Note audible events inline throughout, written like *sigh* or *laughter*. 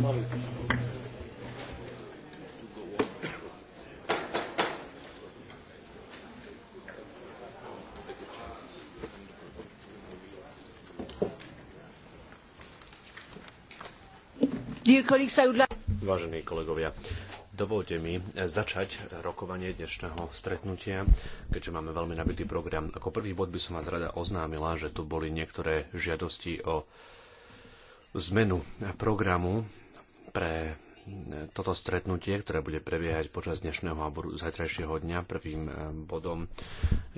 Vážení kolegovia, dovolte mi eh, začať eh, rokovanie dnešného stretnutia, keďže máme veľmi nabitý program. Ako prvý bod by som vás rada oznámila, že tu boli niektoré žiadosti o zmenu programu pre e, toto stretnutie, ktoré bude prebiehať počas dnešného a zajtrajšieho dňa. Prvým e, bodom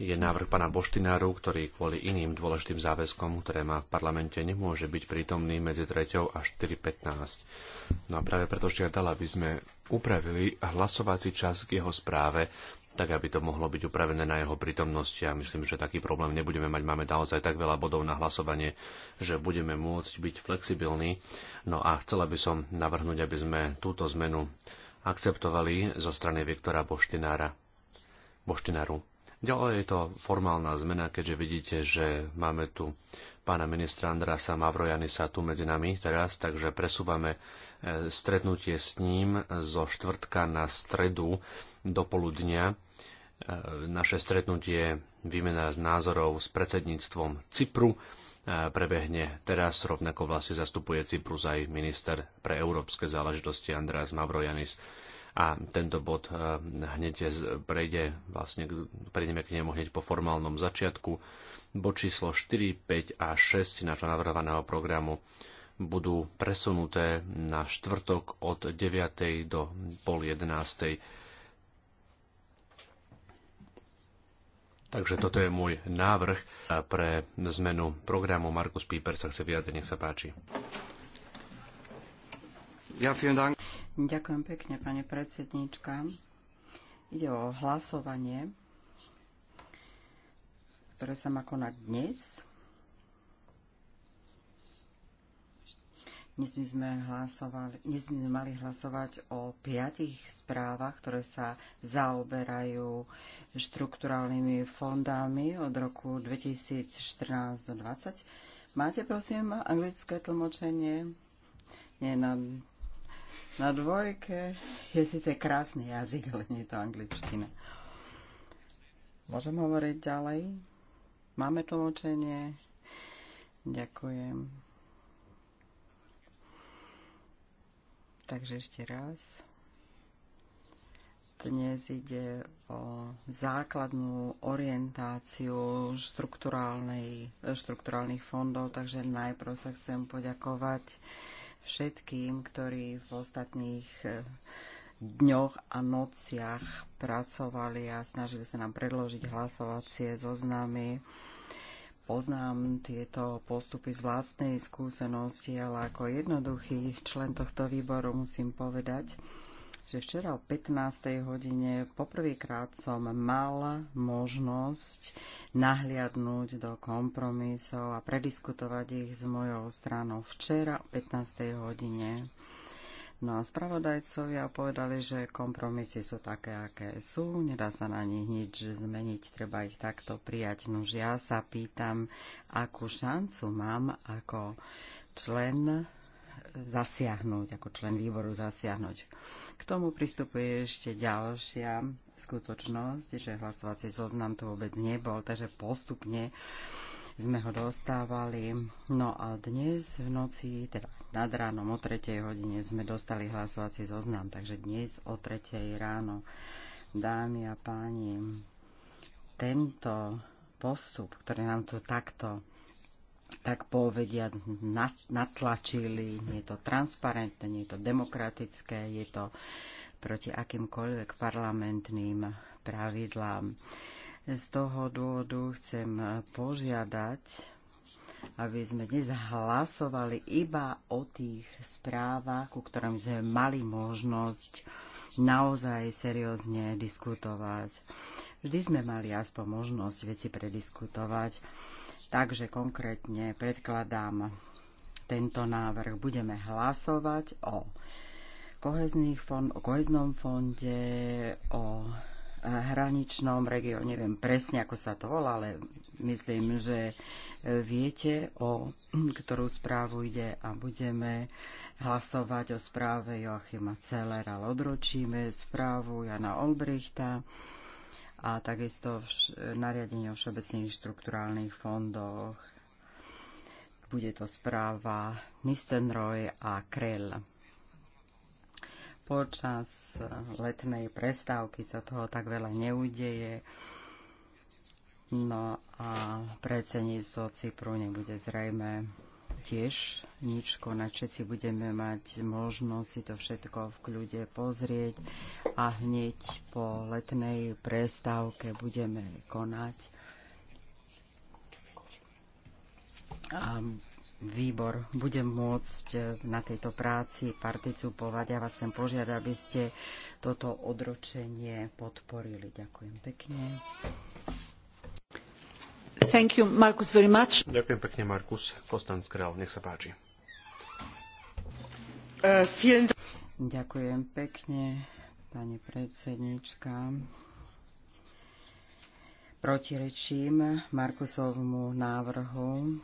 je návrh pána Boštináru, ktorý kvôli iným dôležitým záväzkom, ktoré má v parlamente, nemôže byť prítomný medzi 3. a 4.15. No a práve preto žiadala, aby sme upravili hlasovací čas k jeho správe tak aby to mohlo byť upravené na jeho prítomnosti a ja myslím, že taký problém nebudeme mať. Máme naozaj tak veľa bodov na hlasovanie, že budeme môcť byť flexibilní. No a chcela by som navrhnúť, aby sme túto zmenu akceptovali zo strany Viktora Boštinára. Boštinaru. Ďalej je to formálna zmena, keďže vidíte, že máme tu pána ministra Andrasa Mavrojanisa tu medzi nami teraz, takže presúvame e, stretnutie s ním zo štvrtka na stredu do poludnia E, naše stretnutie výmena z názorov s predsedníctvom Cypru e, prebehne teraz, rovnako vlastne zastupuje Cyprus aj minister pre európske záležitosti Andreas Mavrojanis. A tento bod e, hneď prejde, vlastne prejdeme k nemu hneď po formálnom začiatku. Bod číslo 4, 5 a 6 nášho navrhovaného programu budú presunuté na štvrtok od 9. do pol 11 Takže toto je môj návrh pre zmenu programu. Markus Píper sa chce vyjadriť, nech sa páči. Ja, dank. Ďakujem pekne, pani predsednička. Ide o hlasovanie, ktoré sa má konať dnes Dnes by sme, hlasovali, dnes by sme mali hlasovať o piatich správach, ktoré sa zaoberajú štrukturálnymi fondami od roku 2014 do 2020. Máte, prosím, anglické tlmočenie? Nie, na, na dvojke je síce krásny jazyk, ale nie je to angličtina. Môžem hovoriť ďalej? Máme tlmočenie? Ďakujem. Takže ešte raz. Dnes ide o základnú orientáciu štrukturálnych fondov, takže najprv sa chcem poďakovať všetkým, ktorí v ostatných eh, dňoch a nociach pracovali a snažili sa nám predložiť hlasovacie zoznamy. So poznám tieto postupy z vlastnej skúsenosti, ale ako jednoduchý člen tohto výboru musím povedať, že včera o 15. hodine poprvýkrát som mala možnosť nahliadnúť do kompromisov a prediskutovať ich s mojou stranou včera o 15. hodine. No a spravodajcovia povedali, že kompromisy sú také, aké sú, nedá sa na nich nič zmeniť, treba ich takto prijať. Nož ja sa pýtam, akú šancu mám ako člen zasiahnuť, ako člen výboru zasiahnuť. K tomu pristupuje ešte ďalšia skutočnosť, že hlasovací zoznam to vôbec nebol, takže postupne sme ho dostávali. No a dnes v noci, teda nad ránom o 3. hodine sme dostali hlasovací zoznam, takže dnes o 3. ráno, dámy a páni, tento postup, ktorý nám tu takto tak povediať, natlačili. Nie je to transparentné, nie je to demokratické, je to proti akýmkoľvek parlamentným pravidlám. Z toho dôvodu chcem požiadať aby sme dnes hlasovali iba o tých správach, ku ktorým sme mali možnosť naozaj seriózne diskutovať. Vždy sme mali aspoň možnosť veci prediskutovať, takže konkrétne predkladám tento návrh. Budeme hlasovať o fond, o koheznom fonde, o hraničnom regióne. Neviem presne, ako sa to volá, ale myslím, že e, viete, o ktorú správu ide a budeme hlasovať o správe Joachima Celera. Odročíme správu Jana Olbrichta a takisto nariadenie o všeobecných štruktúrálnych fondoch. Bude to správa Nistenroy a Krell. Počas eh, letnej prestávky sa toho tak veľa neudeje. No a predsedníctvo Cypru nebude zrejme tiež nič konať. Všetci budeme mať možnosť si to všetko v kľude pozrieť a hneď po letnej prestávke budeme konať. A výbor bude môcť e, na tejto práci participovať. Ja vás sem požiadam, aby ste toto odročenie podporili. Ďakujem pekne. Thank you, Marcus, very much. Ďakujem pekne, Markus. Kostan Skrel, nech sa páči. Uh, Ďakujem pekne, pani predsednička protirečím Markusovmu návrhu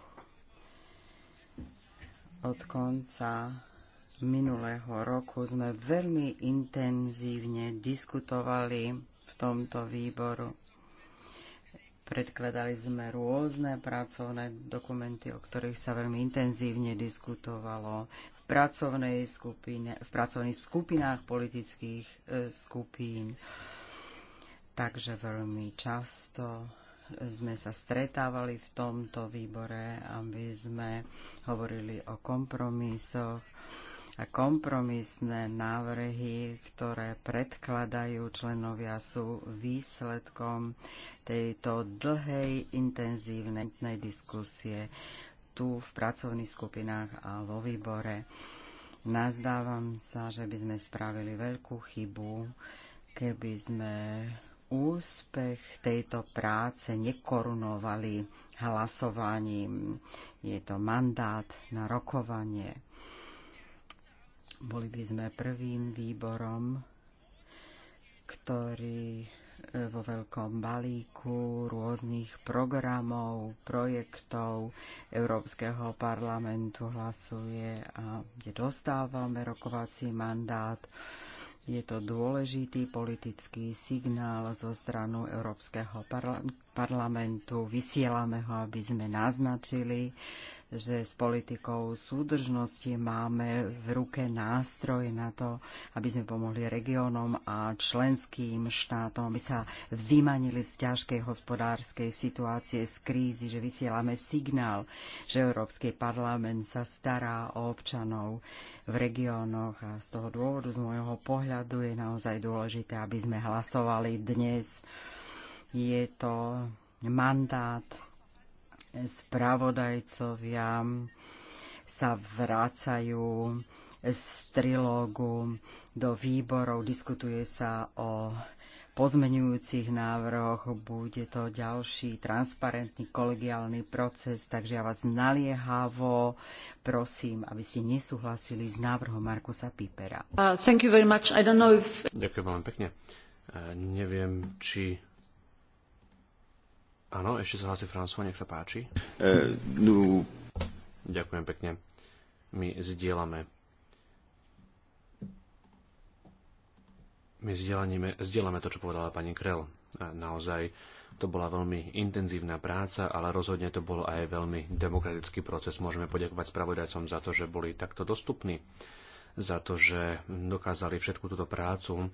od konca minulého roku sme veľmi intenzívne diskutovali v tomto výboru. Predkladali sme rôzne pracovné dokumenty, o ktorých sa veľmi intenzívne diskutovalo v, pracovnej skupine, v pracovných skupinách politických e, skupín. Takže veľmi často sme sa stretávali v tomto výbore, aby sme hovorili o kompromisoch a kompromisné návrhy, ktoré predkladajú členovia, sú výsledkom tejto dlhej, intenzívnej diskusie tu v pracovných skupinách a vo výbore. Nazdávam sa, že by sme spravili veľkú chybu, keby sme úspech tejto práce nekorunovali hlasovaním. Je to mandát na rokovanie. Boli by sme prvým výborom, ktorý e, vo veľkom balíku rôznych programov, projektov Európskeho parlamentu hlasuje a kde dostávame rokovací mandát je to dôležitý politický signál zo stranu Európskeho parlamentu. Vysielame ho, aby sme naznačili, že s politikou súdržnosti máme v ruke nástroj na to, aby sme pomohli regiónom a členským štátom, aby sa vymanili z ťažkej hospodárskej situácie, z krízy, že vysielame signál, že Európsky parlament sa stará o občanov v regiónoch a z toho dôvodu, z môjho pohľadu, je naozaj dôležité, aby sme hlasovali dnes. Je to mandát spravodajcovia sa vrácajú z trilógu do výborov, diskutuje sa o pozmenujúcich návrhoch, bude to ďalší transparentný kolegiálny proces, takže ja vás naliehavo prosím, aby ste nesúhlasili s návrhom Markusa Pipera. Uh, if... Ďakujem veľmi pekne. Uh, neviem, či Áno, ešte sa hlási François, nech sa páči. Uh, no. Ďakujem pekne. My zdieľame my zdieľame to, čo povedala pani Krell. naozaj to bola veľmi intenzívna práca, ale rozhodne to bol aj veľmi demokratický proces. Môžeme poďakovať spravodajcom za to, že boli takto dostupní, za to, že dokázali všetku túto prácu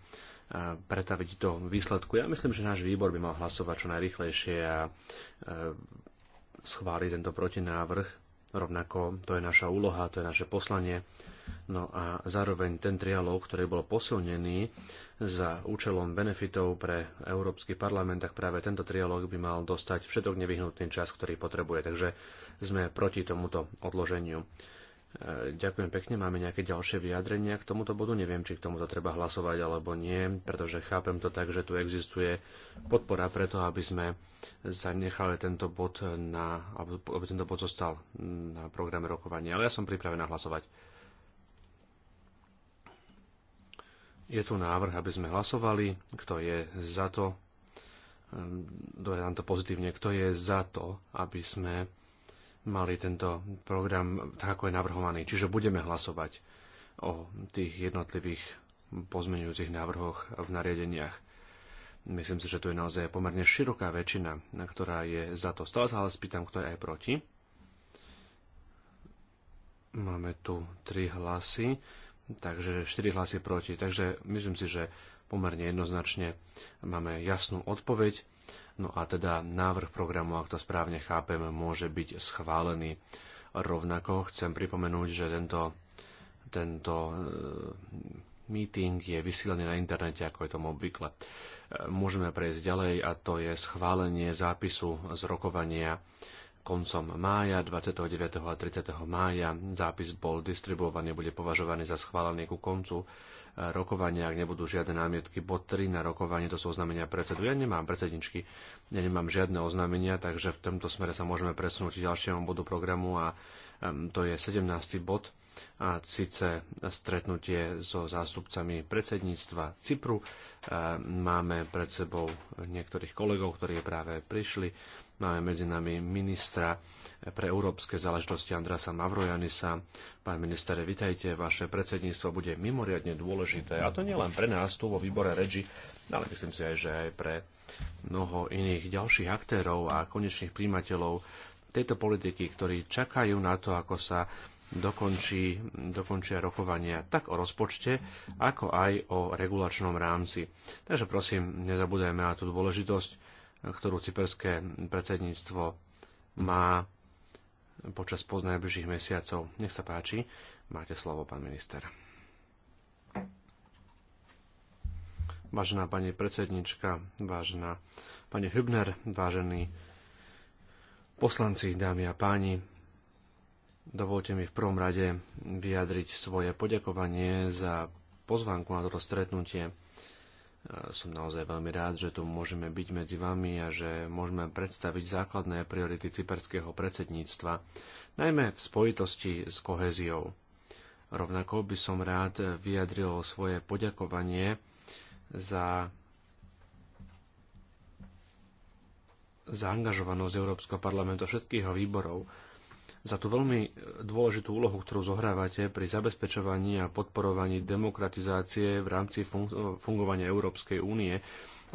pretaviť do výsledku. Ja myslím, že náš výbor by mal hlasovať čo najrychlejšie a e, schváliť tento protinávrh. Rovnako to je naša úloha, to je naše poslanie. No a zároveň ten trialóg, ktorý bol posilnený za účelom benefitov pre Európsky parlament, tak práve tento trialóg by mal dostať všetok nevyhnutný čas, ktorý potrebuje. Takže sme proti tomuto odloženiu. E, ďakujem pekne. Máme nejaké ďalšie vyjadrenia k tomuto bodu? Neviem, či k tomuto treba hlasovať alebo nie, pretože chápem to tak, že tu existuje podpora preto, aby sme zanechali tento bod na, aby tento bod zostal na programe rokovania. Ale ja som pripravená hlasovať. Je tu návrh, aby sme hlasovali. Kto je za to? Ehm, dobre, nám to pozitívne. Kto je za to, aby sme mali tento program tak, ako je navrhovaný. Čiže budeme hlasovať o tých jednotlivých pozmeňujúcich návrhoch v nariadeniach. Myslím si, že to je naozaj pomerne široká väčšina, ktorá je za to. Stále sa ale spýtam, kto je aj proti. Máme tu tri hlasy, takže štyri hlasy proti. Takže myslím si, že pomerne jednoznačne máme jasnú odpoveď No a teda návrh programu, ak to správne chápem, môže byť schválený. Rovnako chcem pripomenúť, že tento, tento e, meeting je vysielaný na internete, ako je tomu obvykle. E, môžeme prejsť ďalej a to je schválenie zápisu z rokovania koncom mája, 29. a 30. mája. Zápis bol distribuovaný, bude považovaný za schválený ku koncu rokovania, ak nebudú žiadne námietky. Bod 3 na rokovanie, to sú oznámenia predsedu. Ja nemám predsedničky, ja nemám žiadne oznámenia, takže v tomto smere sa môžeme presunúť k ďalšiemu bodu programu a to je 17. bod a síce stretnutie so zástupcami predsedníctva Cypru. Máme pred sebou niektorých kolegov, ktorí práve prišli Máme medzi nami ministra pre európske záležitosti Andrasa Mavrojanisa. Pán minister, vitajte, vaše predsedníctvo bude mimoriadne dôležité. A to nielen pre nás tu vo výbore REGI, ale myslím si aj, že aj pre mnoho iných ďalších aktérov a konečných príjimateľov tejto politiky, ktorí čakajú na to, ako sa dokončí, dokončia rokovania tak o rozpočte, ako aj o regulačnom rámci. Takže prosím, nezabúdajme na tú dôležitosť ktorú cyperské predsedníctvo má počas najbližších mesiacov. Nech sa páči, máte slovo, pán minister. Vážená pani predsednička, vážená pani Hübner, vážení poslanci, dámy a páni, dovolte mi v prvom rade vyjadriť svoje poďakovanie za pozvánku na toto stretnutie som naozaj veľmi rád, že tu môžeme byť medzi vami a že môžeme predstaviť základné priority cyperského predsedníctva, najmä v spojitosti s koheziou. Rovnako by som rád vyjadril svoje poďakovanie za zaangažovanosť Európskeho parlamentu všetkých výborov, za tú veľmi dôležitú úlohu, ktorú zohrávate pri zabezpečovaní a podporovaní demokratizácie v rámci fun- fungovania Európskej únie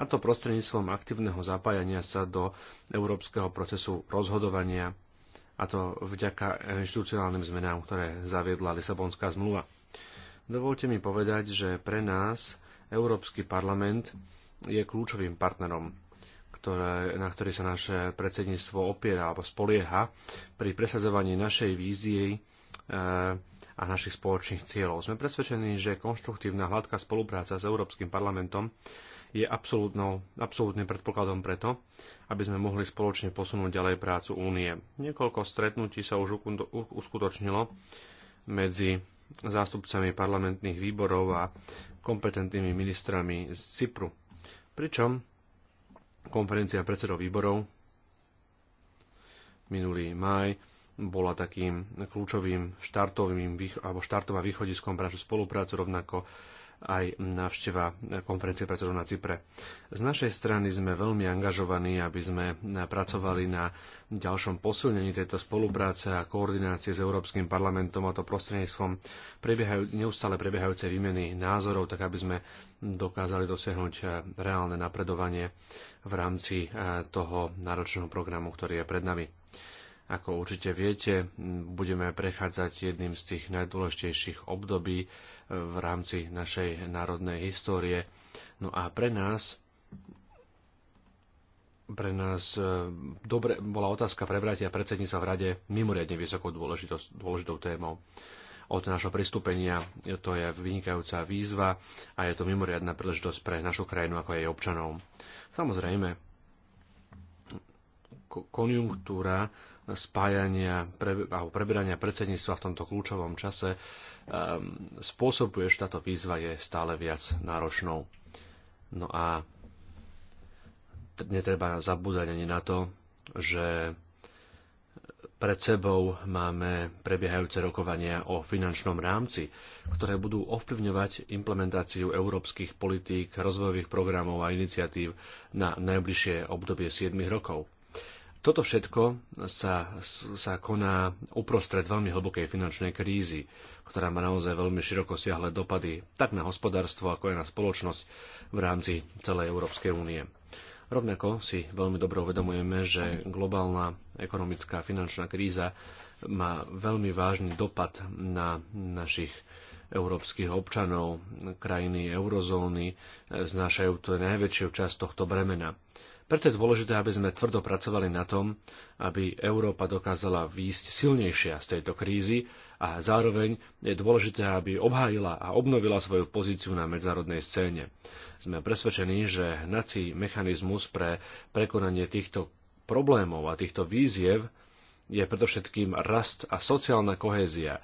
a to prostredníctvom aktívneho zapájania sa do európskeho procesu rozhodovania a to vďaka inštitucionálnym zmenám, ktoré zaviedla Lisabonská zmluva. Dovolte mi povedať, že pre nás Európsky parlament je kľúčovým partnerom ktoré, na ktorý sa naše predsedníctvo opiera alebo spolieha pri presadzovaní našej vízie eh, a našich spoločných cieľov. Sme presvedčení, že konštruktívna hladká spolupráca s Európskym parlamentom je absolútnym predpokladom preto, aby sme mohli spoločne posunúť ďalej prácu únie. Niekoľko stretnutí sa už uskutočnilo medzi zástupcami parlamentných výborov a kompetentnými ministrami z Cypru. Pričom Konferencia predsedov výborov minulý maj bola takým kľúčovým štartovým alebo štartovým východiskom pre našu spoluprácu, rovnako aj návšteva konferencie predsedov na Cypre. Z našej strany sme veľmi angažovaní, aby sme pracovali na ďalšom posilnení tejto spolupráce a koordinácie s Európskym parlamentom a to prostredníctvom prebiehajú, neustále prebiehajúcej výmeny názorov, tak aby sme dokázali dosiahnuť eh, reálne napredovanie v rámci eh, toho náročného programu, ktorý je pred nami. Ako určite viete, budeme prechádzať jedným z tých najdôležitejších období eh, v rámci našej národnej histórie. No a pre nás pre nás dobre, bola otázka prebratia predsedníca v rade mimoriadne vysokou dôležitou témou od našho pristúpenia. To je vynikajúca výzva a je to mimoriadná príležitosť pre našu krajinu ako jej občanov. Samozrejme, konjunktúra spájania pre, alebo preberania predsedníctva v tomto kľúčovom čase um, spôsobuje, že táto výzva je stále viac náročnou. No a netreba zabúdať ani na to, že pred sebou máme prebiehajúce rokovania o finančnom rámci, ktoré budú ovplyvňovať implementáciu európskych politík, rozvojových programov a iniciatív na najbližšie obdobie 7 rokov. Toto všetko sa, sa koná uprostred veľmi hlbokej finančnej krízy, ktorá má naozaj veľmi široko siahle dopady tak na hospodárstvo, ako aj na spoločnosť v rámci celej Európskej únie. Rovnako si veľmi dobre uvedomujeme, že globálna ekonomická a finančná kríza má veľmi vážny dopad na našich európskych občanov. Krajiny eurozóny eh, znášajú to najväčšiu časť tohto bremena. Preto je dôležité, aby sme tvrdo pracovali na tom, aby Európa dokázala výjsť silnejšia z tejto krízy a zároveň je dôležité, aby obhájila a obnovila svoju pozíciu na medzárodnej scéne. Sme presvedčení, že hnací mechanizmus pre prekonanie týchto problémov a týchto víziev je predovšetkým rast a sociálna kohézia. E,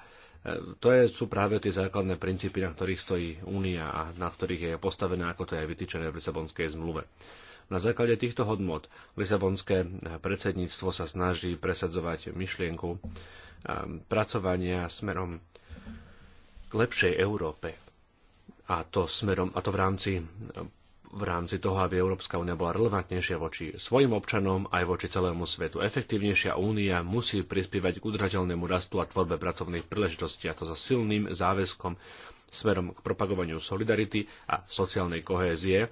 to je, sú práve tie základné princípy, na ktorých stojí Únia a na ktorých je postavená, ako to je vytýčené v Lisabonskej zmluve. Na základe týchto hodnot Lisabonské eh, predsedníctvo sa snaží presadzovať myšlienku eh, pracovania smerom k lepšej Európe. A to, smerom, a to v rámci eh, v rámci toho, aby Európska únia bola relevantnejšia voči svojim občanom aj voči celému svetu. Efektívnejšia únia musí prispievať k udržateľnému rastu a tvorbe pracovných príležitostí, a to so silným záväzkom smerom k propagovaniu solidarity a sociálnej kohézie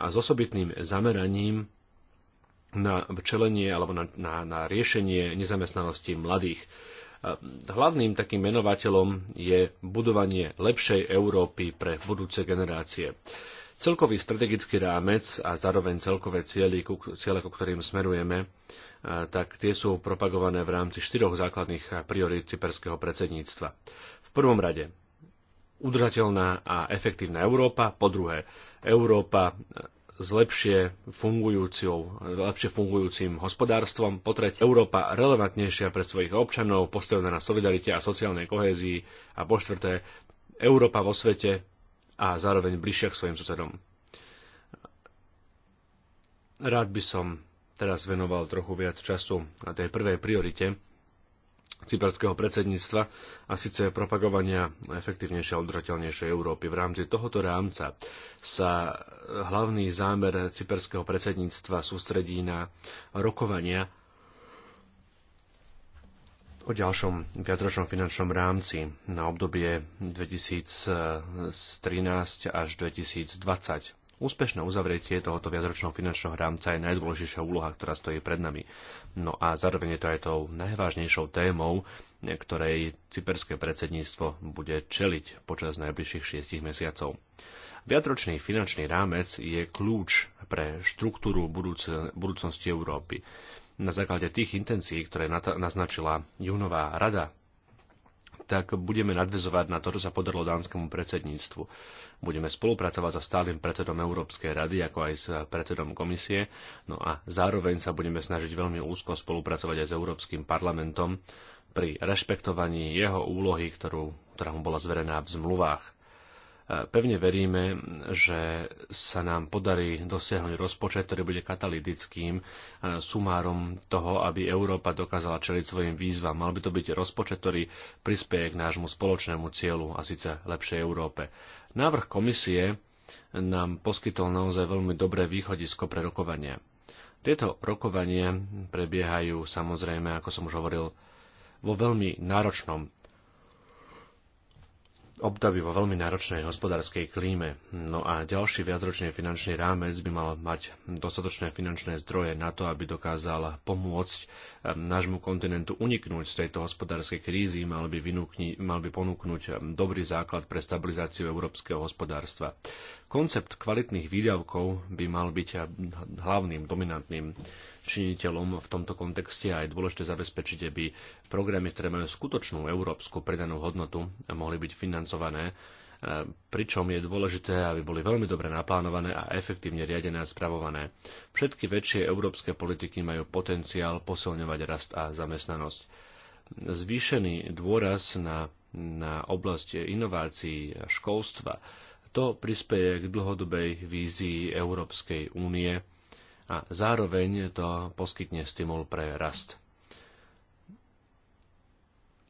a s osobitným zameraním na čelenie alebo na, na, na riešenie nezamestnanosti mladých. Hlavným takým menovateľom je budovanie lepšej Európy pre budúce generácie. Celkový strategický rámec a zároveň celkové cieľe, ku ktorým smerujeme, tak tie sú propagované v rámci štyroch základných priorít cyperského predsedníctva. V prvom rade udržateľná a efektívna Európa, po druhé Európa s lepšie, lepšie fungujúcim hospodárstvom, po tretie Európa relevantnejšia pre svojich občanov, postavená na solidarite a sociálnej kohézii a po štvrté Európa vo svete a zároveň bližšia k svojim susedom. Rád by som teraz venoval trochu viac času na tej prvej priorite, cyperského predsedníctva a síce propagovania efektívnejšej a udržateľnejšej Európy. V rámci tohoto rámca sa e, hlavný zámer cyperského predsedníctva sústredí na rokovania o ďalšom viacročnom finančnom rámci na obdobie 2013 e, až 2020. Úspešné uzavretie tohoto viacročného finančného rámca je najdôležitejšia úloha, ktorá stojí pred nami. No a zároveň je to aj tou najvážnejšou témou, ktorej cyperské predsedníctvo bude čeliť počas najbližších šiestich mesiacov. Viacročný finančný rámec je kľúč pre štruktúru budúc- budúcnosti Európy. Na základe tých intencií, ktoré naznačila júnová rada tak budeme nadvezovať na to, čo sa podarilo dánskemu predsedníctvu. Budeme spolupracovať so stálym predsedom Európskej rady, ako aj s predsedom komisie, no a zároveň sa budeme snažiť veľmi úzko spolupracovať aj s Európskym parlamentom pri rešpektovaní jeho úlohy, ktorú, ktorá mu bola zverená v zmluvách. Pevne veríme, že sa nám podarí dosiahnuť rozpočet, ktorý bude katalytickým e, sumárom toho, aby Európa dokázala čeliť svojim výzvam. Mal by to byť rozpočet, ktorý prispieje k nášmu spoločnému cieľu a síce lepšej Európe. Návrh komisie nám poskytol naozaj veľmi dobré východisko pre rokovania. Tieto rokovania prebiehajú samozrejme, ako som už hovoril, vo veľmi náročnom období vo veľmi náročnej hospodárskej klíme. No a ďalší viacročný finančný rámec by mal mať dostatočné finančné zdroje na to, aby dokázal pomôcť ehm, nášmu kontinentu uniknúť z tejto hospodárskej krízy, mal by, vynúkni, mal by ponúknuť ehm, dobrý základ pre stabilizáciu európskeho hospodárstva. Koncept kvalitných výdavkov by mal byť hlavným, dominantným činiteľom v tomto kontexte a je dôležité zabezpečiť, aby programy, ktoré majú skutočnú európsku pridanú hodnotu, mohli byť financované e, pričom je dôležité, aby boli veľmi dobre naplánované a efektívne riadené a spravované. Všetky väčšie európske politiky majú potenciál posilňovať rast a zamestnanosť. Zvýšený dôraz na, na oblasti inovácií a školstva to prispieje k dlhodobej vízii Európskej únie a zároveň to poskytne stimul pre rast.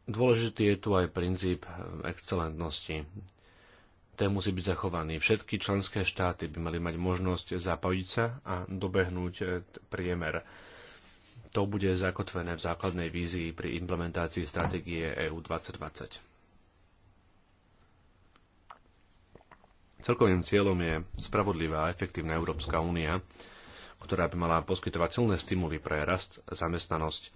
Dôležitý je tu aj princíp excelentnosti. Ten musí byť zachovaný. Všetky členské štáty by mali mať možnosť zapojiť sa a dobehnúť priemer. To bude zakotvené v základnej vízii pri implementácii stratégie EU 2020. Celkovým cieľom je spravodlivá a efektívna Európska únia, ktorá by mala poskytovať silné stimuly pre rast, zamestnanosť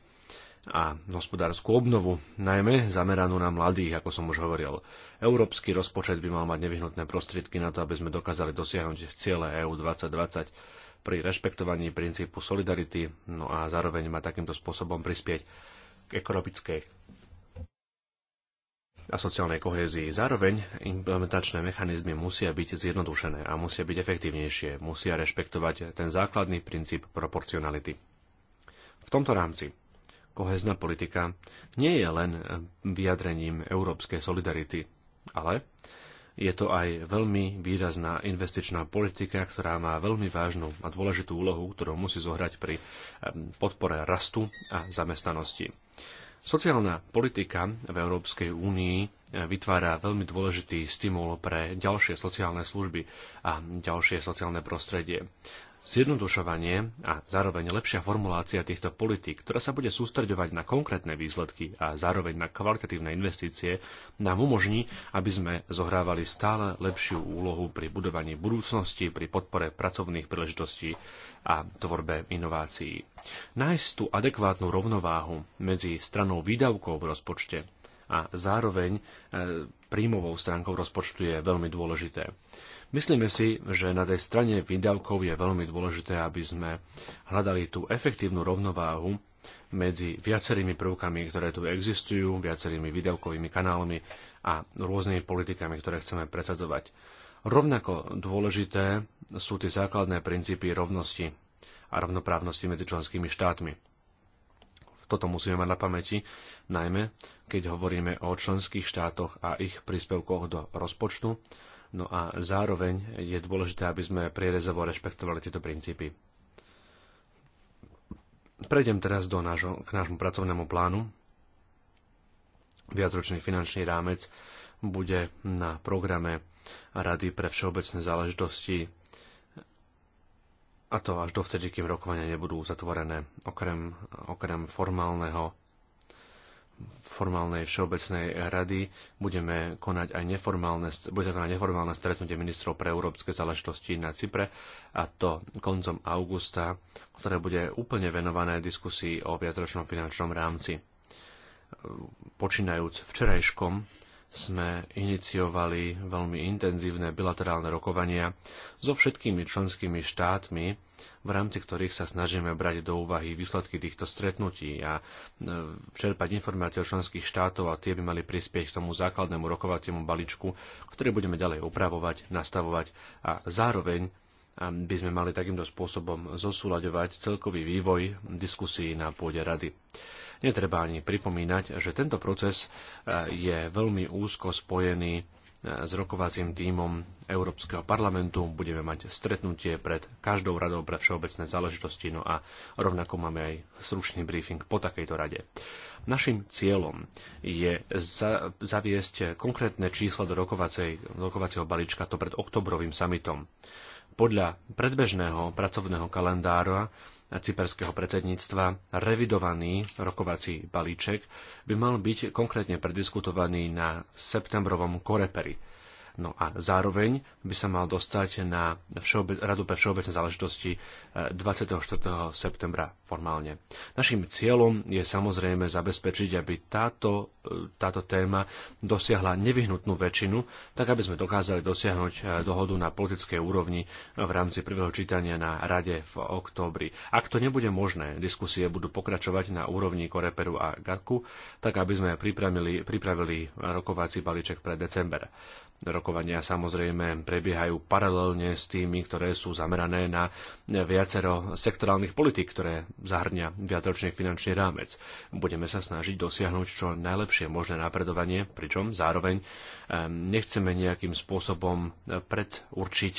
a hospodárskú obnovu, najmä zameranú na mladých, ako som už hovoril. Európsky rozpočet by mal mať nevyhnutné prostriedky na to, aby sme dokázali dosiahnuť ciele EU 2020 pri rešpektovaní princípu solidarity, no a zároveň má takýmto spôsobom prispieť k ekonomickej a sociálnej kohézii. Zároveň implementačné mechanizmy musia byť zjednodušené a musia byť efektívnejšie, musia rešpektovať ten základný princíp proporcionality. V tomto rámci kohezná politika nie je len vyjadrením európskej solidarity, ale je to aj veľmi výrazná investičná politika, ktorá má veľmi vážnu a dôležitú úlohu, ktorú musí zohrať pri podpore rastu a zamestnanosti. Sociálna politika v Európskej únii eh, vytvára veľmi dôležitý stimul pre ďalšie sociálne služby a ďalšie sociálne prostredie. Zjednodušovanie a zároveň lepšia formulácia týchto politík, ktorá sa bude sústreďovať na konkrétne výsledky a zároveň na kvalitatívne investície, nám umožní, aby sme zohrávali stále lepšiu úlohu pri budovaní budúcnosti, pri podpore pracovných príležitostí a tvorbe inovácií. Nájsť tú adekvátnu rovnováhu medzi stranou výdavkov v rozpočte a zároveň e, príjmovou stránkou rozpočtu je veľmi dôležité. Myslíme si, že na tej strane výdavkov je veľmi dôležité, aby sme hľadali tú efektívnu rovnováhu medzi viacerými prvkami, ktoré tu existujú, viacerými výdavkovými kanálmi a rôznymi politikami, ktoré chceme presadzovať. Rovnako dôležité sú tie základné princípy rovnosti a rovnoprávnosti medzi členskými štátmi. Toto musíme mať na pamäti, najmä keď hovoríme o členských štátoch a ich príspevkoch do rozpočtu, No a zároveň je dôležité, aby sme prierezovo rešpektovali tieto princípy. Prejdem teraz do nášho, k nášmu pracovnému plánu. Viacročný finančný rámec bude na programe Rady pre všeobecné záležitosti a to až dovtedy, kým rokovania nebudú uzatvorené. Okrem, okrem formálneho formálnej všeobecnej rady budeme konať aj neformálne, bude konať neformálne stretnutie ministrov pre európske záležitosti na Cypre a to koncom augusta, ktoré bude úplne venované diskusii o viacročnom finančnom rámci. Počínajúc včerajškom sme iniciovali veľmi intenzívne bilaterálne rokovania so všetkými členskými štátmi, v rámci ktorých sa snažíme brať do úvahy výsledky týchto stretnutí a e, čerpať informácie o členských štátov a tie by mali prispieť k tomu základnému rokovaciemu balíčku, ktorý budeme ďalej upravovať, nastavovať a zároveň by sme mali takýmto spôsobom zosúľaďovať celkový vývoj diskusí na pôde rady. Netreba ani pripomínať, že tento proces e, je veľmi úzko spojený e, s rokovacím týmom Európskeho parlamentu. Budeme mať stretnutie pred každou radou pre všeobecné záležitosti, no a rovnako máme aj stručný briefing po takejto rade. Našim cieľom je za, zaviesť konkrétne čísla do rokovacieho balíčka to pred oktobrovým summitom. Podľa predbežného pracovného kalendára cyperského predsedníctva revidovaný rokovací balíček by mal byť konkrétne prediskutovaný na septembrovom koreperi No a zároveň by sa mal dostať na všeobe- Radu pre všeobecné záležitosti 24. Eh, septembra formálne. Našim cieľom je samozrejme zabezpečiť, aby táto, eh, táto téma dosiahla nevyhnutnú väčšinu, tak aby sme dokázali dosiahnuť eh, dohodu na politickej úrovni v rámci prvého čítania na Rade v októbri. Ak to nebude možné, diskusie budú pokračovať na úrovni Koreperu a GATKu, tak aby sme pripravili, pripravili rokovací balíček pre december. Rokovania samozrejme prebiehajú paralelne s tými, ktoré sú zamerané na viacero sektorálnych politik, ktoré zahrňa viacročný finančný rámec. Budeme sa snažiť dosiahnuť čo najlepšie možné napredovanie, pričom zároveň ehm, nechceme nejakým spôsobom predurčiť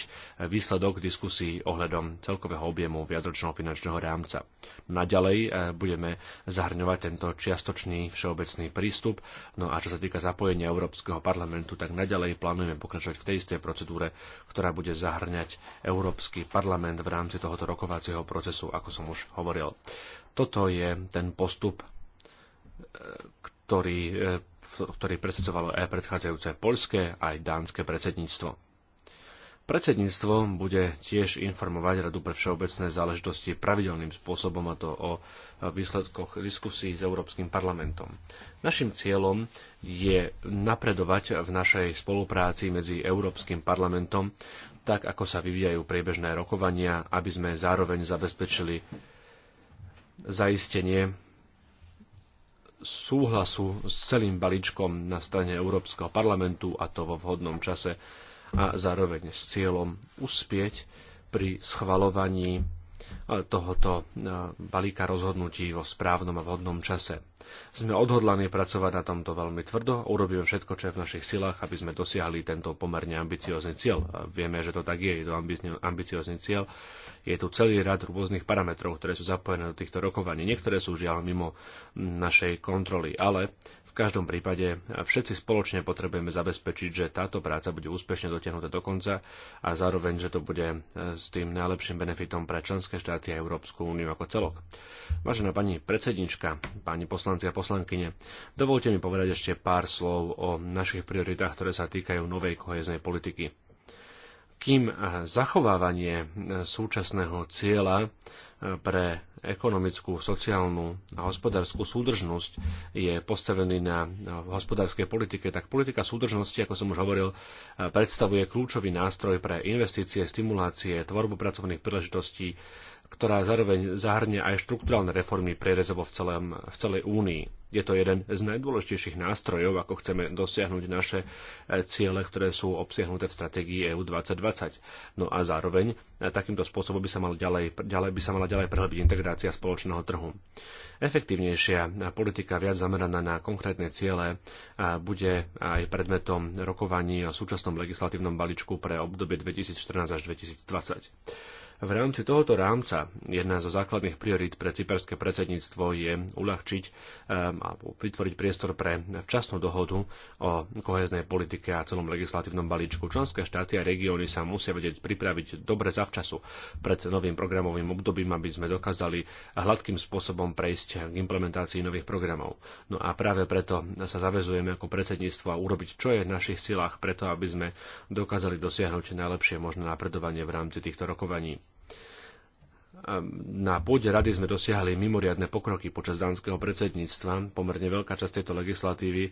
výsledok diskusí ohľadom celkového objemu viacročného finančného rámca. Naďalej eh, budeme zahrňovať tento čiastočný všeobecný prístup, no a čo sa týka zapojenia Európskeho parlamentu, tak naďalej plán plánujeme pokračovať v tej istej procedúre, ktorá bude zahrňať Európsky parlament v rámci tohoto rokovacieho procesu, ako som už hovoril. Toto je ten postup, e, ktorý, e, ktorý predstavovalo aj e, predchádzajúce poľské aj dánske predsedníctvo. Predsedníctvo bude tiež informovať Radu pre všeobecné záležitosti pravidelným spôsobom, a to o výsledkoch diskusí s Európskym parlamentom. Našim cieľom je napredovať v našej spolupráci medzi Európskym parlamentom, tak ako sa vyvíjajú priebežné rokovania, aby sme zároveň zabezpečili zaistenie súhlasu s celým balíčkom na strane Európskeho parlamentu a to vo vhodnom čase a zároveň s cieľom uspieť pri schvalovaní e, tohoto e, balíka rozhodnutí vo správnom a vhodnom čase. Sme odhodlaní pracovať na tomto veľmi tvrdo, urobíme všetko, čo je v našich silách, aby sme dosiahli tento pomerne ambiciózny cieľ. A vieme, že to tak je, je to ambiciózny cieľ. Je tu celý rad rôznych parametrov, ktoré sú zapojené do týchto rokovaní. Niektoré sú žiaľ mimo našej kontroly, ale každom prípade všetci spoločne potrebujeme zabezpečiť, že táto práca bude úspešne dotiahnutá do konca a zároveň, že to bude e, s tým najlepším benefitom pre členské štáty a Európsku úniu ako celok. Vážená pani predsednička, páni poslanci a poslankyne, dovolte mi povedať ešte pár slov o našich prioritách, ktoré sa týkajú novej koheznej politiky kým e, zachovávanie e, súčasného cieľa pre ekonomickú, sociálnu a hospodárskú súdržnosť je postavený na hospodárskej politike, tak politika súdržnosti, ako som už hovoril, predstavuje kľúčový nástroj pre investície, stimulácie, tvorbu pracovných príležitostí, ktorá zároveň zahrnie aj štrukturálne reformy prierezovo v, celém, v celej únii. Je to jeden z najdôležitejších nástrojov, ako chceme dosiahnuť naše e, ciele, ktoré sú obsiahnuté v stratégii EU 2020. No a zároveň e, takýmto spôsobom by sa, mal ďalej, ďalej, by sa mala ďalej prehlbiť integrácia spoločného trhu. Efektívnejšia e, politika viac zameraná na konkrétne ciele bude aj predmetom rokovaní o súčasnom legislatívnom balíčku pre obdobie 2014 až 2020. V rámci tohoto rámca jedna zo základných priorít pre cyperské predsedníctvo je uľahčiť ehm, a vytvoriť priestor pre včasnú dohodu o koheznej politike a celom legislatívnom balíčku. Členské štáty a regióny sa musia vedieť pripraviť dobre zavčasu pred novým programovým obdobím, aby sme dokázali hladkým spôsobom prejsť k implementácii nových programov. No a práve preto sa zavezujeme ako predsedníctvo a urobiť, čo je v našich silách preto, aby sme dokázali dosiahnuť najlepšie možné napredovanie v rámci týchto rokovaní na pôde rady sme dosiahli mimoriadne pokroky počas dánskeho predsedníctva. Pomerne veľká časť tejto legislatívy eh,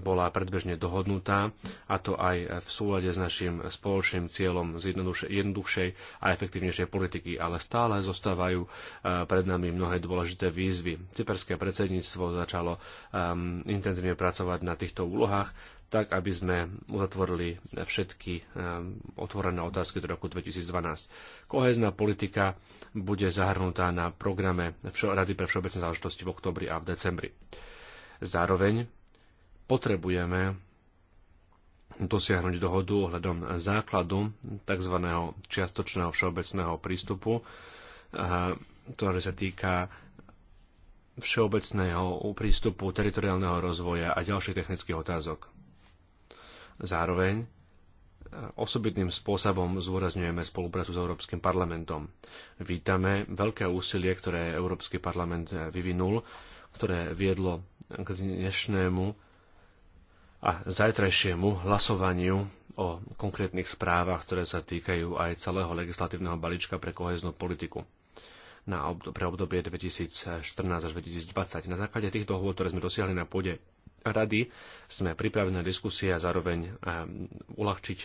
bola predbežne dohodnutá, a to aj v súlade s našim spoločným cieľom z jednoduchšej a efektívnejšej politiky, ale stále zostávajú eh, pred nami mnohé dôležité výzvy. Cyperské predsedníctvo začalo eh, intenzívne pracovať na týchto úlohách, tak aby sme uzatvorili všetky eh, otvorené otázky do roku 2012. Kohezná politika bude zahrnutá na programe Rady pre všeobecné záležitosti v oktobri a v decembri. Zároveň potrebujeme dosiahnuť dohodu ohľadom základu tzv. čiastočného všeobecného prístupu, eh, ktorý sa týka všeobecného prístupu teritoriálneho rozvoja a ďalších technických otázok. Zároveň e, osobitným spôsobom zúrazňujeme spoluprácu s Európskym parlamentom. Vítame veľké úsilie, ktoré Európsky parlament e, vyvinul, ktoré viedlo k dnešnému a zajtrajšiemu hlasovaniu o konkrétnych správach, ktoré sa týkajú aj celého legislatívneho balíčka pre koheznú politiku na obd- pre obdobie 2014 až 2020. Na základe tých dohôd, ktoré sme dosiahli na pôde rady. Sme pripravené diskusie a zároveň ehm, uľahčiť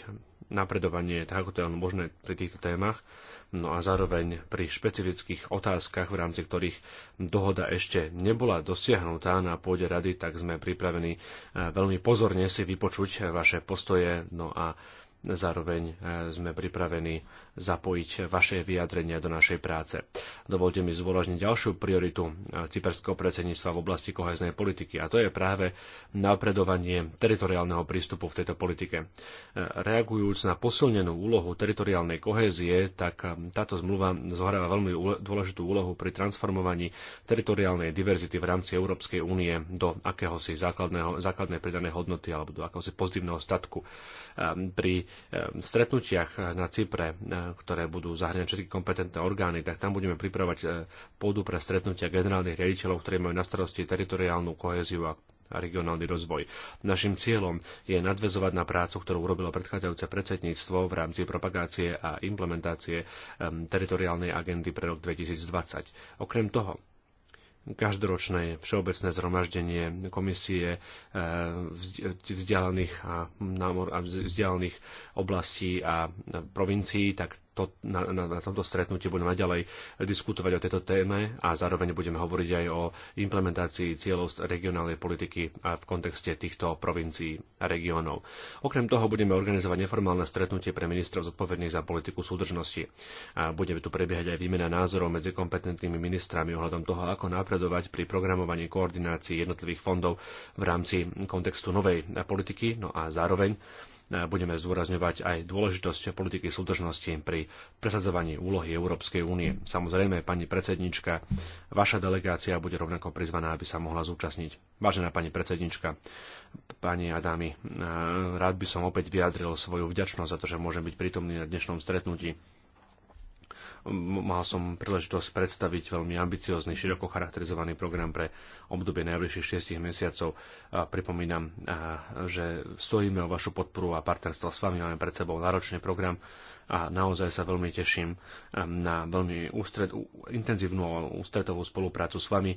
napredovanie, tak ako to je možné pri týchto témach. No a zároveň pri špecifických otázkach, v rámci ktorých dohoda ešte nebola dosiahnutá na pôde rady, tak sme pripravení e, veľmi pozorne si vypočuť vaše postoje. No a zároveň e, sme pripravení zapojiť vaše vyjadrenia do našej práce. Dovolte mi zvoražniť ďalšiu prioritu e, cyperského predsedníctva v oblasti koheznej politiky a to je práve napredovanie teritoriálneho prístupu v tejto politike. E, reagujúc na posilnenú úlohu teritoriálnej kohézie, tak e, táto zmluva zohráva veľmi dôležitú úlohu pri transformovaní teritoriálnej diverzity v rámci Európskej únie do akéhosi základného, základnej pridanej hodnoty alebo do akéhosi pozitívneho statku. Pri stretnutiach na Cypre ktoré budú zahrňať všetky kompetentné orgány, tak tam budeme pripravať e, pôdu pre stretnutia generálnych riaditeľov, ktorí majú na starosti teritoriálnu koheziu a a regionálny rozvoj. Našim cieľom je nadvezovať na prácu, ktorú urobilo predchádzajúce predsedníctvo v rámci propagácie a implementácie e, teritoriálnej agendy pre rok 2020. Okrem toho, každoročné všeobecné zhromaždenie komisie eh, vzdialených, a a vzdialených oblastí a eh, provincií, tak to, na, na, na tomto stretnutí budeme naďalej diskutovať o tejto téme a zároveň budeme hovoriť aj o implementácii cieľov regionálnej politiky v kontexte týchto provincií a regiónov. Okrem toho budeme organizovať neformálne stretnutie pre ministrov zodpovedných za politiku súdržnosti. A bude tu prebiehať aj výmena názorov medzi kompetentnými ministrami ohľadom toho, ako napredovať pri programovaní koordinácii jednotlivých fondov v rámci kontextu novej politiky, no a zároveň budeme zdôrazňovať aj dôležitosť politiky súdržnosti pri presadzovaní úlohy Európskej únie. Samozrejme, pani predsednička, vaša delegácia bude rovnako prizvaná, aby sa mohla zúčastniť. Vážená pani predsednička, pani a dámy, eh, rád by som opäť vyjadril svoju vďačnosť za to, že môžem byť prítomný na dnešnom stretnutí. Mal som príležitosť predstaviť veľmi ambiciózny, široko charakterizovaný program pre obdobie najbližších 6 mesiacov. pripomínam, že stojíme o vašu podporu a partnerstvo s vami. Máme pred sebou náročný program a naozaj sa veľmi teším na veľmi ústred, intenzívnu ústretovú spoluprácu s vami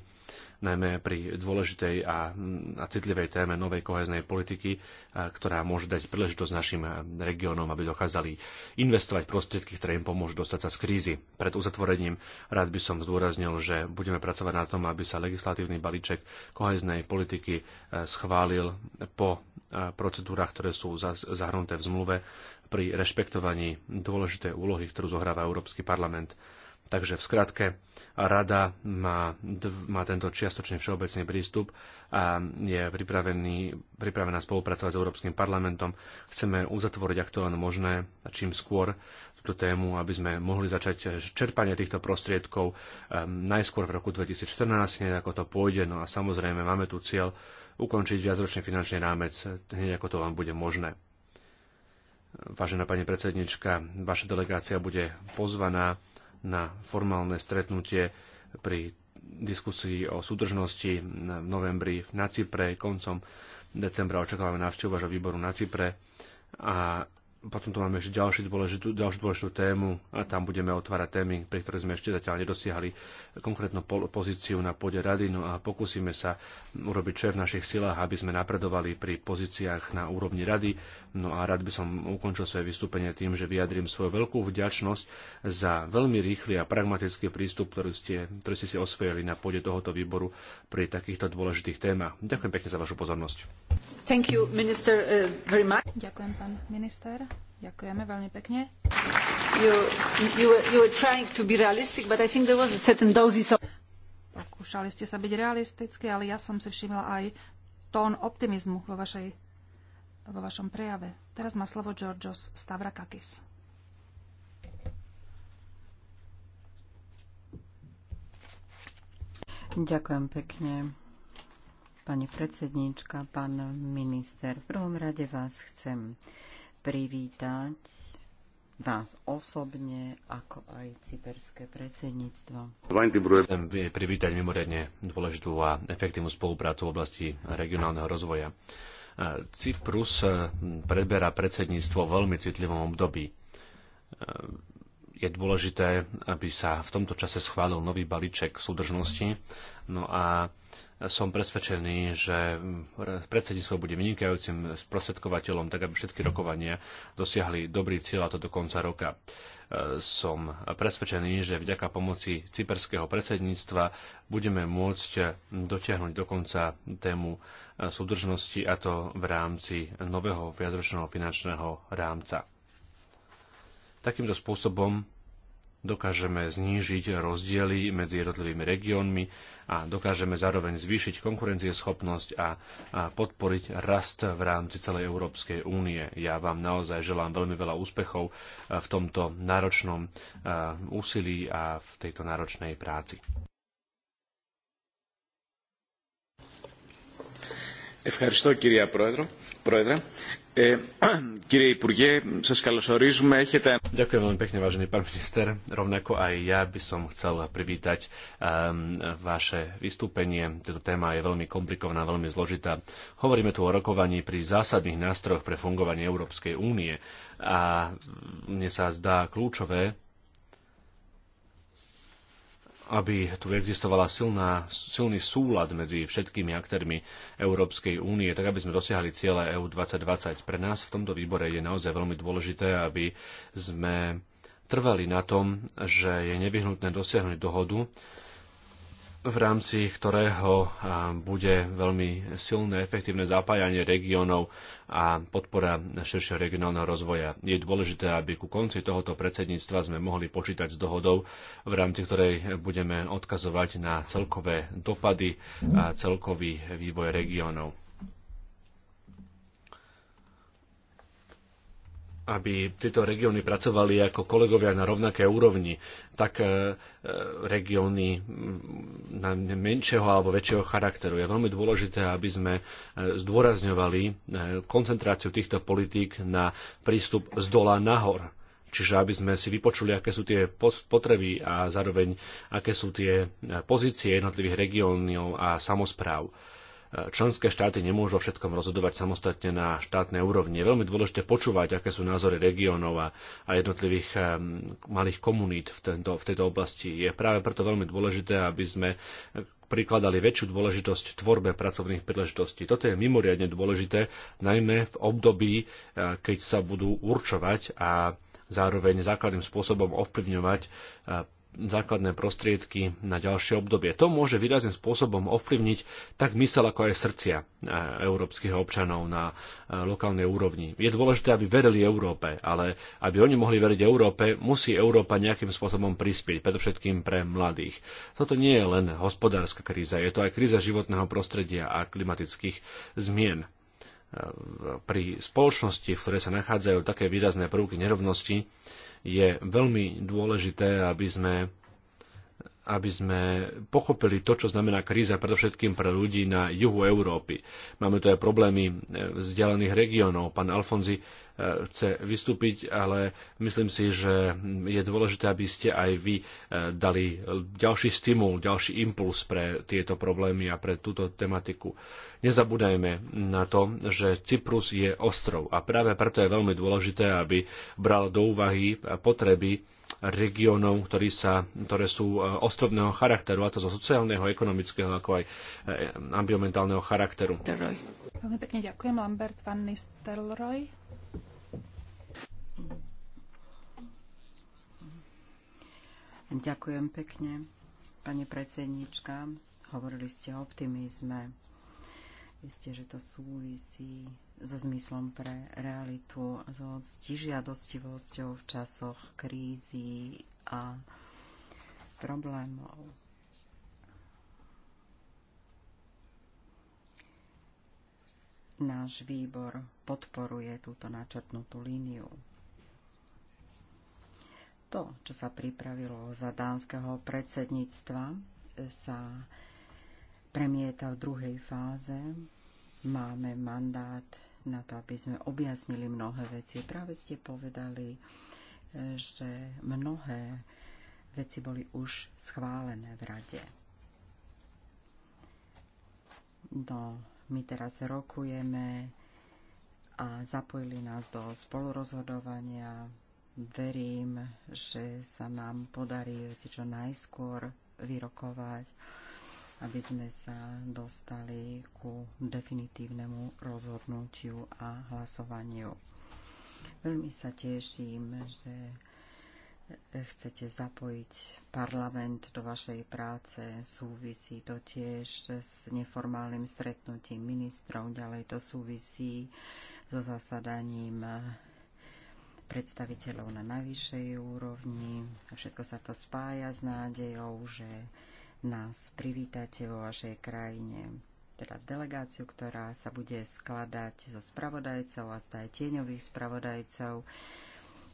najmä pri dôležitej a, a citlivej téme novej koheznej politiky, a, ktorá môže dať príležitosť našim regiónom, aby dokázali investovať prostriedky, ktoré im pomôžu dostať sa z krízy. Pred uzatvorením rád by som zdôraznil, že budeme pracovať na tom, aby sa legislatívny balíček koheznej politiky e, schválil po e, procedúrach, ktoré sú zahrnuté v zmluve pri rešpektovaní dôležitej úlohy, ktorú zohráva Európsky parlament. Takže v skratke, rada má, dv, má tento čiastočne všeobecný prístup a je pripravený, pripravená spolupracovať s Európskym parlamentom. Chceme uzatvoriť, ak to len možné, a čím skôr túto tému, aby sme mohli začať čerpanie týchto prostriedkov um, najskôr v roku 2014, hneď ako to pôjde. No a samozrejme máme tu cieľ ukončiť viacročný finančný rámec, hneď ako to len bude možné. Vážená pani predsednička, vaša delegácia bude pozvaná na formálne stretnutie pri diskusii o súdržnosti v novembri na Cypre. Koncom decembra očakávame návštevu vášho výboru na Cypre. A potom tu máme ešte ďalšiu dôležitú, ďalšiu dôležitú tému a tam budeme otvárať témy, pri ktorých sme ešte zatiaľ nedosiahli konkrétnu pozíciu na pôde rady no a pokúsime sa urobiť čo je v našich silách, aby sme napredovali pri pozíciách na úrovni rady. No a rád by som ukončil svoje vystúpenie tým, že vyjadrím svoju veľkú vďačnosť za veľmi rýchly a pragmatický prístup, ktorý ste, ktorý ste si osvojili na pôde tohoto výboru pri takýchto dôležitých témach. Ďakujem pekne za vašu pozornosť. Thank you, minister, uh, very much. Ďakujem, pán minister. Ďakujeme veľmi pekne. Pokúšali ste sa byť realistickí, ale ja som si všimla aj tón optimizmu vo, vašej, vo vašom prejave. Teraz má slovo Georgios Stavrakakis. Ďakujem pekne. Pani predsedníčka, pán minister, v prvom rade vás chcem privítať vás osobne, ako aj cyperské predsedníctvo. Chcem privítať mimoriadne dôležitú a efektívnu spoluprácu v oblasti regionálneho rozvoja. E, Cyprus e, predberá predsedníctvo v veľmi citlivom období. E, Je dôležité, aby sa v tomto čase schválil nový balíček súdržnosti. No a som presvedčený, že mm, predsedníctvo bude vynikajúcim sprostredkovateľom, tak aby všetky rokovania dosiahli dobrý cieľ a to do konca roka. E, som presvedčený, že vďaka pomoci cyperského predsedníctva budeme môcť dotiahnuť do konca tému e, súdržnosti a to v rámci nového viacročného finančného rámca. Takýmto spôsobom dokážeme znížiť rozdiely medzi jednotlivými regiónmi a dokážeme zároveň zvýšiť konkurencieschopnosť a, a podporiť rast v rámci celej Európskej únie. Ja vám naozaj želám veľmi veľa úspechov e, v tomto náročnom e, úsilí a v tejto náročnej práci. Ευχαριστώ κυρία Πρόεδρε, Eh, *clears throat* Ďakujem veľmi pekne, vážený pán minister. Rovnako aj ja by som chcel privítať ehm, vaše vystúpenie. Táto téma je veľmi komplikovaná, veľmi zložitá. Hovoríme tu o rokovaní pri zásadných nástrojoch pre fungovanie Európskej únie a mne sa zdá kľúčové, aby tu existovala silná, silný súlad medzi všetkými aktérmi Európskej únie, tak aby sme dosiahli ciele EU 2020. Pre nás v tomto výbore je naozaj veľmi dôležité, aby sme trvali na tom, že je nevyhnutné dosiahnuť dohodu, v rámci ktorého bude veľmi silné efektívne zapájanie regiónov a podpora širšieho regionálneho rozvoja. Je dôležité, aby ku konci tohoto predsedníctva sme mohli počítať s dohodou, v rámci ktorej budeme odkazovať na celkové dopady a celkový vývoj regiónov. aby tieto regióny pracovali ako kolegovia na rovnaké úrovni, tak e, e, regióny na menšieho alebo väčšieho charakteru. Je veľmi dôležité, aby sme e, zdôrazňovali koncentráciu týchto politík na prístup z dola nahor. Čiže aby sme si vypočuli, aké sú tie potreby a zároveň aké sú tie pozície jednotlivých regiónov a samozpráv členské štáty nemôžu o všetkom rozhodovať samostatne na štátnej úrovni. Je veľmi dôležité počúvať, aké sú názory regiónov a, jednotlivých malých komunít v, tento, v tejto oblasti. Je práve preto veľmi dôležité, aby sme prikladali väčšiu dôležitosť tvorbe pracovných príležitostí. Toto je mimoriadne dôležité, najmä v období, e, keď sa budú určovať a zároveň základným spôsobom ovplyvňovať e, základné prostriedky na ďalšie obdobie. To môže výrazným spôsobom ovplyvniť tak mysel ako aj srdcia e, európskych občanov na e, lokálnej úrovni. Je dôležité, aby verili Európe, ale aby oni mohli veriť Európe, musí Európa nejakým spôsobom prispieť, predovšetkým pre mladých. Toto nie je len hospodárska kríza, je to aj kríza životného prostredia a klimatických zmien e, pri spoločnosti, v ktorej sa nachádzajú také výrazné prvky nerovnosti, je veľmi dôležité, aby sme aby sme pochopili to, čo znamená kríza predovšetkým pre ľudí na juhu Európy. Máme tu aj problémy e, vzdialených regiónov. Pán Alfonzi chce vystúpiť, ale myslím si, že je dôležité, aby ste aj vy eh, dali ďalší stimul, ďalší impuls pre tieto problémy a pre túto tematiku. Nezabúdajme na to, že Cyprus je ostrov a práve preto je veľmi dôležité, aby bral do úvahy potreby regiónov, sa, ktoré sú eh, ostrovného charakteru, a to zo sociálneho, ekonomického, ako aj eh, ambientálneho charakteru. Veľmi pekne ďakujem, Lambert van Nistelrooy. Ďakujem pekne, pani predsednička. Hovorili ste o optimizme. Isté, že to súvisí so zmyslom pre realitu, so stižiadostivosťou v časoch krízy a problémov. Náš výbor podporuje túto načrtnutú líniu. To, čo sa pripravilo za dánskeho predsedníctva, sa premieta v druhej fáze. Máme mandát na to, aby sme objasnili mnohé veci. Práve ste povedali, že mnohé veci boli už schválené v rade. No, my teraz rokujeme a zapojili nás do spolurozhodovania verím, že sa nám podarí veci čo najskôr vyrokovať, aby sme sa dostali ku definitívnemu rozhodnutiu a hlasovaniu. Veľmi sa teším, že chcete zapojiť parlament do vašej práce. Súvisí to tiež s neformálnym stretnutím ministrov. Ďalej to súvisí so zasadaním predstaviteľov na najvyššej úrovni. všetko sa to spája s nádejou, že nás privítate vo vašej krajine teda delegáciu, ktorá sa bude skladať zo spravodajcov a aj tieňových spravodajcov.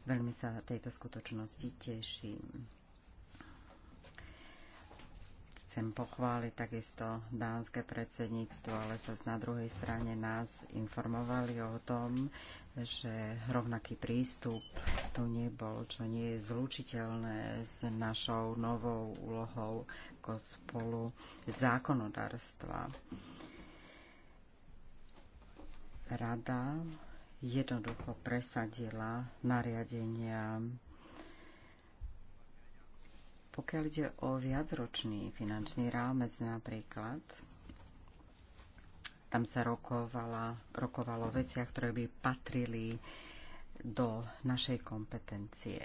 Veľmi sa tejto skutočnosti teším. Chcem pochváliť takisto dánske predsedníctvo, ale sa na druhej strane nás informovali o tom, že rovnaký prístup tu nebol, čo nie je zlučiteľné s našou novou úlohou ako spolu zákonodárstva. Rada jednoducho presadila nariadenia. Pokiaľ ide o viacročný finančný rámec napríklad, tam sa rokovala, rokovalo o veciach, ktoré by patrili do našej kompetencie.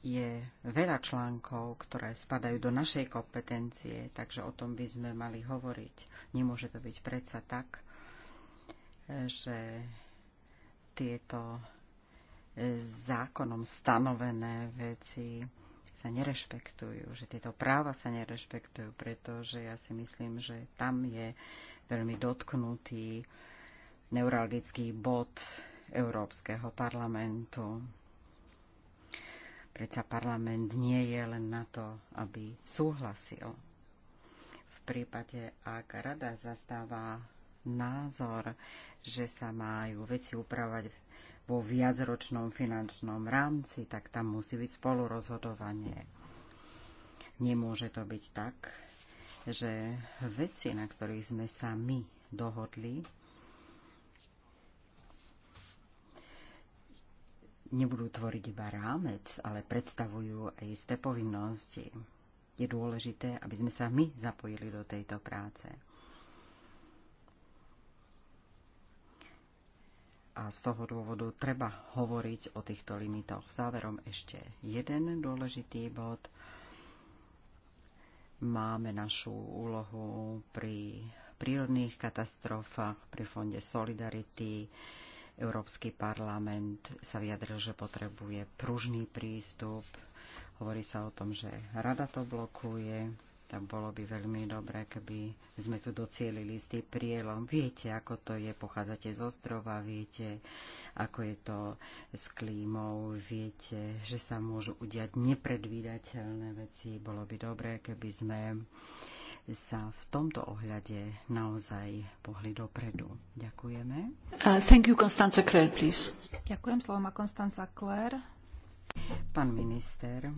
je veľa článkov, ktoré spadajú do našej kompetencie, takže o tom by sme mali hovoriť. Nemôže to byť predsa tak, že tieto zákonom stanovené veci sa nerešpektujú, že tieto práva sa nerešpektujú, pretože ja si myslím, že tam je veľmi dotknutý neuralgický bod Európskeho parlamentu. Predsa parlament nie je len na to, aby súhlasil. V prípade, ak rada zastáva názor, že sa majú veci upravovať vo viacročnom finančnom rámci, tak tam musí byť spolurozhodovanie. Nemôže to byť tak, že veci, na ktorých sme sa my dohodli, nebudú tvoriť iba rámec, ale predstavujú aj isté povinnosti. Je dôležité, aby sme sa my zapojili do tejto práce. a z toho dôvodu treba hovoriť o týchto limitoch. Záverom ešte jeden dôležitý bod. Máme našu úlohu pri prírodných katastrofách, pri Fonde Solidarity. Európsky parlament sa vyjadril, že potrebuje pružný prístup. Hovorí sa o tom, že rada to blokuje tak bolo by veľmi dobré, keby sme tu docielili tým prielom. Viete, ako to je, pochádzate z ostrova, viete, ako je to s klímou, viete, že sa môžu udiať nepredvídateľné veci. Bolo by dobré, keby sme sa v tomto ohľade naozaj pohli dopredu. Ďakujeme. Uh, thank you, Constanza Claire, please. Ďakujem, slovo má Constanza Claire. Pán minister,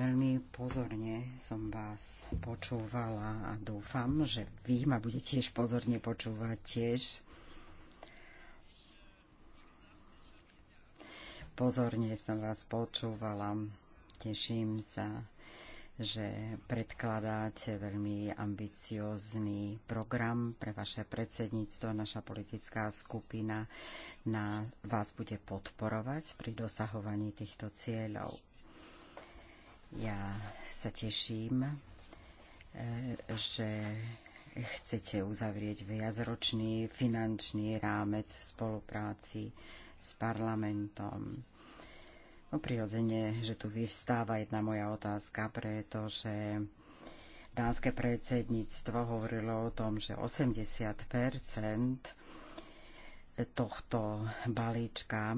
Veľmi pozorne som vás počúvala a dúfam, že vy ma budete tiež pozorne počúvať tiež. Pozorne som vás počúvala. Teším sa, že predkladáte veľmi ambiciózny program pre vaše predsedníctvo. Naša politická skupina na vás bude podporovať pri dosahovaní týchto cieľov. Ja sa teším, e, že chcete uzavrieť viacročný finančný rámec v spolupráci s parlamentom. No prirodzene, že tu vyvstáva jedna moja otázka, pretože dánske predsedníctvo hovorilo o tom, že 80 tohto balíčka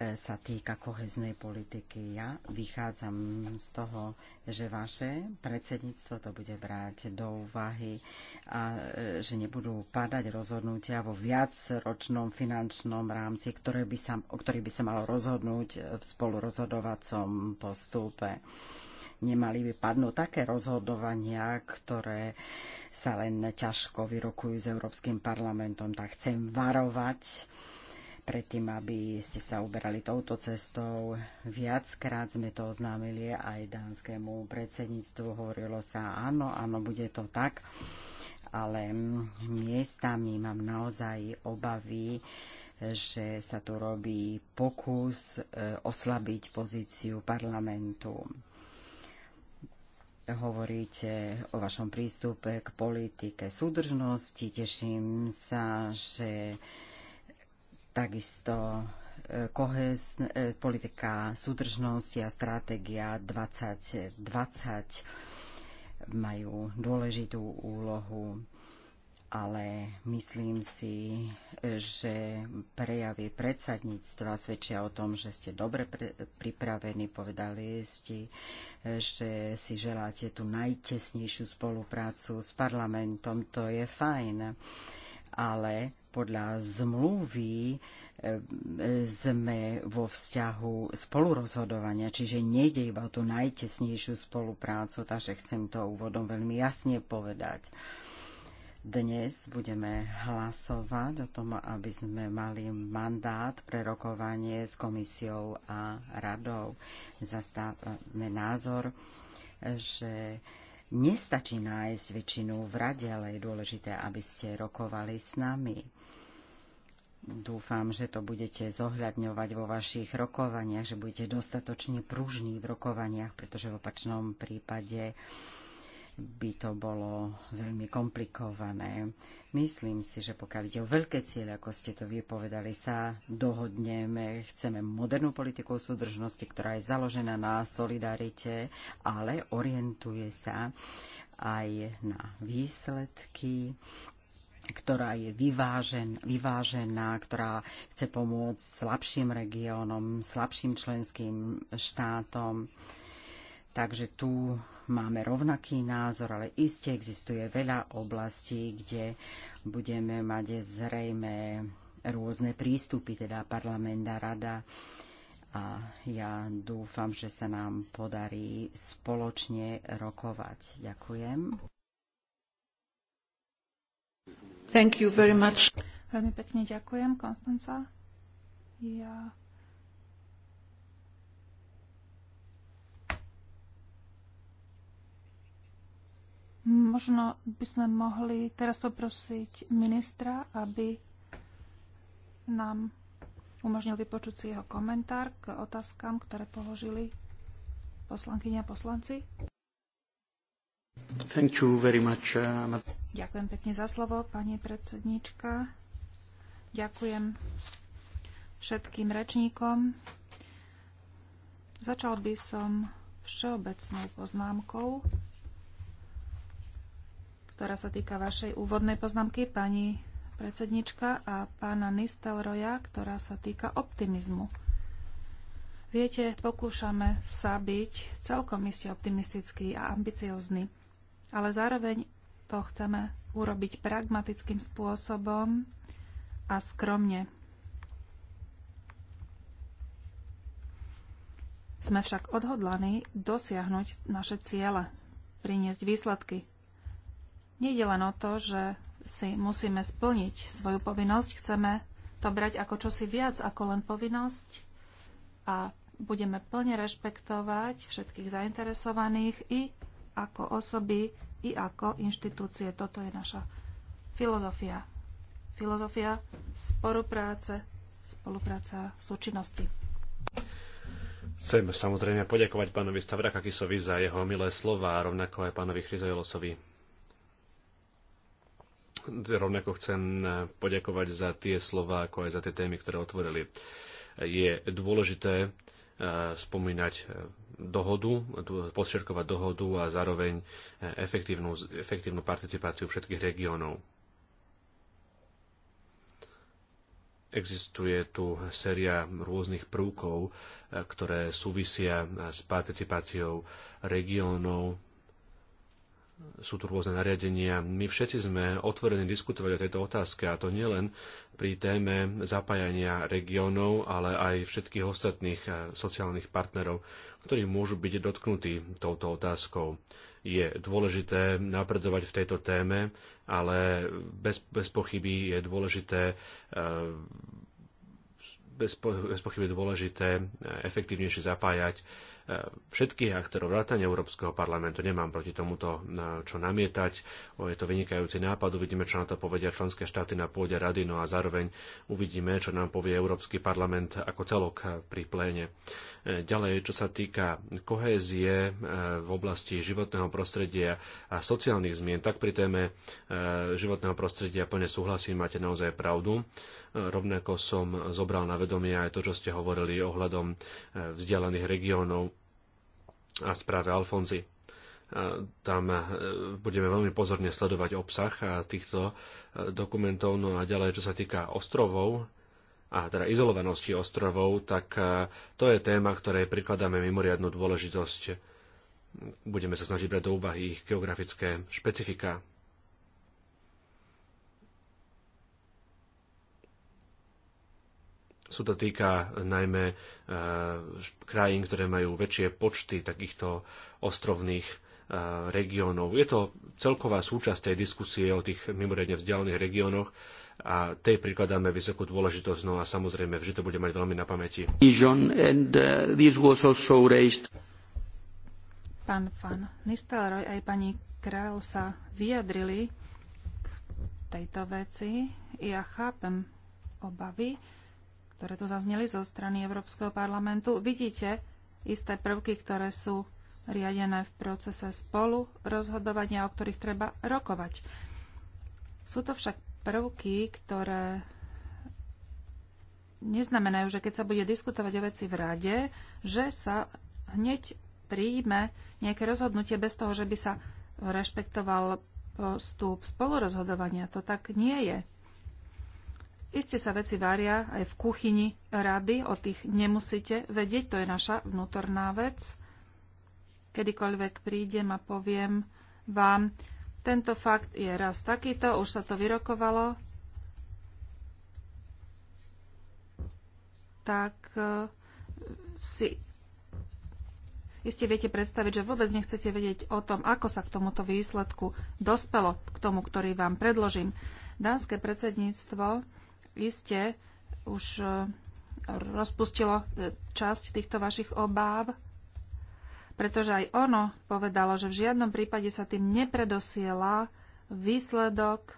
E, sa týka koheznej politiky. Ja vychádzam z toho, že vaše predsedníctvo to bude brať do úvahy a e, že nebudú padať rozhodnutia vo viacročnom finančnom rámci, ktoré by sa, o ktorých by sa malo rozhodnúť v spolurozhodovacom postupe nemali by padnúť také rozhodovania, ktoré sa len ťažko vyrokujú s Európskym parlamentom. Tak chcem varovať predtým, aby ste sa uberali touto cestou. Viackrát sme to oznámili aj dánskému predsedníctvu. Hovorilo sa, áno, áno, bude to tak. Ale miestami mám naozaj obavy, že sa tu robí pokus e, oslabiť pozíciu parlamentu hovoríte o vašom prístupe k politike súdržnosti. Teším sa, že takisto e, e, politika súdržnosti a stratégia 2020 majú dôležitú úlohu, ale myslím si, že prejavy predsadníctva svedčia o tom, že ste dobre pripravení, povedali ste, e, že si želáte tú najtesnejšiu spoluprácu s parlamentom, to je fajn ale podľa zmluvy eh, sme vo vzťahu spolurozhodovania, čiže nejde iba o tú najtesnejšiu spoluprácu, takže chcem to úvodom veľmi jasne povedať. Dnes budeme hlasovať o tom, aby sme mali mandát pre rokovanie s komisiou a radou. Zastávame názor, že nestačí nájsť väčšinu v rade, ale je dôležité, aby ste rokovali s nami. Dúfam, že to budete zohľadňovať vo vašich rokovaniach, že budete dostatočne pružní v rokovaniach, pretože v opačnom prípade by to bolo veľmi komplikované. Myslím si, že pokiaľ ide o veľké cieľe, ako ste to vypovedali, sa dohodneme. Chceme modernú politiku súdržnosti, ktorá je založená na solidarite, ale orientuje sa aj na výsledky, ktorá je vyvážen, vyvážená, ktorá chce pomôcť slabším regiónom, slabším členským štátom. Takže tu máme rovnaký názor, ale iste existuje veľa oblastí, kde budeme mať zrejme rôzne prístupy, teda parlament a rada. A ja dúfam, že sa nám podarí spoločne rokovať. Ďakujem. Thank you very much. Veľmi pekne ďakujem, Konstanca. Ja Možno by sme mohli teraz poprosiť ministra, aby nám umožnil vypočuť si jeho komentár k otázkam, ktoré položili poslankyne a poslanci. Thank you very much. Uh, Ďakujem pekne za slovo, pani predsednička. Ďakujem všetkým rečníkom. Začal by som všeobecnou poznámkou ktorá sa týka vašej úvodnej poznámky, pani predsednička, a pána Nistelroja, ktorá sa týka optimizmu. Viete, pokúšame sa byť celkom iste optimistický a ambiciózny, ale zároveň to chceme urobiť pragmatickým spôsobom a skromne. Sme však odhodlaní dosiahnuť naše ciele, priniesť výsledky, Nejde len o to, že si musíme splniť svoju povinnosť, chceme to brať ako čosi viac ako len povinnosť a budeme plne rešpektovať všetkých zainteresovaných i ako osoby, i ako inštitúcie. Toto je naša filozofia. Filozofia spolupráce, spolupráca súčinnosti. Chcem samozrejme poďakovať pánovi Stavrakakisovi za jeho milé slova a rovnako aj pánovi Chryzojolosovi Rovnako chcem poďakovať za tie slova, ako aj za tie témy, ktoré otvorili. Je dôležité eh, spomínať eh, dohodu, podčerkovať dohodu a zároveň eh, efektívnu, efektívnu participáciu všetkých regiónov. Existuje tu séria rôznych prúkov, ktoré súvisia s participáciou regiónov sú tu rôzne nariadenia. My všetci sme otvorení diskutovať o tejto otázke a to nielen pri téme zapájania regiónov, ale aj všetkých ostatných eh, sociálnych partnerov, ktorí môžu byť dotknutí touto otázkou. Je dôležité napredovať v tejto téme, ale bez, bez pochyby je dôležité eh, bez, bez pochyby dôležité eh, efektívnejšie zapájať všetkých aktorov vrátane Európskeho parlamentu. Nemám proti tomuto e, čo namietať. O, je to vynikajúci nápad. Uvidíme, čo na to povedia členské štáty na pôde rady. No a zároveň uvidíme, čo nám povie Európsky parlament ako celok pri pléne. E, ďalej, čo sa týka kohézie e, v oblasti životného prostredia a sociálnych zmien, tak pri téme životného prostredia plne súhlasím, máte naozaj pravdu. Rovnako som zobral na vedomie aj to, čo ste hovorili ohľadom vzdialených regiónov a správe Alfonzi. E, tam e, budeme veľmi pozorne sledovať obsah e, týchto dokumentov. No a ďalej, čo sa týka ostrovov, a teda izolovanosti ostrovov, tak to je téma, ktorej prikladáme mimoriadnú dôležitosť. Budeme sa snažiť brať do úvahy ich geografické špecifika. sú to týka eh, najmä eh, krajín, ktoré majú väčšie počty takýchto ostrovných eh, regiónov. Je to celková súčasť tej diskusie o tých mimoriadne vzdialených regiónoch a tej prikladáme vysokú dôležitosť, no a samozrejme vždy to bude mať veľmi na pamäti. Pán Fan Nistelroj aj pani Král sa vyjadrili k tejto veci. Ja chápem obavy, ktoré tu zazneli zo strany Európskeho parlamentu, vidíte isté prvky, ktoré sú riadené v procese spolu rozhodovania, o ktorých treba rokovať. Sú to však prvky, ktoré neznamenajú, že keď sa bude diskutovať o veci v rade, že sa hneď príjme nejaké rozhodnutie bez toho, že by sa rešpektoval postup spolurozhodovania. To tak nie je. Iste sa veci varia aj v kuchyni rady, o tých nemusíte vedieť, to je naša vnútorná vec. Kedykoľvek prídem a poviem vám, tento fakt je raz takýto, už sa to vyrokovalo, tak e, si iste viete predstaviť, že vôbec nechcete vedieť o tom, ako sa k tomuto výsledku dospelo, k tomu, ktorý vám predložím. Dánske predsedníctvo iste už e, rozpustilo e, časť týchto vašich obáv, pretože aj ono povedalo, že v žiadnom prípade sa tým nepredosiela výsledok.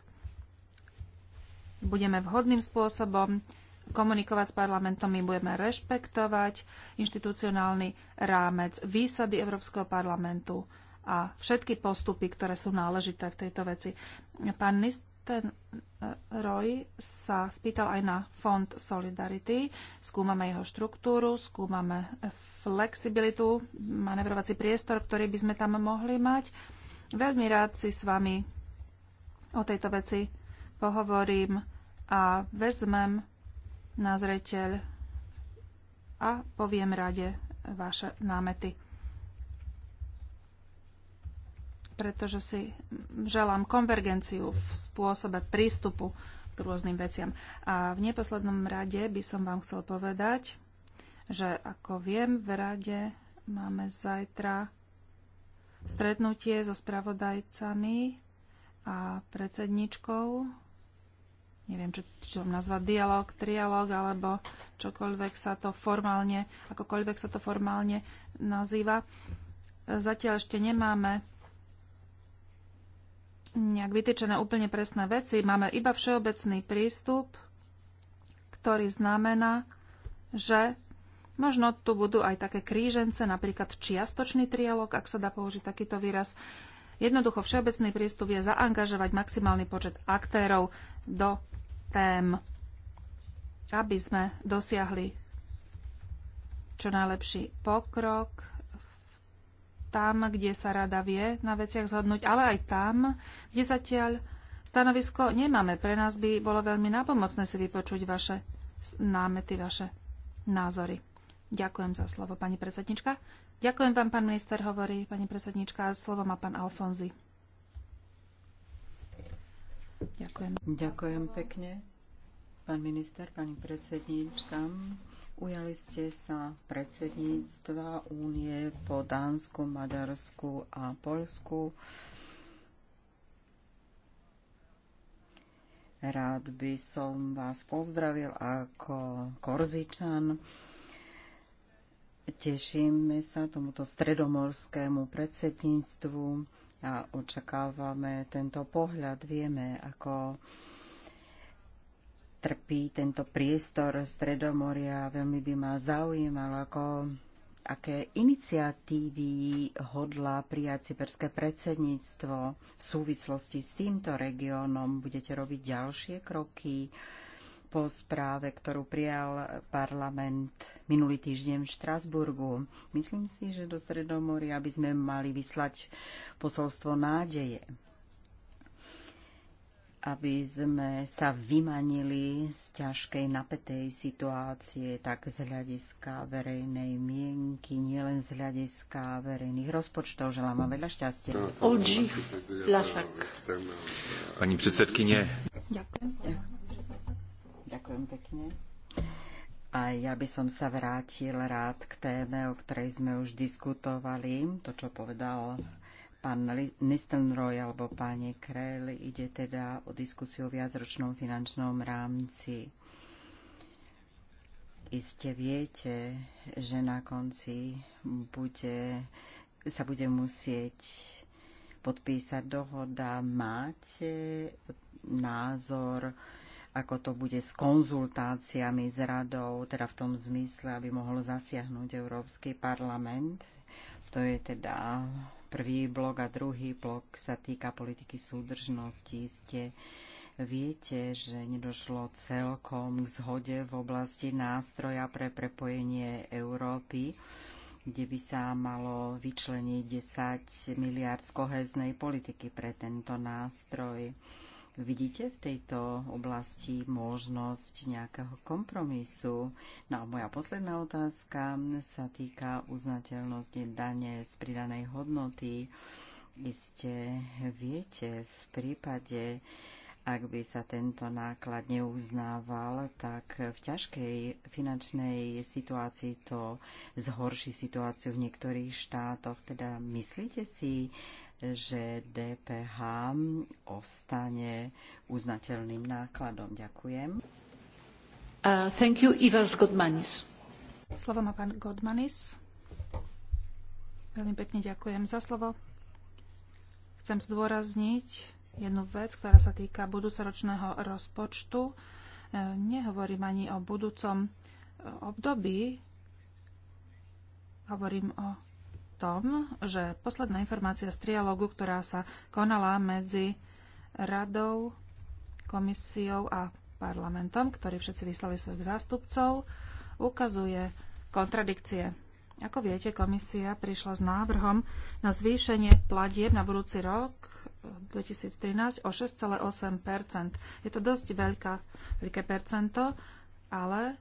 Budeme vhodným spôsobom komunikovať s parlamentom, my budeme rešpektovať inštitucionálny rámec, výsady Európskeho parlamentu a všetky postupy, ktoré sú náležité v tejto veci. Pán ten e, Roy sa spýtal aj na fond Solidarity. Skúmame jeho štruktúru, skúmame flexibilitu, manevrovací priestor, ktorý by sme tam mohli mať. Veľmi rád si s vami o tejto veci pohovorím a vezmem na zreteľ a poviem rade vaše námety. pretože si želám konvergenciu v spôsobe prístupu k rôznym veciam. A v neposlednom rade by som vám chcel povedať, že ako viem, v rade máme zajtra stretnutie so spravodajcami a predsedničkou. Neviem, čo čo nazvať dialog, trialog, alebo čokoľvek sa to formálne, akokoľvek sa to formálne nazýva. Zatiaľ ešte nemáme nejak vytýčené úplne presné veci. Máme iba všeobecný prístup, ktorý znamená, že možno tu budú aj také krížence, napríklad čiastočný trialog, ak sa dá použiť takýto výraz. Jednoducho všeobecný prístup je zaangažovať maximálny počet aktérov do tém, aby sme dosiahli čo najlepší pokrok tam, kde sa rada vie na veciach zhodnúť, ale aj tam, kde zatiaľ stanovisko nemáme. Pre nás by bolo veľmi napomocné si vypočuť vaše námety, vaše názory. Ďakujem za slovo, pani predsednička. Ďakujem vám, pán minister, hovorí pani predsednička. Slovo má pán Alfonzi. Ďakujem. Ďakujem pekne. Pán minister, pani predsednička, Ujali ste sa predsedníctva únie po Dánsku, Maďarsku a Polsku. Rád by som vás pozdravil ako Korzičan. Tešíme sa tomuto stredomorskému predsedníctvu a očakávame tento pohľad. Vieme, ako trpí tento priestor Stredomoria. Veľmi by ma zaujímalo, ako, aké iniciatívy hodla prijať cyperské predsedníctvo v súvislosti s týmto regiónom. Budete robiť ďalšie kroky po správe, ktorú prijal parlament minulý týždeň v Štrasburgu. Myslím si, že do Stredomoria by sme mali vyslať posolstvo nádeje aby sme sa vymanili z ťažkej napätej situácie, tak z hľadiska verejnej mienky, nielen z hľadiska verejných rozpočtov. Želám vám veľa šťastia. Olži Lasak. Pani predsedkynie. Ďakujem. Ďakujem pekne. A ja by som sa vrátil rád k téme, o ktorej sme už diskutovali, to, čo povedal pán Nistelrooy alebo páni Krell. Ide teda o diskusiu o viacročnom finančnom rámci. Iste viete, že na konci bude, sa bude musieť podpísať dohoda. Máte názor, ako to bude s konzultáciami s radou, teda v tom zmysle, aby mohol zasiahnuť Európsky parlament. To je teda Prvý blok a druhý blok sa týka politiky súdržnosti. Ste viete, že nedošlo celkom k zhode v oblasti nástroja pre prepojenie Európy kde by sa malo vyčleniť 10 miliard z koheznej politiky pre tento nástroj. Vidíte v tejto oblasti možnosť nejakého kompromisu? No a moja posledná otázka sa týka uznateľnosti dane z pridanej hodnoty. Iste viete, v prípade, ak by sa tento náklad neuznával, tak v ťažkej finančnej situácii to zhorší situáciu v niektorých štátoch. Teda myslíte si, že DPH ostane uznateľným nákladom. Ďakujem. Uh, thank you, Ivers Godmanis. Slovo má pán Godmanis. Veľmi pekne ďakujem za slovo. Chcem zdôrazniť jednu vec, ktorá sa týka budúcoročného rozpočtu. Uh, nehovorím ani o budúcom období, hovorím o tom, že posledná informácia z trialógu, ktorá sa konala medzi radou, komisiou a parlamentom, ktorí všetci vyslali svojich zástupcov, ukazuje kontradikcie. Ako viete, komisia prišla s návrhom na zvýšenie platieb na budúci rok 2013 eh, o 6,8 Je to dosť veľká, veľké percento, ale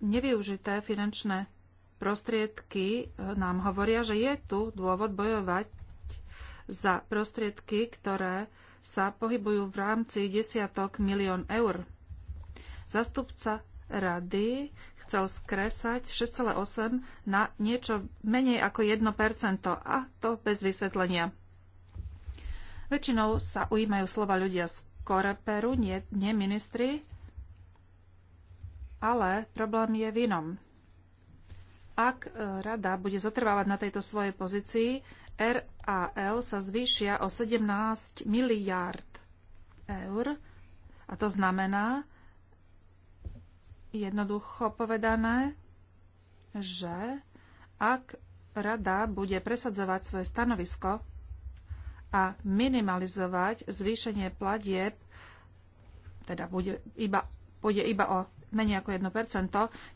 nevyužité finančné prostriedky e, nám hovoria, že je tu dôvod bojovať za prostriedky, ktoré sa pohybujú v rámci desiatok milión eur. Zastupca rady chcel skresať 6,8 na niečo menej ako 1% a to bez vysvetlenia. Väčšinou sa ujímajú slova ľudia z Koreperu, nie, nie ministri, ale problém je v inom. Ak e, rada bude zotrvávať na tejto svojej pozícii, RAL sa zvýšia o 17 miliárd eur. A to znamená, jednoducho povedané, že ak rada bude presadzovať svoje stanovisko a minimalizovať zvýšenie platieb, teda bude iba, bude iba o menej ako 1%,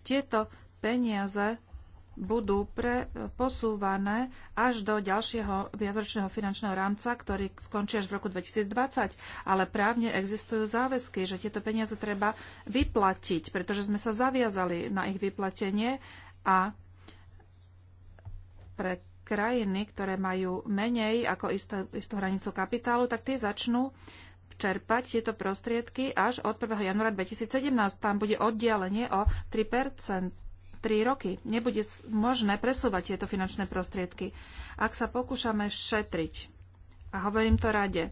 tieto peniaze budú pre, posúvané až do ďalšieho viacročného finančného rámca, ktorý skončí až v roku 2020. Ale právne existujú záväzky, že tieto peniaze treba vyplatiť, pretože sme sa zaviazali na ich vyplatenie a pre krajiny, ktoré majú menej ako istú, istú hranicu kapitálu, tak tie začnú čerpať tieto prostriedky až od 1. januára 2017. Tam bude oddialenie o 3 3 roky. Nebude možné presúvať tieto finančné prostriedky, ak sa pokúšame šetriť. A hovorím to rade.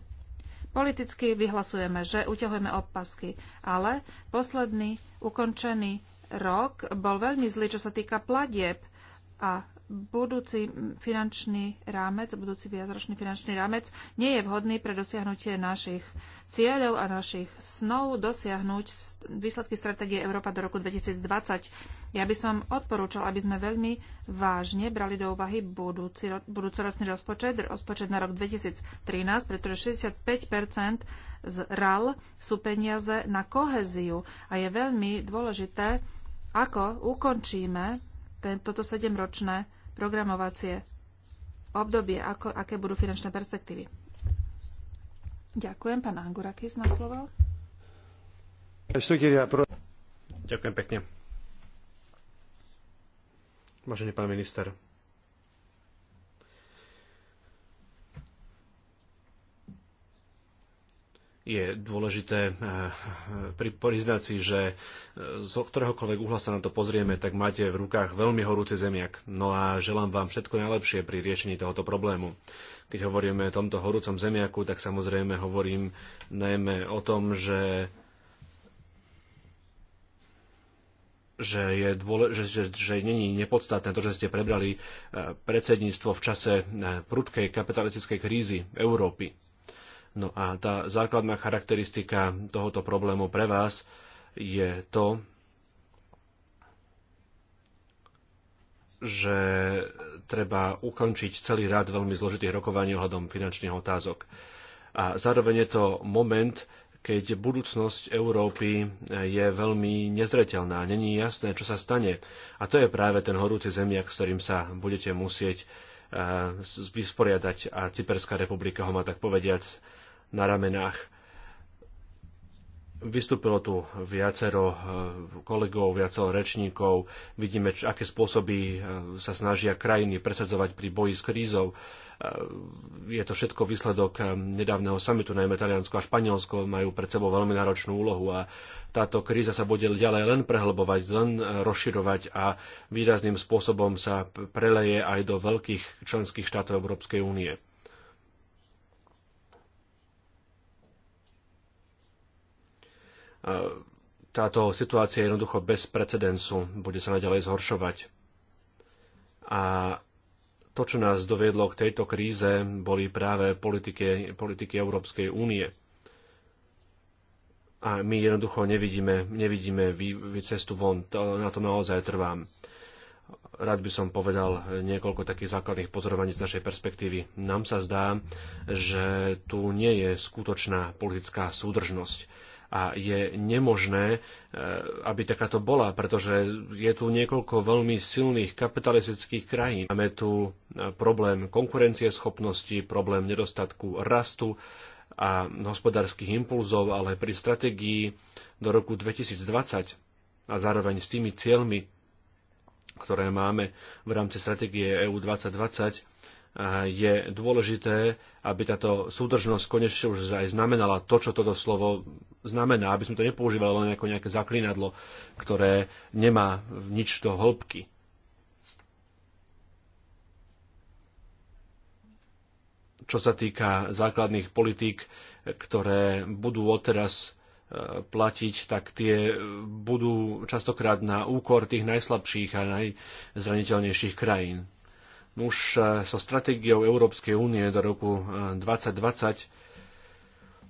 Politicky vyhlasujeme, že uťahujeme opasky, ale posledný ukončený rok bol veľmi zlý, čo sa týka platieb a budúci finančný rámec, budúci viacročný finančný rámec nie je vhodný pre dosiahnutie našich cieľov a našich snov dosiahnuť výsledky stratégie Európa do roku 2020. Ja by som odporúčal, aby sme veľmi vážne brali do úvahy budúci, budúcoročný rozpočet, rozpočet na rok 2013, pretože 65 z RAL sú peniaze na koheziu a je veľmi dôležité, ako ukončíme toto sedemročné programovacie obdobie, ako, aké budú finančné perspektívy. Ďakujem. Pán Angurakis na slovo. Ďakujem pekne. Vážený pán minister, je dôležité eh, pri priznať si, že eh, z ktoréhokoľvek uhla sa na to pozrieme, tak máte v rukách veľmi horúci zemiak. No a želám vám všetko najlepšie pri riešení tohoto problému. Keď hovoríme o tomto horúcom zemiaku, tak samozrejme hovorím najmä o tom, že že, je dôle, že, že, že není nepodstatné to, že ste prebrali eh, predsedníctvo v čase prudkej kapitalistickej krízy Európy No a tá základná charakteristika tohoto problému pre vás je to, že treba ukončiť celý rád veľmi zložitých rokovaní ohľadom finančných otázok. A zároveň je to moment, keď budúcnosť Európy je veľmi nezreteľná. Není jasné, čo sa stane. A to je práve ten horúci zemiak, s ktorým sa budete musieť eh, vysporiadať. A Cyperská republika ho má tak povediac na ramenách. Vystúpilo tu viacero eh, kolegov, viacero rečníkov. Vidíme, čo, aké spôsoby eh, sa snažia krajiny presadzovať pri boji s krízou. Eh, je to všetko výsledok nedávneho samitu, najmä Taliansko a Španielsko majú pred sebou veľmi náročnú úlohu a táto kríza sa bude ďalej len prehlbovať, len rozširovať a výrazným spôsobom sa preleje aj do veľkých členských štátov Európskej únie táto situácia je jednoducho bez precedensu, bude sa naďalej zhoršovať. A to, čo nás doviedlo k tejto kríze, boli práve politiky, politiky Európskej únie. A my jednoducho nevidíme, nevidíme vy, vy cestu von, to, na tom naozaj trvám. Rád by som povedal niekoľko takých základných pozorovaní z našej perspektívy. Nám sa zdá, že tu nie je skutočná politická súdržnosť a je nemožné, e, aby takáto bola, pretože je tu niekoľko veľmi silných kapitalistických krajín. Máme tu e, problém konkurencieschopnosti, problém nedostatku rastu, a hospodárskych impulzov, ale pri strategii do roku 2020 a zároveň s tými cieľmi, ktoré máme v rámci stratégie EU 2020, je dôležité, aby táto súdržnosť konečne už aj znamenala to, čo toto slovo znamená, aby sme to nepoužívali len ako nejaké zaklinadlo, ktoré nemá nič do hĺbky. Čo sa týka základných politík, ktoré budú odteraz e, platiť, tak tie budú častokrát na úkor tých najslabších a najzraniteľnejších krajín. Už eh, so stratégiou Európskej únie do roku 2020 eh,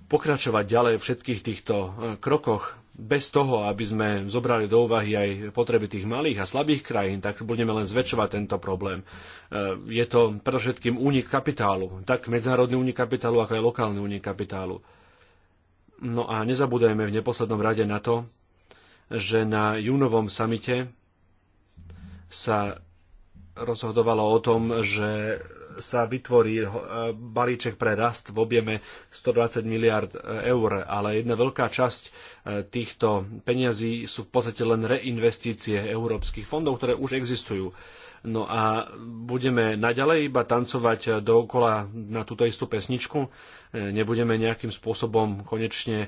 pokračovať ďalej v všetkých týchto eh, krokoch bez toho, aby sme zobrali do úvahy aj potreby tých malých a slabých krajín, tak budeme len zväčšovať tento problém. Je to predovšetkým únik kapitálu, tak medzinárodný únik kapitálu, ako aj lokálny únik kapitálu. No a nezabúdajme v neposlednom rade na to, že na júnovom samite sa rozhodovalo o tom, že sa vytvorí eh, balíček pre rast v objeme 120 miliard eh, eur, ale jedna veľká časť eh, týchto peňazí sú v podstate len reinvestície európskych fondov, ktoré už existujú. No a budeme naďalej iba tancovať dookola na túto istú pesničku, e, nebudeme nejakým spôsobom konečne e,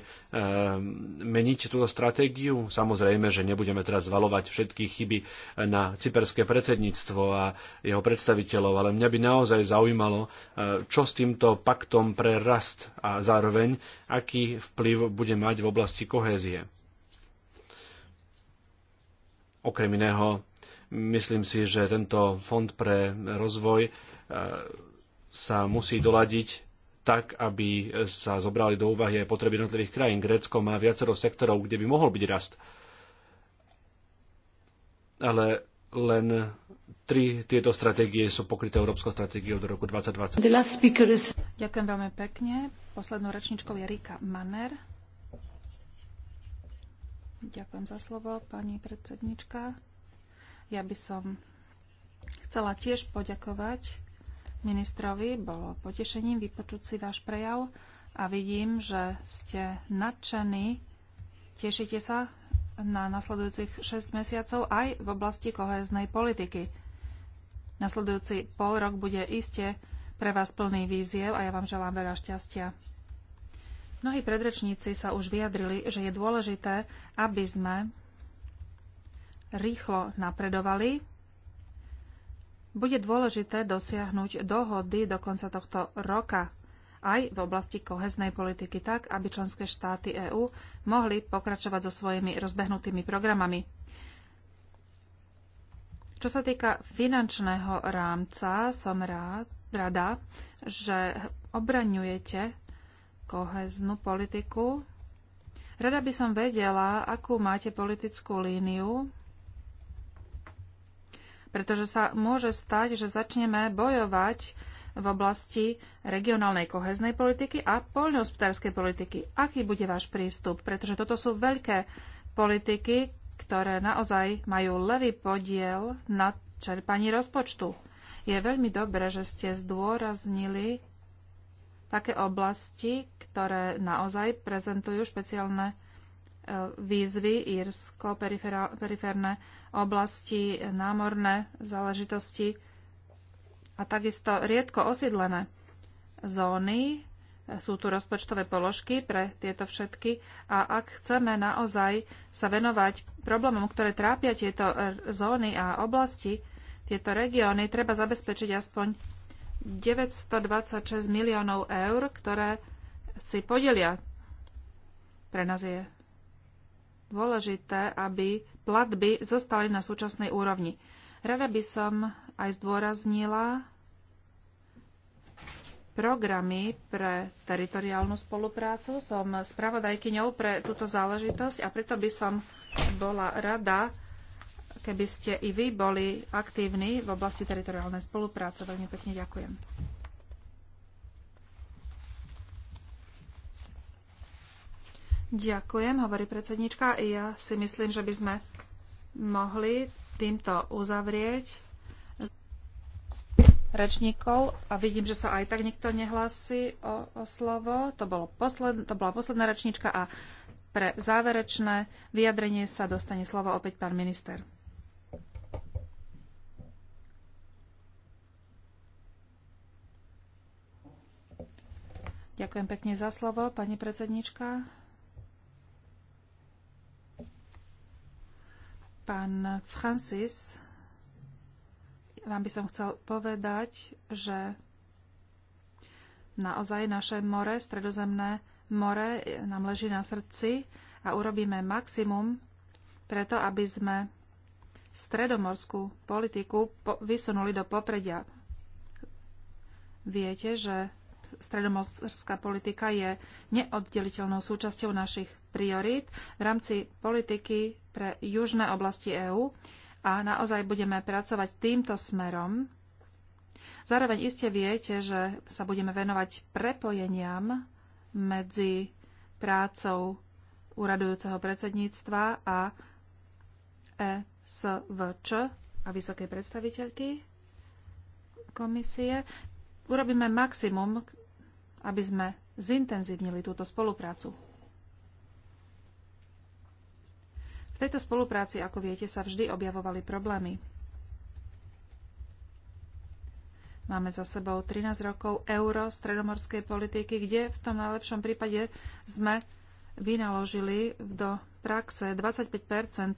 meniť túto stratégiu. Samozrejme, že nebudeme teraz zvalovať všetky chyby e, na cyperské predsedníctvo a jeho predstaviteľov, ale mňa by naozaj zaujímalo, čo s týmto paktom pre rast a zároveň, aký vplyv bude mať v oblasti kohézie. Okrem iného, Myslím si, že tento fond pre rozvoj e, sa musí doladiť tak, aby sa zobrali do úvahy aj potreby jednotlivých krajín. Grécko má viacero sektorov, kde by mohol byť rast. Ale len tri tieto stratégie sú pokryté Európskou stratégiou do roku 2020. Is... Ďakujem veľmi pekne. Poslednou rečničkou je Rika Manner. Ďakujem za slovo, pani predsednička. Ja by som chcela tiež poďakovať ministrovi. Bolo potešením vypočuť si váš prejav a vidím, že ste nadšení. Tešíte sa na nasledujúcich 6 mesiacov aj v oblasti kohéznej politiky. Nasledujúci pol rok bude iste pre vás plný víziev a ja vám želám veľa šťastia. Mnohí predrečníci sa už vyjadrili, že je dôležité, aby sme rýchlo napredovali. Bude dôležité dosiahnuť dohody do konca tohto roka aj v oblasti koheznej politiky tak, aby členské štáty EÚ mohli pokračovať so svojimi rozbehnutými programami. Čo sa týka finančného rámca, som rád, rada, že obraňujete koheznú politiku. Rada by som vedela, akú máte politickú líniu pretože sa môže stať, že začneme bojovať v oblasti regionálnej koheznej politiky a poľnohospodárskej politiky. Aký bude váš prístup? Pretože toto sú veľké politiky, ktoré naozaj majú levý podiel na čerpaní rozpočtu. Je veľmi dobré, že ste zdôraznili také oblasti, ktoré naozaj prezentujú špeciálne výzvy, Írsko, periférne oblasti, námorné záležitosti a takisto riedko osídlené zóny. Sú tu rozpočtové položky pre tieto všetky a ak chceme naozaj sa venovať problémom, ktoré trápia tieto zóny a oblasti, tieto regióny, treba zabezpečiť aspoň 926 miliónov eur, ktoré si podelia. Pre nás je dôležité, aby platby zostali na súčasnej úrovni. Rada by som aj zdôraznila programy pre teritoriálnu spoluprácu. Som spravodajkyňou pre túto záležitosť a preto by som bola rada, keby ste i vy boli aktívni v oblasti teritoriálnej spolupráce. Veľmi pekne ďakujem. Ďakujem, hovorí predsednička. Ja si myslím, že by sme mohli týmto uzavrieť rečníkov a vidím, že sa aj tak nikto nehlási o, o slovo. To, bolo posled, to bola posledná rečníčka a pre záverečné vyjadrenie sa dostane slovo opäť pán minister. Ďakujem pekne za slovo, pani predsednička. Pán Francis, vám by som chcel povedať, že naozaj naše more, stredozemné more, nám leží na srdci a urobíme maximum preto, aby sme stredomorskú politiku vysunuli do popredia. Viete, že stredomorská politika je neoddeliteľnou súčasťou našich priorít v rámci politiky pre južné oblasti EÚ a naozaj budeme pracovať týmto smerom. Zároveň iste viete, že sa budeme venovať prepojeniam medzi prácou úradujúceho predsedníctva a ESVČ a vysokej predstaviteľky komisie. Urobíme maximum, aby sme zintenzívnili túto spoluprácu. V tejto spolupráci, ako viete, sa vždy objavovali problémy. Máme za sebou 13 rokov euro stredomorskej politiky, kde v tom najlepšom prípade sme vynaložili do praxe 25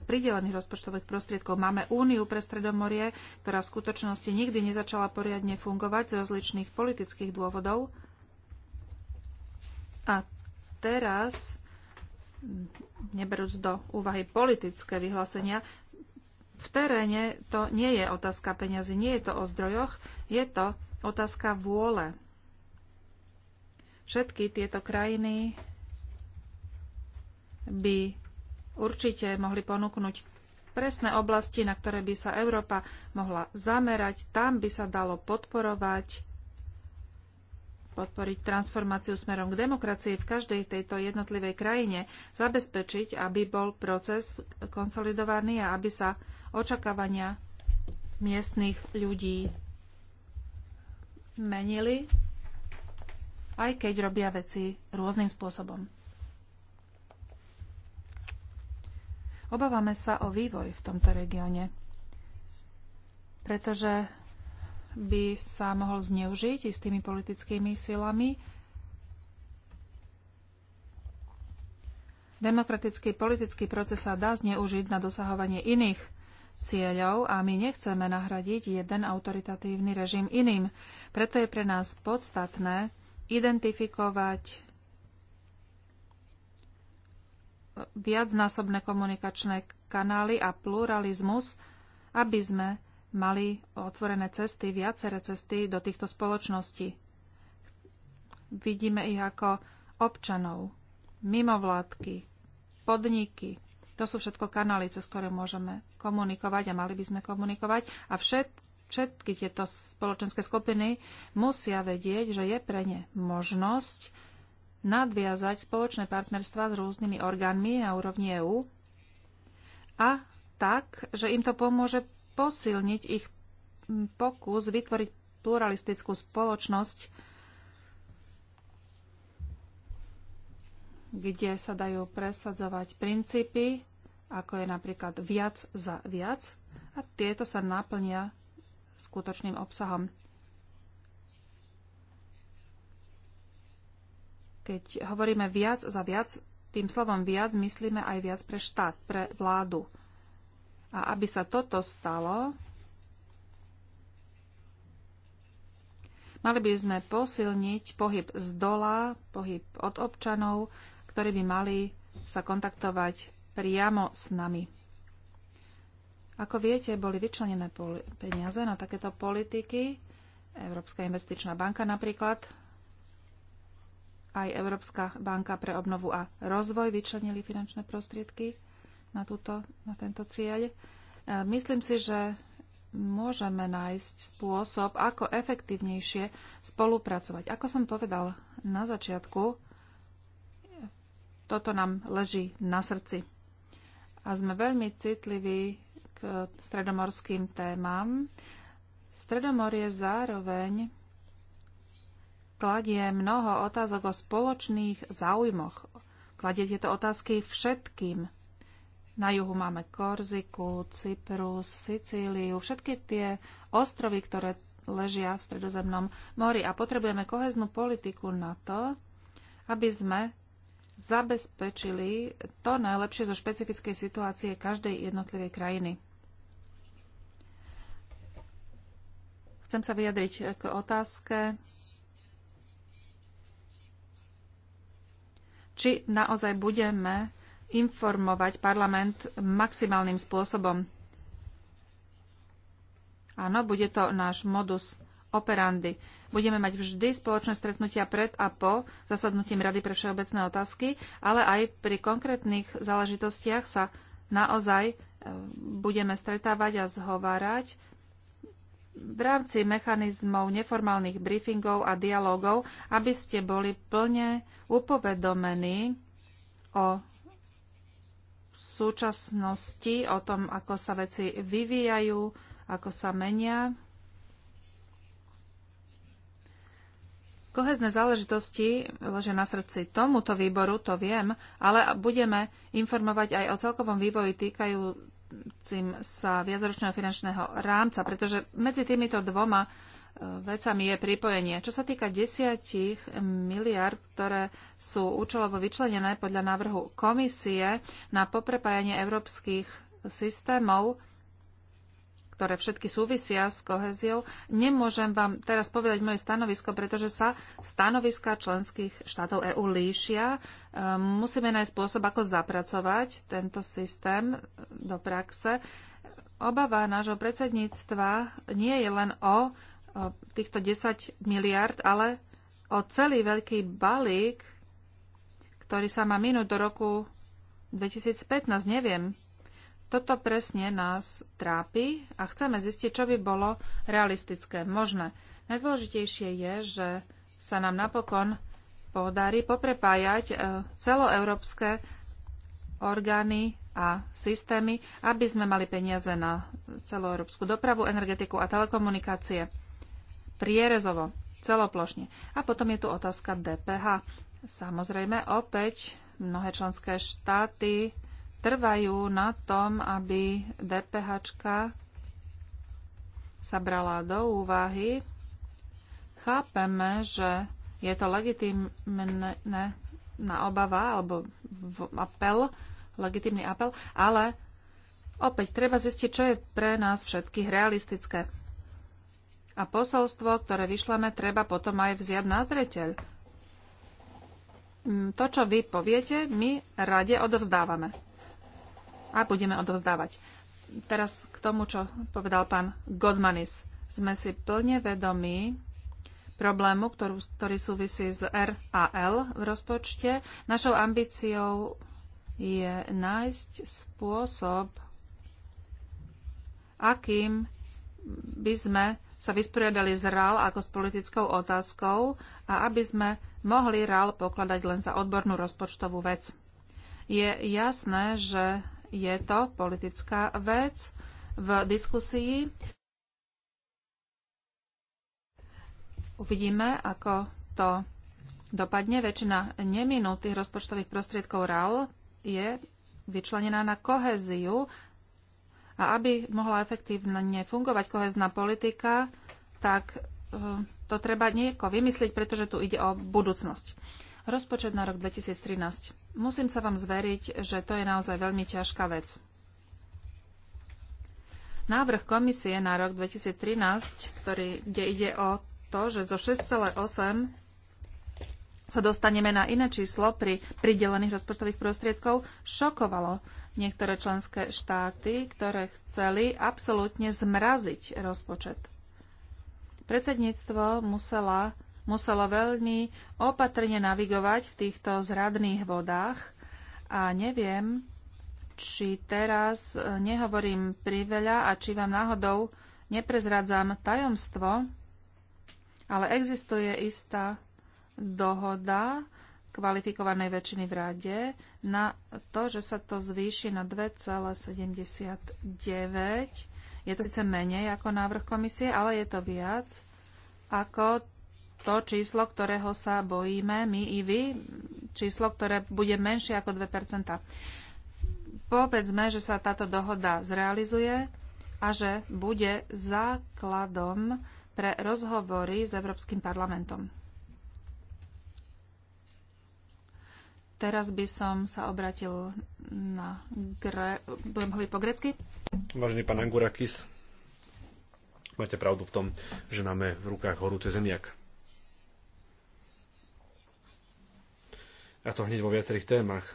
pridelených rozpočtových prostriedkov. Máme úniu pre Stredomorie, ktorá v skutočnosti nikdy nezačala poriadne fungovať z rozličných politických dôvodov. A teraz neberúc do úvahy politické vyhlásenia, v teréne to nie je otázka peňazí, nie je to o zdrojoch, je to otázka vôle. Všetky tieto krajiny by určite mohli ponúknuť presné oblasti, na ktoré by sa Európa mohla zamerať. Tam by sa dalo podporovať podporiť transformáciu smerom k demokracii v každej tejto jednotlivej krajine, zabezpečiť, aby bol proces konsolidovaný a aby sa očakávania miestnych ľudí menili, aj keď robia veci rôznym spôsobom. Obávame sa o vývoj v tomto regióne, pretože by sa mohol zneužiť istými politickými silami. Demokratický politický proces sa dá zneužiť na dosahovanie iných cieľov a my nechceme nahradiť jeden autoritatívny režim iným. Preto je pre nás podstatné identifikovať viacnásobné komunikačné kanály a pluralizmus, aby sme mali otvorené cesty, viaceré cesty do týchto spoločností. Vidíme ich ako občanov, mimovládky, podniky. To sú všetko kanály, cez ktoré môžeme komunikovať a mali by sme komunikovať. A všet, všetky tieto spoločenské skupiny musia vedieť, že je pre ne možnosť nadviazať spoločné partnerstva s rôznymi orgánmi na úrovni EÚ a tak, že im to pomôže posilniť ich pokus vytvoriť pluralistickú spoločnosť, kde sa dajú presadzovať princípy, ako je napríklad viac za viac, a tieto sa naplnia skutočným obsahom. Keď hovoríme viac za viac, tým slovom viac myslíme aj viac pre štát, pre vládu. A aby sa toto stalo, mali by sme posilniť pohyb z dola, pohyb od občanov, ktorí by mali sa kontaktovať priamo s nami. Ako viete, boli vyčlenené peniaze na takéto politiky. Európska investičná banka napríklad, aj Európska banka pre obnovu a rozvoj vyčlenili finančné prostriedky na, túto, na tento cieľ. E, myslím si, že môžeme nájsť spôsob, ako efektívnejšie spolupracovať. Ako som povedal na začiatku, toto nám leží na srdci. A sme veľmi citliví k stredomorským témam. Stredomorie zároveň kladie mnoho otázok o spoločných záujmoch. Kladie tieto otázky všetkým na juhu máme Korziku, Cyprus, Sicíliu, všetky tie ostrovy, ktoré ležia v stredozemnom mori a potrebujeme koheznú politiku na to, aby sme zabezpečili to najlepšie zo špecifickej situácie každej jednotlivej krajiny. Chcem sa vyjadriť k otázke, či naozaj budeme informovať parlament maximálnym spôsobom. Áno, bude to náš modus operandy. Budeme mať vždy spoločné stretnutia pred a po zasadnutím Rady pre všeobecné otázky, ale aj pri konkrétnych záležitostiach sa naozaj e, budeme stretávať a zhovárať v rámci mechanizmov neformálnych briefingov a dialogov, aby ste boli plne upovedomení o súčasnosti, o tom, ako sa veci vyvíjajú, ako sa menia. Kohezné záležitosti ležia na srdci tomuto výboru, to viem, ale budeme informovať aj o celkovom vývoji týkajúcim sa viacročného finančného rámca, pretože medzi týmito dvoma vecami je pripojenie. Čo sa týka desiatich miliard, ktoré sú účelovo vyčlenené podľa návrhu komisie na poprepájanie európskych systémov, ktoré všetky súvisia s koheziou. Nemôžem vám teraz povedať moje stanovisko, pretože sa stanoviska členských štátov EÚ líšia. E, musíme nájsť spôsob, ako zapracovať tento systém do praxe. Obava nášho predsedníctva nie je len o týchto 10 miliard, ale o celý veľký balík, ktorý sa má minúť do roku 2015, neviem. Toto presne nás trápi a chceme zistiť, čo by bolo realistické, možné. Najdôležitejšie je, že sa nám napokon podarí poprepájať e, celoeurópske orgány a systémy, aby sme mali peniaze na celoeurópsku dopravu, energetiku a telekomunikácie prierezovo, celoplošne. A potom je tu otázka DPH. Samozrejme, opäť mnohé členské štáty trvajú na tom, aby DPH sa brala do úvahy. Chápeme, že je to legitimné na obava alebo apel, legitimný apel, ale opäť treba zistiť, čo je pre nás všetkých realistické. A posolstvo, ktoré vyšleme, treba potom aj vziať na zreteľ. Mm, to, čo vy poviete, my rade odovzdávame. A budeme odovzdávať. Teraz k tomu, čo povedal pán Godmanis. Sme si plne vedomí problému, ktorú, ktorý súvisí s RAL v rozpočte. Našou ambíciou je nájsť spôsob, akým by sme sa vysporiadali s RAL ako s politickou otázkou a aby sme mohli RAL pokladať len za odbornú rozpočtovú vec. Je jasné, že je to politická vec v diskusii. Uvidíme, ako to dopadne. Väčšina neminutých rozpočtových prostriedkov RAL je vyčlenená na koheziu a aby mohla efektívne fungovať kohezná politika, tak eh, to treba nieko vymyslieť, pretože tu ide o budúcnosť. Rozpočet na rok 2013. Musím sa vám zveriť, že to je naozaj veľmi ťažká vec. Návrh komisie na rok 2013, ktorý, kde ide o to, že zo 6,8 sa dostaneme na iné číslo pri pridelených rozpočtových prostriedkov, šokovalo niektoré členské štáty, ktoré chceli absolútne zmraziť rozpočet. Predsedníctvo musela, muselo veľmi opatrne navigovať v týchto zradných vodách a neviem, či teraz nehovorím priveľa a či vám náhodou neprezradzam tajomstvo, ale existuje istá dohoda kvalifikovanej väčšiny v rade na to, že sa to zvýši na 2,79. Je to síce menej ako návrh komisie, ale je to viac ako to číslo, ktorého sa bojíme my i vy, číslo, ktoré bude menšie ako 2%. Povedzme, že sa táto dohoda zrealizuje a že bude základom pre rozhovory s Európskym parlamentom. Teraz by som sa obratil na gre... Budem hovoriť po grecky? Vážený pán Angurakis, máte pravdu v tom, že máme v rukách horúce zemiak. A to hneď vo viacerých témach.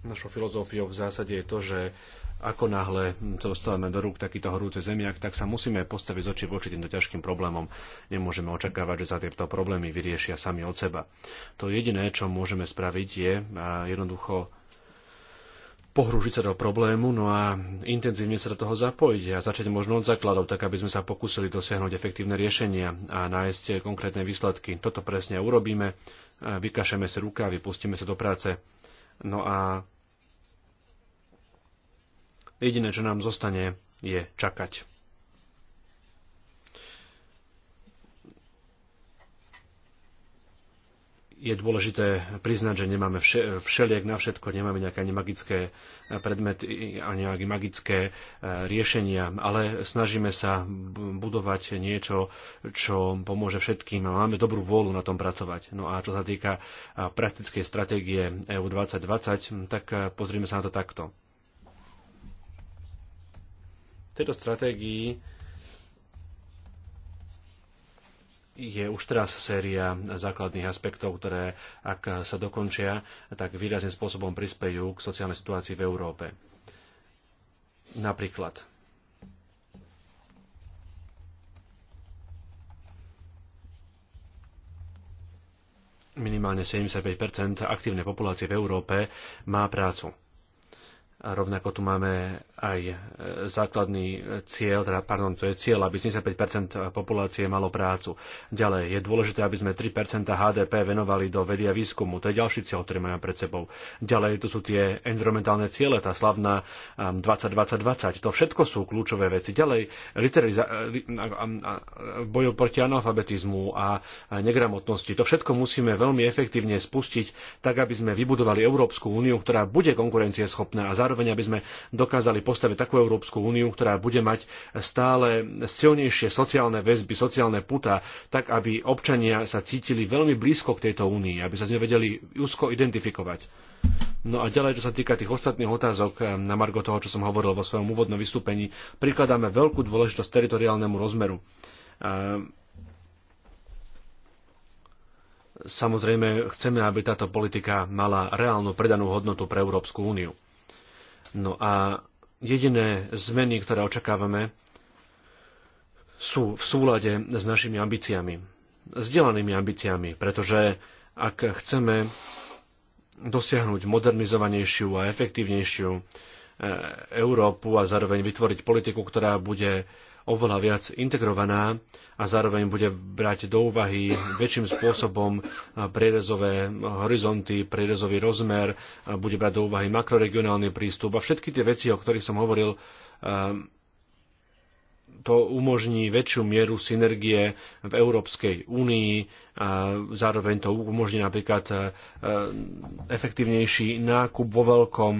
Našou filozofiou v zásade je to, že ako náhle dostávame do rúk takýto horúce zemiak, tak sa musíme postaviť z očí voči týmto ťažkým problémom. Nemôžeme očakávať, že sa tieto problémy vyriešia sami od seba. To jediné, čo môžeme spraviť, je jednoducho pohrúžiť sa do problému, no a intenzívne sa do toho zapojiť a začať možno od základov, tak aby sme sa pokúsili dosiahnuť efektívne riešenia a nájsť konkrétne výsledky. Toto presne urobíme, vykašeme si rukávy, pustíme sa do práce. No a Jediné, čo nám zostane, je čakať. je dôležité priznať, že nemáme všeliek na všetko, nemáme nejaké ani magické eh, predmety, ani nejaké magické eh, riešenia, ale snažíme sa budovať niečo, čo pomôže všetkým a máme dobrú vôľu na tom pracovať. No a čo sa týka eh, praktickej stratégie EU 2020, tak pozrime sa na to takto tejto stratégii je už teraz séria základných aspektov, ktoré, ak sa dokončia, tak výrazným spôsobom prispejú k sociálnej situácii v Európe. Napríklad minimálne 75 aktívnej populácie v Európe má prácu. A rovnako tu máme aj e, základný cieľ, teda, pardon, to je cieľ, aby 75% populácie malo prácu. Ďalej, je dôležité, aby sme 3% HDP venovali do vedia výskumu. To je ďalší cieľ, ktorý máme pred sebou. Ďalej, tu sú tie environmentálne ciele, tá slavná 2020-2020. To všetko sú kľúčové veci. Ďalej, bojov proti analfabetizmu a negramotnosti. To všetko musíme veľmi efektívne spustiť, tak aby sme vybudovali Európsku úniu, ktorá bude konkurencieschopná a zároveň zároveň aby sme dokázali postaviť takú Európsku úniu, ktorá bude mať stále silnejšie sociálne väzby, sociálne puta, tak aby občania sa cítili veľmi blízko k tejto únii, aby sa s ňou vedeli úzko identifikovať. No a ďalej, čo sa týka tých ostatných otázok eh, na margo toho, čo som hovoril vo svojom úvodnom vystúpení, prikladáme veľkú dôležitosť teritoriálnemu rozmeru. Eh, samozrejme, chceme, aby táto politika mala reálnu predanú hodnotu pre Európsku úniu. No a jediné zmeny, ktoré očakávame, sú v súlade s našimi ambíciami. Zdelanými ambíciami, pretože ak chceme dosiahnuť modernizovanejšiu a efektívnejšiu eh, Európu a zároveň vytvoriť politiku, ktorá bude oveľa viac integrovaná a zároveň bude brať do úvahy väčším spôsobom eh, prierezové horizonty, prierezový rozmer, eh, bude brať do úvahy makroregionálny prístup a všetky tie veci, o ktorých som hovoril, eh, to umožní väčšiu mieru synergie v Európskej únii a zároveň to umožní napríklad efektívnejší nákup vo veľkom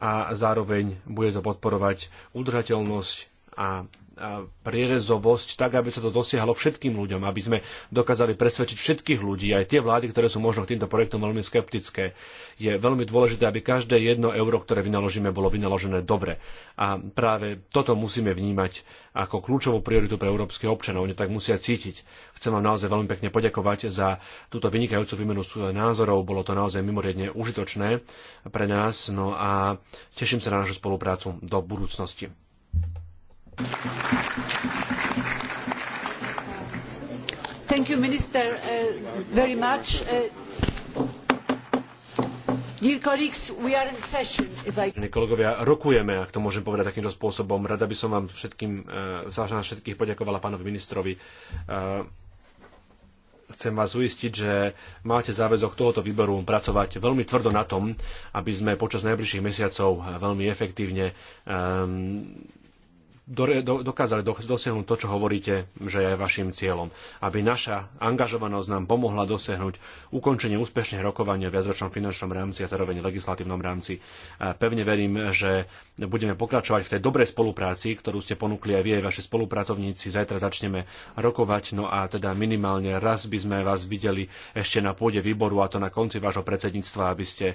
a zároveň bude to podporovať udržateľnosť a prierezovosť tak, aby sa to dosiahlo všetkým ľuďom, aby sme dokázali presvedčiť všetkých ľudí, aj tie vlády, ktoré sú možno k týmto projektom veľmi skeptické. Je veľmi dôležité, aby každé jedno euro, ktoré vynaložíme, bolo vynaložené dobre. A práve toto musíme vnímať ako kľúčovú prioritu pre európskych občanov. Oni tak musia cítiť. Chcem vám naozaj veľmi pekne poďakovať za túto vynikajúcu výmenu názorov. Bolo to naozaj mimoriadne užitočné pre nás. No a teším sa na našu spoluprácu do budúcnosti. Thank you, Minister, uh, very much. Uh, dear colleagues, we are in session, if I... Kolegovia, rokujeme, ak to môžem povedať takýmto spôsobom. Rada by som vám všetkým, uh, za nás všetkých poďakovala pánovi ministrovi. Uh, chcem vás uistiť, že máte záväzok tohoto výboru pracovať veľmi tvrdo na tom, aby sme počas najbližších mesiacov veľmi efektívne um, do, do, dokázali dosiahnuť to, čo hovoríte, že je vašim cieľom. Aby naša angažovanosť nám pomohla dosiahnuť ukončenie úspešných rokovania v viacročnom finančnom rámci a zároveň legislatívnom rámci. Pevne verím, že budeme pokračovať v tej dobrej spolupráci, ktorú ste ponúkli aj vy, aj vaši spolupracovníci. Zajtra začneme rokovať, no a teda minimálne raz by sme vás videli ešte na pôde výboru a to na konci vášho predsedníctva, aby ste e,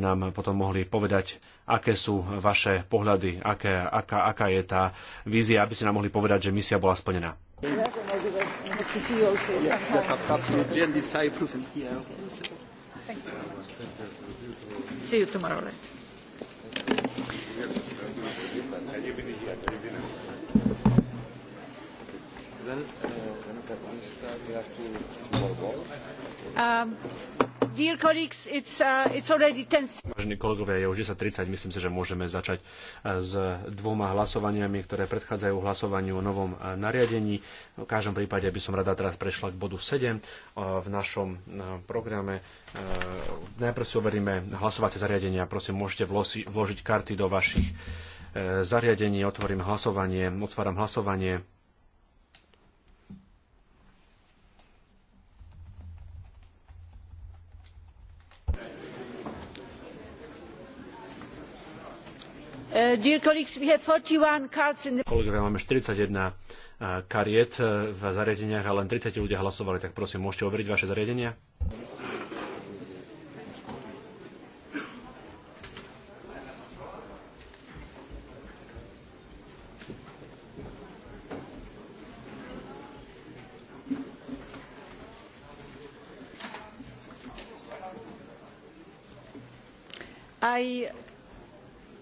nám potom mohli povedať, aké sú vaše pohľady, aké, aká, aká je tá vízia, aby ste nám mohli povedať, že misia bola splnená. See you tomorrow, right? Um, Uh, Vážení kolegovia, je už 10.30, myslím si, že môžeme začať uh, s dvoma hlasovaniami, ktoré predchádzajú hlasovaniu o novom uh, nariadení. V každom prípade by som rada teraz prešla k bodu 7 v našom programe. Najprv si overíme hlasovacie zariadenia. Prosím, môžete vložiť karty do vašich zariadení. Otvorím hlasovanie. Otváram hlasovanie. Kolegovia, máme 41 eh, kariet eh, v zariadeniach a len 30 ľudia hlasovali, tak prosím, môžete overiť vaše zariadenia? I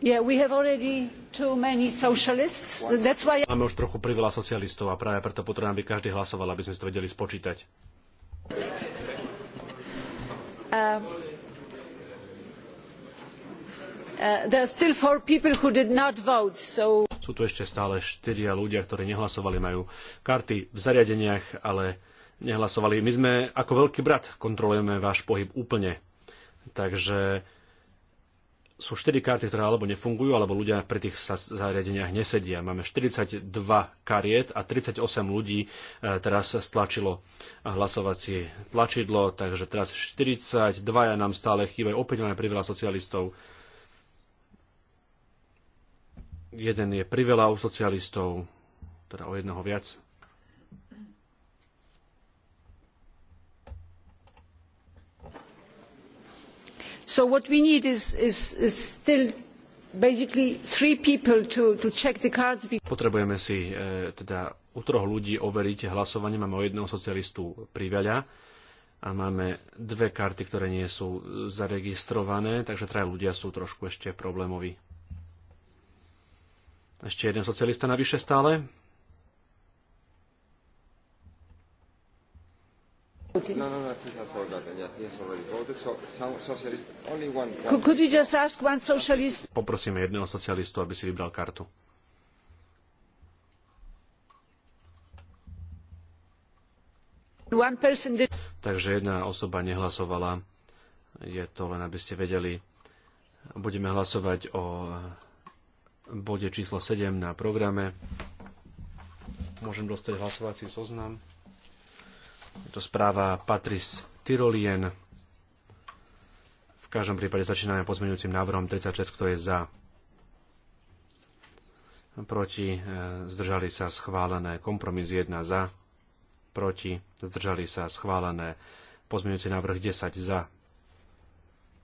Máme už trochu priveľa socialistov a práve preto potrebujem, aby každý hlasoval, aby sme si to vedeli spočítať. Uh, uh, vote, so... Sú tu ešte stále štyria ľudia, ktorí nehlasovali, majú karty v zariadeniach, ale nehlasovali. My sme ako veľký brat, kontrolujeme váš pohyb úplne. Takže sú 4 karty, ktoré alebo nefungujú, alebo ľudia pri tých zariadeniach nesedia. Máme 42 kariet a 38 ľudí e, teraz stlačilo hlasovacie tlačidlo, takže teraz 42 nám stále chýbajú. Opäť máme priveľa socialistov. Jeden je priveľa u socialistov, teda o jednoho viac. so what we need is, still basically three people to, to check the cards. Potrebujeme si e, teda u troch ľudí overiť hlasovanie. Máme o jedného socialistu priveľa a máme dve karty, ktoré nie sú zaregistrované, takže traja ľudia sú trošku ešte problémoví. Ešte jeden socialista navyše stále. No, no, no, I think Yeah, he has already voted. So, some socialist, only one. one. Could we just ask one socialist? Poprosíme jedného socialistu, aby si vybral kartu. One person did... Takže jedna osoba nehlasovala. Je to len, aby ste vedeli. Budeme hlasovať o bode číslo 7 na programe. Môžem dostať hlasovací zoznam. Je to správa Patrice Tyrolien. V každom prípade začíname pozmeňujúcim návrhom 36, kto je za. Proti e, zdržali sa schválené. Kompromis 1 za. Proti zdržali sa schválené. Pozmeňujúci návrh 10 za.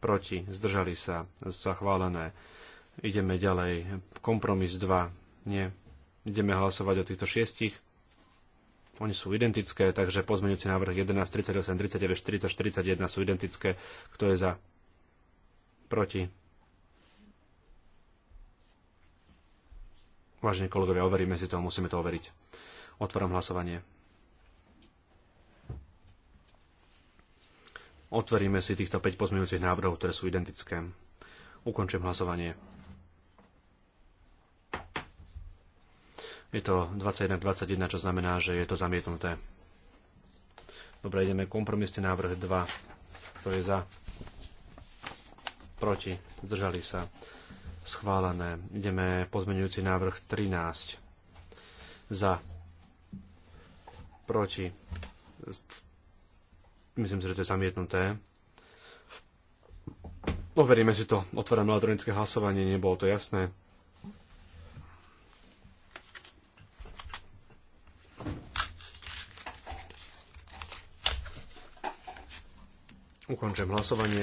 Proti zdržali sa schválené. Ideme ďalej. Kompromis 2. Nie. Ideme hlasovať o týchto šiestich. Oni sú identické, takže pozmeňujúci návrh 11, 38, 39, 40, 41 sú identické. Kto je za? Proti? Vážení kolegovia, overíme si to, musíme to overiť. Otváram hlasovanie. Otvoríme si týchto 5 pozmeňujúcich návrhov, ktoré sú identické. Ukončím hlasovanie. Je to 21-21, čo znamená, že je to zamietnuté. Dobre, ideme kompromisný návrh 2. Kto je za? Proti? Zdržali sa? Schválené. Ideme pozmenujúci návrh 13. Za? Proti? Myslím si, že to je zamietnuté. Overíme si to. Otváram elektronické hlasovanie, nebolo to jasné. Ukončujem hlasovanie.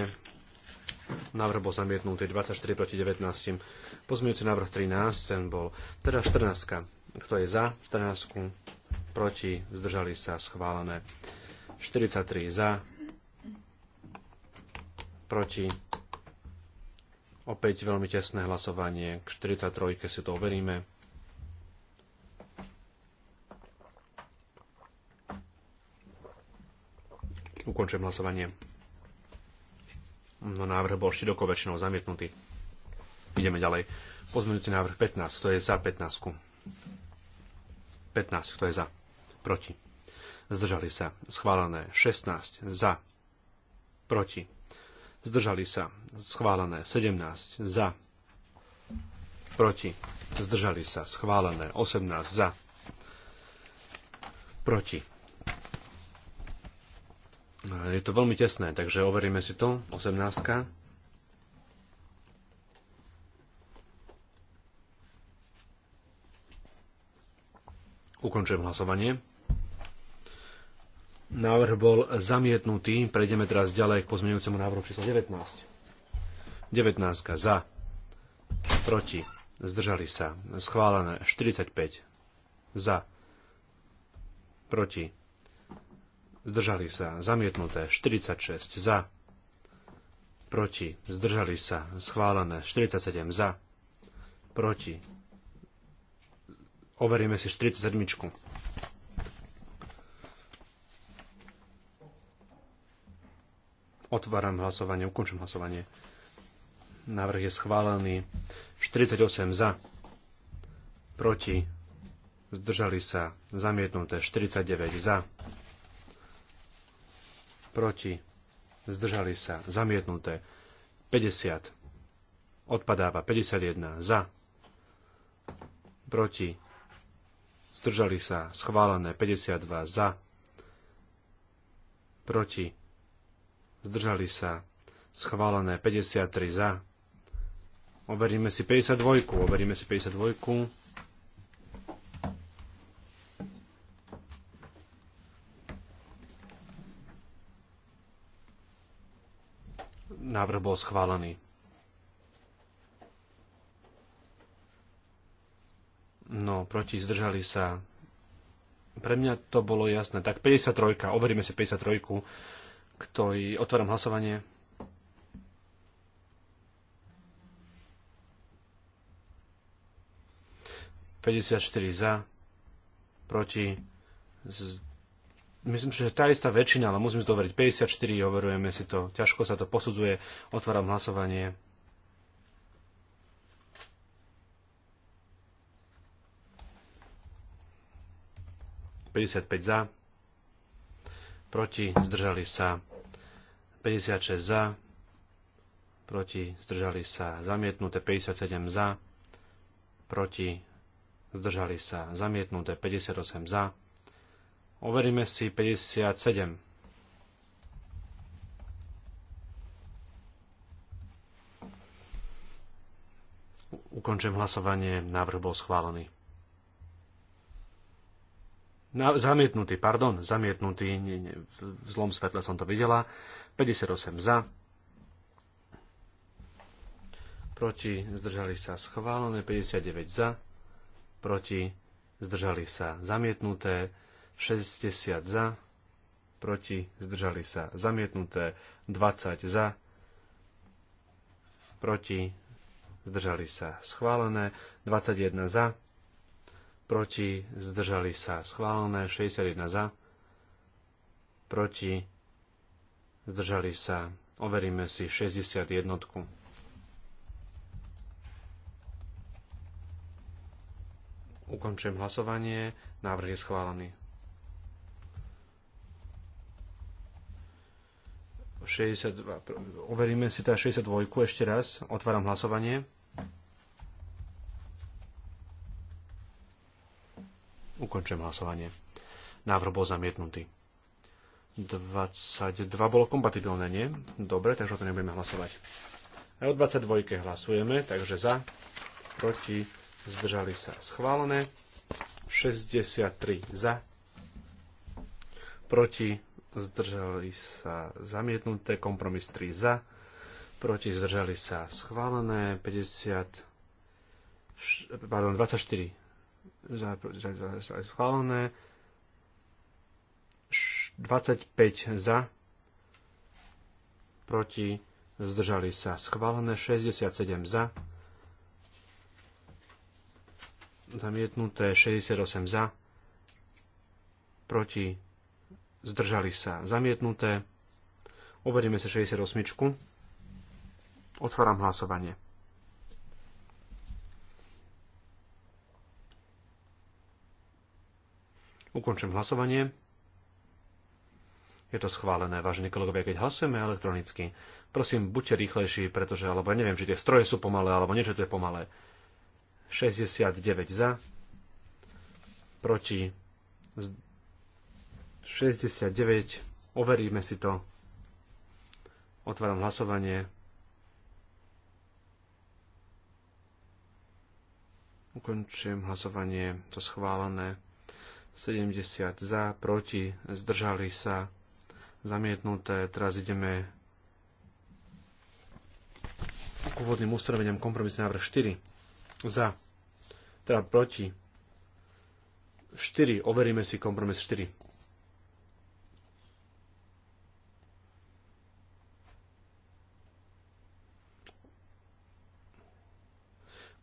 Návrh bol zamietnutý 24 proti 19. Pozmeňujúci návrh 13, ten bol teda 14. Kto je za 14? Proti, zdržali sa, schválené. 43 za, proti. Opäť veľmi tesné hlasovanie. K 43 si to overíme. Ukončujem hlasovanie. No návrh bol široko väčšinou zamietnutý. Ideme ďalej. Pozmeňujúci návrh 15. Kto je za 15? 15. Kto je za? Proti. Zdržali sa. Schválené. 16. Za. Proti. Zdržali sa. Schválené. 17. Za. Proti. Zdržali sa. Schválené. 18. Za. Proti. Je to veľmi tesné, takže overíme si to. 18. Ukončujem hlasovanie. Návrh bol zamietnutý. Prejdeme teraz ďalej k pozmeňujúcemu návrhu číslo 19. 19. Za. Proti. Zdržali sa. Schválené. 45. Za. Proti zdržali sa, zamietnuté 46 za, proti, zdržali sa, schválené 47 za, proti. Overíme si 47. Otváram hlasovanie, ukončím hlasovanie. Návrh je schválený. 48 za, proti, zdržali sa, zamietnuté 49 za proti, zdržali sa, zamietnuté. 50, odpadáva 51, za, proti, zdržali sa, schválené 52, za, proti, zdržali sa, schválené 53, za. Overíme si 52, overíme si 52. Návrh bol schválený. No, proti, zdržali sa. Pre mňa to bolo jasné. Tak 53, overíme si 53. ktorý otváram hlasovanie. 54 za, proti, myslím, že tá istá väčšina, ale musím zdoveriť, 54, overujeme si to, ťažko sa to posudzuje, otváram hlasovanie. ...55 za, proti zdržali sa 56 za, proti zdržali sa zamietnuté 57 za, proti zdržali sa zamietnuté 58 za, Overíme si 57. Ukončím hlasovanie. Návrh bol schválený. Na, zamietnutý, pardon, zamietnutý, nie, nie, v zlom svetle som to videla. 58 za. Proti zdržali sa schválené, 59 za. Proti zdržali sa zamietnuté, 60 za, proti, zdržali sa zamietnuté, 20 za, proti, zdržali sa schválené, 21 za, proti, zdržali sa schválené, 61 za, proti, zdržali sa, overíme si 61. Ukončujem hlasovanie. Návrh je schválený. 62. Overíme si tá 62 ešte raz. Otváram hlasovanie. Ukončujem hlasovanie. Návrh bol zamietnutý. 22 bolo kompatibilné, nie? Dobre, takže o to nebudeme hlasovať. Aj o 22 hlasujeme, takže za, proti, zdržali sa schválené. 63 za, proti, zdržali sa zamietnuté, kompromis 3 za, proti zdržali sa schválené, 50, pardon, 24 za, za, za, za schválené, 25 za, proti zdržali sa schválené, 67 za, zamietnuté, 68 za, proti zdržali sa zamietnuté. Overieme sa 68. Otváram hlasovanie. Ukončím hlasovanie. Je to schválené, vážení kolegovia, keď hlasujeme elektronicky. Prosím, buďte rýchlejší, pretože, alebo ja neviem, či tie stroje sú pomalé, alebo niečo to je pomalé. 69 za, proti, 69. Overíme si to. Otváram hlasovanie. Ukončujem hlasovanie. To schválené. 70 za, proti, zdržali sa, zamietnuté. Teraz ideme k úvodným ustanoveniam kompromisný návrh 4. Za, teda proti. 4, overíme si kompromis 4.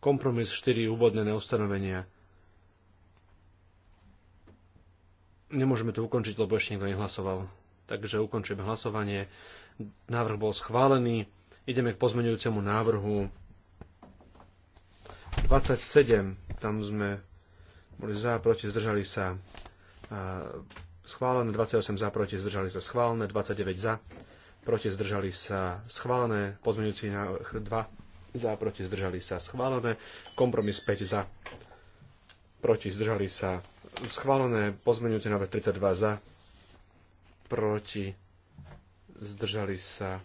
kompromis 4 úvodné ustanovenia. Nemôžeme to ukončiť, lebo ešte nikto nehlasoval. Takže ukončujeme hlasovanie. Návrh bol schválený. Ideme k pozmeňujúcemu návrhu 27. Tam sme boli za, proti, zdržali sa. Schválené 28 za, proti, zdržali sa. Schválené 29 za, proti, zdržali sa. Schválené pozmeňujúci návrh 2 za, proti zdržali sa schválené, kompromis 5 za, proti zdržali sa schválené, Pozmenujúce návrh 32 za, proti zdržali sa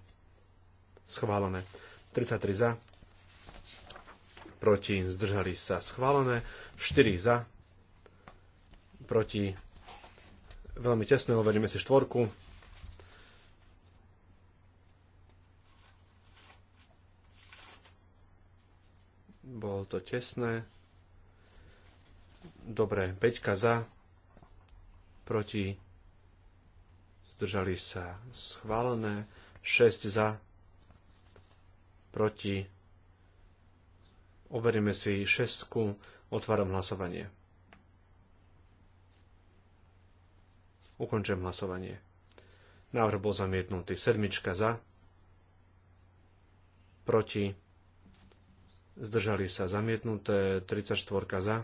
schválené, 33 za, proti zdržali sa schválené, 4 za, proti veľmi tesné, overíme si štvorku, Bolo to tesné. Dobre, Peťka za. Proti. Zdržali sa schválené. 6 za. Proti. Overíme si šestku. Otváram hlasovanie. Ukončujem hlasovanie. Návrh bol zamietnutý. Sedmička za. Proti zdržali sa zamietnuté, 34 za,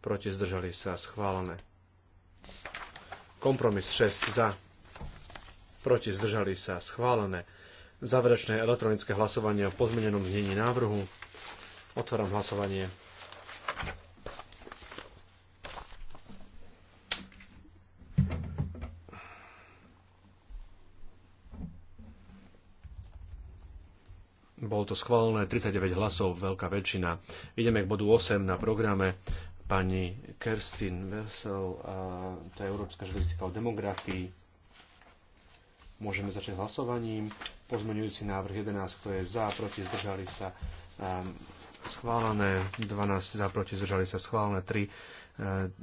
proti zdržali sa schválené. Kompromis 6 za, proti zdržali sa schválené. Záverečné elektronické hlasovanie o pozmenenom znení návrhu. Otváram hlasovanie. to schválené 39 hlasov, veľká väčšina. Ideme k bodu 8 na programe pani Kerstin Vesel, to je Európska žurnalistika o demografii. Môžeme začať hlasovaním. Pozmenujúci návrh 11, kto je za, proti, zdržali sa um, schválené, 12 za, proti, zdržali sa schválené, 3 uh,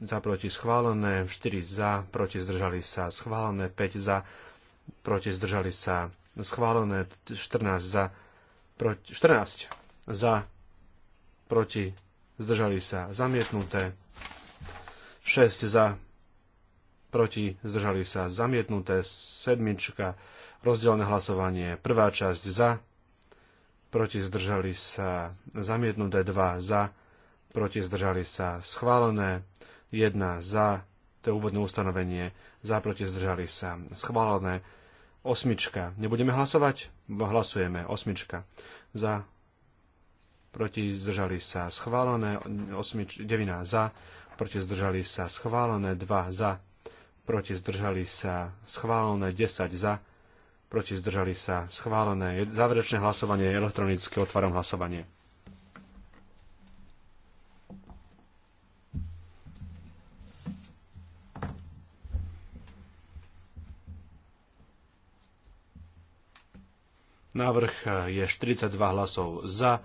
za, proti, schválené, 4 za, proti, zdržali sa schválené, 5 za, proti, zdržali sa schválené, 14 za, proti, 14 za, proti, zdržali sa, zamietnuté, 6 za, proti, zdržali sa, zamietnuté, sedmička, rozdielne hlasovanie, prvá časť za, proti, zdržali sa, zamietnuté, 2 za, proti, zdržali sa, schválené, 1 za, to je úvodné ustanovenie, za, proti, zdržali sa, schválené, osmička, nebudeme hlasovať? Hlasujeme. Osmička. Za. Proti zdržali sa schválené. Osmič, devina za. Proti zdržali sa schválené. 2 za. Proti zdržali sa schválené. 10 za. Proti zdržali sa schválené. Záverečné hlasovanie elektronické. Otváram hlasovanie. Návrh eh, je 42 hlasov za,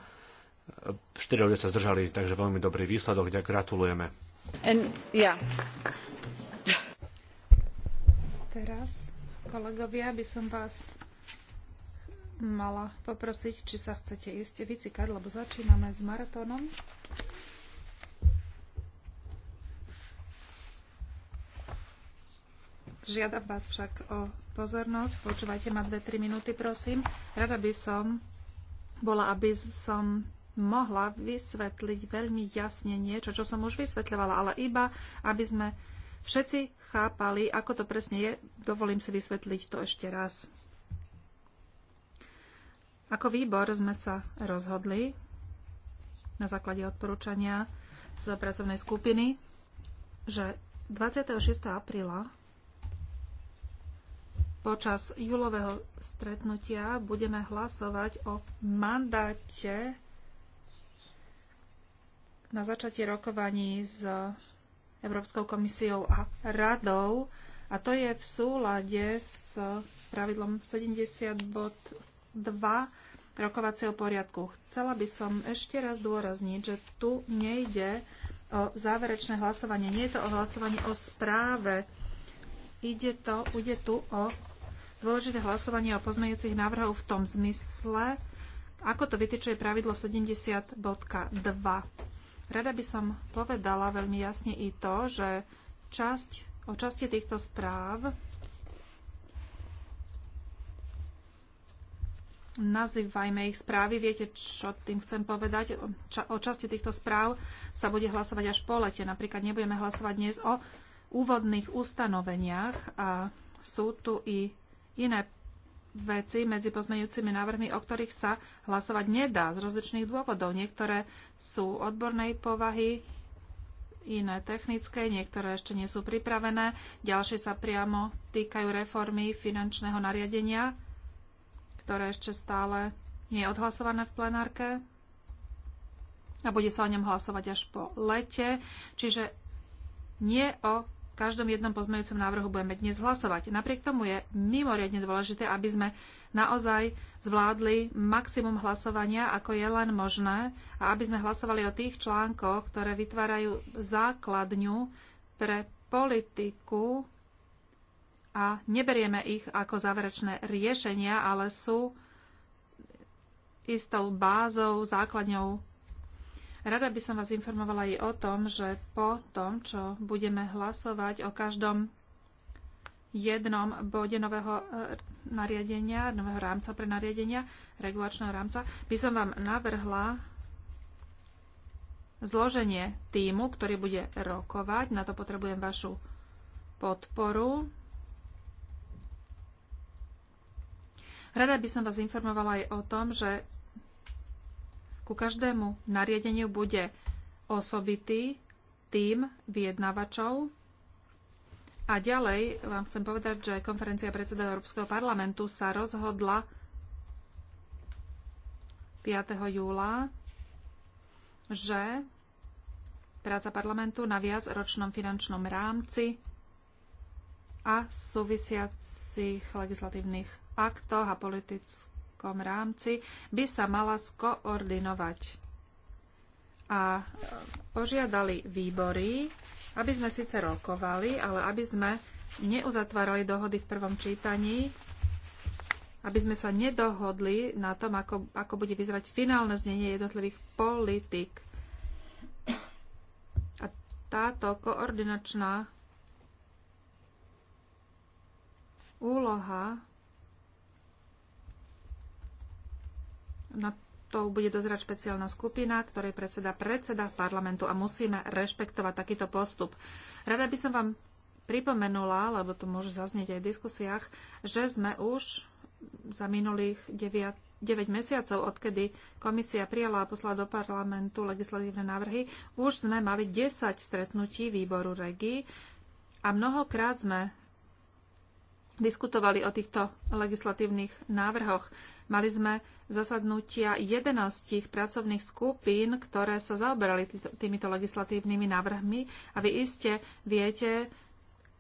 4 eh, ľudia sa zdržali, takže veľmi dobrý výsledok. Gratulujeme. And, yeah. Teraz, kolegovia, by som vás mala poprosiť, či sa chcete ísť vycikať, lebo začíname s maratónom. Žiadam vás však o pozornosť. Počúvajte ma 2-3 minúty, prosím. Rada by som bola, aby som mohla vysvetliť veľmi jasne niečo, čo som už vysvetľovala, ale iba, aby sme všetci chápali, ako to presne je. Dovolím si vysvetliť to ešte raz. Ako výbor sme sa rozhodli na základe odporúčania z pracovnej skupiny, že 26. apríla Počas júlového stretnutia budeme hlasovať o mandáte na začatie rokovaní s Európskou komisiou a radou a to je v súlade s pravidlom 70 bod 2 rokovacieho poriadku. Chcela by som ešte raz dôrazniť, že tu nejde o záverečné hlasovanie. Nie je to o hlasovanie o správe. Ide, to, ide tu o dôležité hlasovanie o pozmejúcich návrhov v tom zmysle, ako to vytýčuje pravidlo 70.2. Rada by som povedala veľmi jasne i to, že časť, o časti týchto správ nazývajme ich správy. Viete, čo tým chcem povedať? O časti týchto správ sa bude hlasovať až po lete. Napríklad nebudeme hlasovať dnes o úvodných ustanoveniach a sú tu i iné veci medzi pozmeňujúcimi návrhmi, o ktorých sa hlasovať nedá z rozličných dôvodov. Niektoré sú odbornej povahy, iné technické, niektoré ešte nie sú pripravené, ďalšie sa priamo týkajú reformy finančného nariadenia, ktoré ešte stále nie je odhlasované v plenárke a bude sa o ňom hlasovať až po lete, čiže nie o každom jednom pozmeňujúcom návrhu budeme dnes hlasovať. Napriek tomu je mimoriadne dôležité, aby sme naozaj zvládli maximum hlasovania, ako je len možné, a aby sme hlasovali o tých článkoch, ktoré vytvárajú základňu pre politiku a neberieme ich ako záverečné riešenia, ale sú istou bázou, základňou Rada by som vás informovala aj o tom, že po tom, čo budeme hlasovať o každom jednom bode nového e, nariadenia, nového rámca pre nariadenia, regulačného rámca, by som vám navrhla zloženie týmu, ktorý bude rokovať. Na to potrebujem vašu podporu. Rada by som vás informovala aj o tom, že ku každému nariadeniu bude osobitý tým vyjednávačov. A ďalej vám chcem povedať, že konferencia predsedov Európskeho parlamentu sa rozhodla 5. júla, že práca parlamentu na viacročnom finančnom rámci a súvisiacich legislatívnych aktoch a politických nejakom rámci by sa mala skoordinovať. A e, požiadali výbory, aby sme síce rokovali, ale aby sme neuzatvárali dohody v prvom čítaní, aby sme sa nedohodli na tom, ako, ako bude vyzerať finálne znenie jednotlivých politik. A táto koordinačná úloha Na to bude dozerať špeciálna skupina, ktorej predseda predseda parlamentu a musíme rešpektovať takýto postup. Rada by som vám pripomenula, lebo to môže zaznieť aj v diskusiách, že sme už za minulých 9, 9 mesiacov, odkedy komisia prijala a poslala do parlamentu legislatívne návrhy, už sme mali 10 stretnutí výboru REGI a mnohokrát sme diskutovali o týchto legislatívnych návrhoch. Mali sme zasadnutia 11 pracovných skupín, ktoré sa zaoberali týmito legislatívnymi návrhmi a vy iste viete,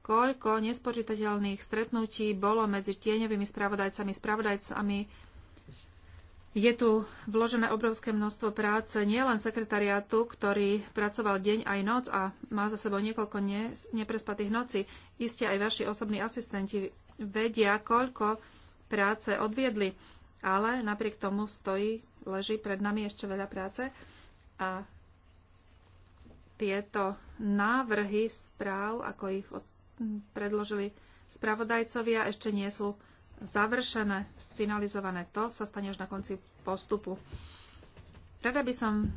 koľko nespočítateľných stretnutí bolo medzi tieňovými spravodajcami, spravodajcami je tu vložené obrovské množstvo práce, nielen sekretariátu, ktorý pracoval deň aj noc a má za sebou niekoľko ne, neprespatých noci. Iste aj vaši osobní asistenti vedia, koľko práce odviedli ale napriek tomu stojí, leží pred nami ešte veľa práce a tieto návrhy správ, ako ich predložili spravodajcovia, ešte nie sú završené, sfinalizované. To sa stane až na konci postupu. Rada by som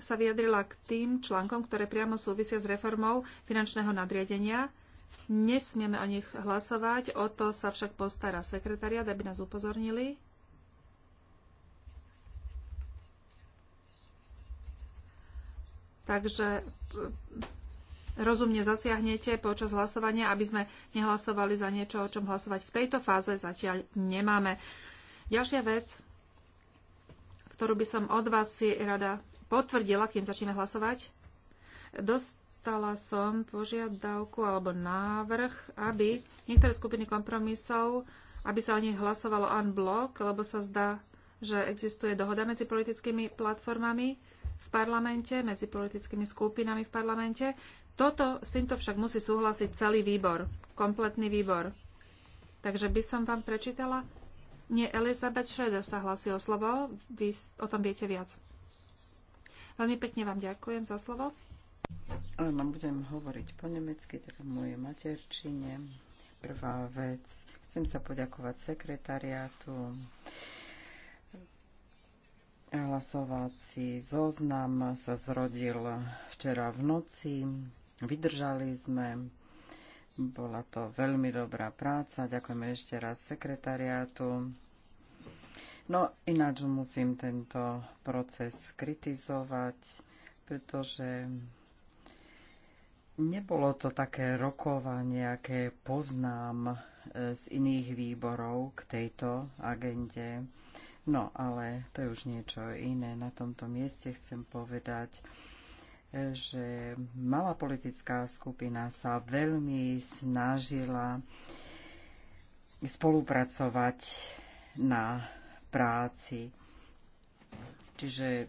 sa vyjadrila k tým článkom, ktoré priamo súvisia s reformou finančného nadriadenia, Nesmieme o nich hlasovať, o to sa však postará sekretariat, aby nás upozornili. Takže e, rozumne zasiahnete počas hlasovania, aby sme nehlasovali za niečo, o čom hlasovať v tejto fáze zatiaľ nemáme. Ďalšia vec, ktorú by som od vás si rada potvrdila, kým začneme hlasovať. Dosť dostala som požiadavku alebo návrh, aby niektoré skupiny kompromisov, aby sa o nich hlasovalo en bloc, lebo sa zdá, že existuje dohoda medzi politickými platformami v parlamente, medzi politickými skupinami v parlamente. Toto, s týmto však musí súhlasiť celý výbor, kompletný výbor. Takže by som vám prečítala. Nie, Elizabeth Schroeder sa hlasí o slovo. Vy o tom viete viac. Veľmi pekne vám ďakujem za slovo. Áno, budem hovoriť po nemecky, teda v mojej materčine. Prvá vec, chcem sa poďakovať sekretariátu, Hlasovací zoznam sa zrodil včera v noci. Vydržali sme. Bola to veľmi dobrá práca. Ďakujeme ešte raz sekretariátu. No ináč musím tento proces kritizovať, pretože Nebolo to také rokovanie, aké poznám e, z iných výborov k tejto agende. No, ale to je už niečo iné. Na tomto mieste chcem povedať, e, že malá politická skupina sa veľmi snažila spolupracovať na práci. Čiže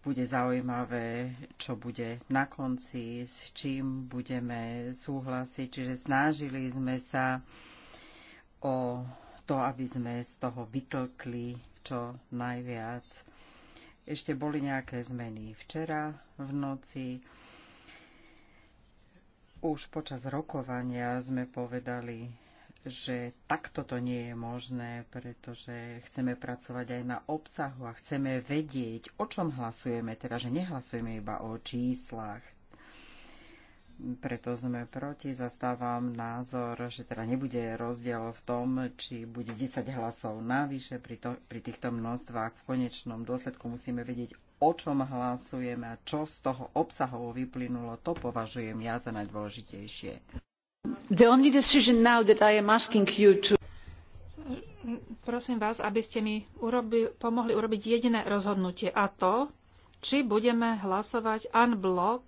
bude zaujímavé, čo bude na konci, s čím budeme súhlasiť. Čiže snažili sme sa o to, aby sme z toho vytlkli čo najviac. Ešte boli nejaké zmeny včera v noci. Už počas rokovania sme povedali, že takto to nie je možné, pretože chceme pracovať aj na obsahu a chceme vedieť, o čom hlasujeme, teda že nehlasujeme iba o číslach. Preto sme proti, zastávam názor, že teda nebude rozdiel v tom, či bude 10 hlasov navyše pri, to, pri týchto množstvách. V konečnom dôsledku musíme vedieť, o čom hlasujeme a čo z toho obsahovo vyplynulo, to považujem ja za najdôležitejšie. Prosím vás, aby ste mi pomohli urobiť jediné rozhodnutie a to, či budeme hlasovať bloc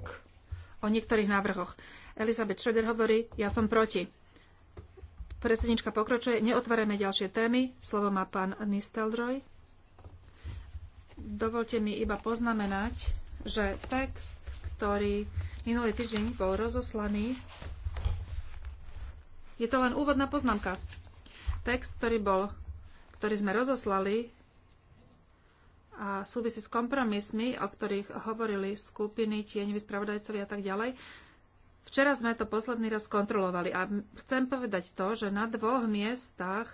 o niektorých návrhoch. Elizabeth Schroeder hovorí, ja som proti. Predsednička pokračuje, neotvárame ďalšie témy. Slovo má pán Nistelroj. Dovolte mi iba poznamenať, že text, ktorý minulý týždeň bol rozoslaný, je to len úvodná poznámka. Text, ktorý bol, ktorý sme rozoslali a súvisí s kompromismi, o ktorých hovorili skupiny, tieňoví spravodajcovi a tak ďalej. Včera sme to posledný raz kontrolovali a chcem povedať to, že na dvoch miestach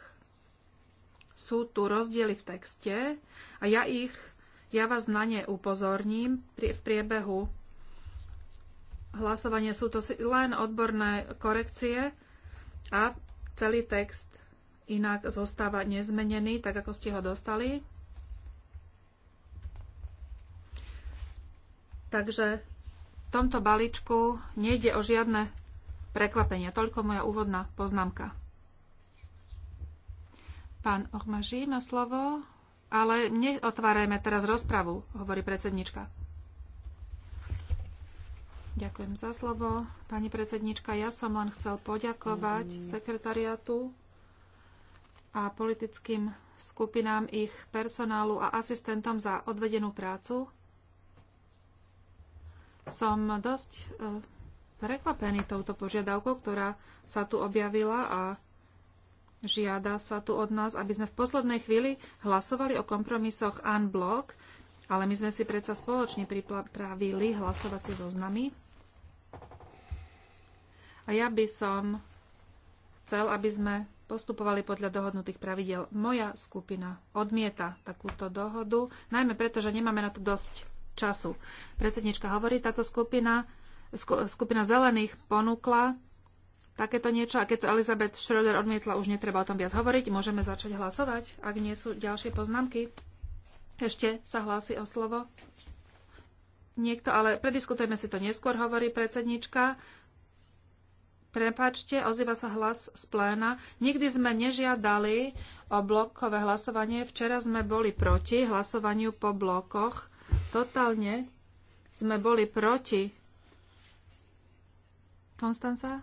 sú tu rozdiely v texte a ja ich, ja vás na ne upozorním v priebehu hlasovania. Sú to len odborné korekcie, a celý text inak zostáva nezmenený, tak ako ste ho dostali. Takže v tomto balíčku nejde o žiadne prekvapenia. Toľko moja úvodná poznámka. Pán Ohmaží má slovo, ale neotvárajme teraz rozpravu, hovorí predsednička. Ďakujem za slovo. Pani predsednička, ja som len chcel poďakovať sekretariatu a politickým skupinám ich personálu a asistentom za odvedenú prácu. Som dosť e, prekvapený touto požiadavkou, ktorá sa tu objavila a žiada sa tu od nás, aby sme v poslednej chvíli hlasovali o kompromisoch unblock, ale my sme si predsa spoločne pripravili hlasovacie zoznamy. So a ja by som chcel, aby sme postupovali podľa dohodnutých pravidel. Moja skupina odmieta takúto dohodu, najmä preto, že nemáme na to dosť času. Predsednička hovorí, táto skupina, skupina zelených ponúkla takéto niečo a keď to Elizabeth Schroeder odmietla, už netreba o tom viac hovoriť. Môžeme začať hlasovať, ak nie sú ďalšie poznámky. Ešte sa hlási o slovo niekto, ale prediskutujeme si to neskôr, hovorí predsednička. Prepačte, ozýva sa hlas z pléna. Nikdy sme nežiadali o blokové hlasovanie. Včera sme boli proti hlasovaniu po blokoch. Totálne sme boli proti. Konstanca?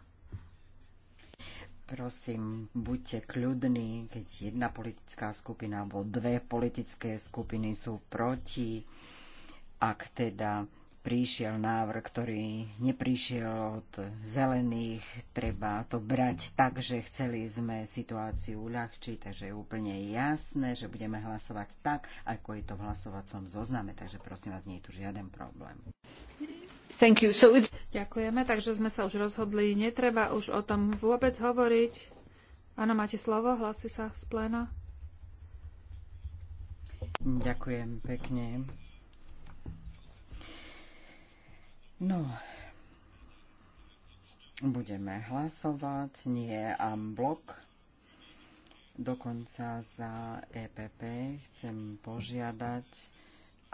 Prosím, buďte kľudní, keď jedna politická skupina alebo dve politické skupiny sú proti, ak teda prišiel návrh, ktorý neprišiel od zelených. Treba to brať tak, že chceli sme situáciu uľahčiť, takže je úplne jasné, že budeme hlasovať tak, ako je to v hlasovacom zozname. Takže prosím vás, nie je tu žiaden problém. Thank you. So it... Ďakujeme, takže sme sa už rozhodli. Netreba už o tom vôbec hovoriť. Áno, máte slovo, hlasí sa z pléna. Ďakujem pekne. No, budeme hlasovať, nie blok. Dokonca za EPP chcem požiadať,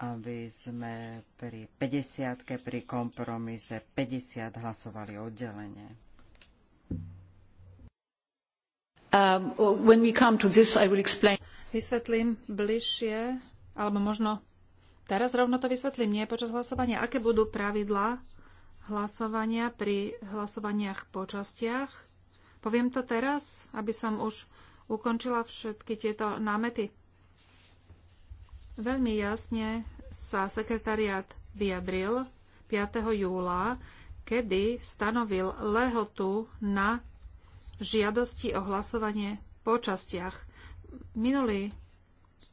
aby sme pri 50 pri kompromise 50 hlasovali oddelenie. Um, Vysvetlím bližšie, alebo možno Teraz rovno to vysvetlím, nie počas hlasovania. Aké budú pravidlá hlasovania pri hlasovaniach po častiach? Poviem to teraz, aby som už ukončila všetky tieto námety. Veľmi jasne sa sekretariat vyjadril 5. júla, kedy stanovil lehotu na žiadosti o hlasovanie po častiach. Minulý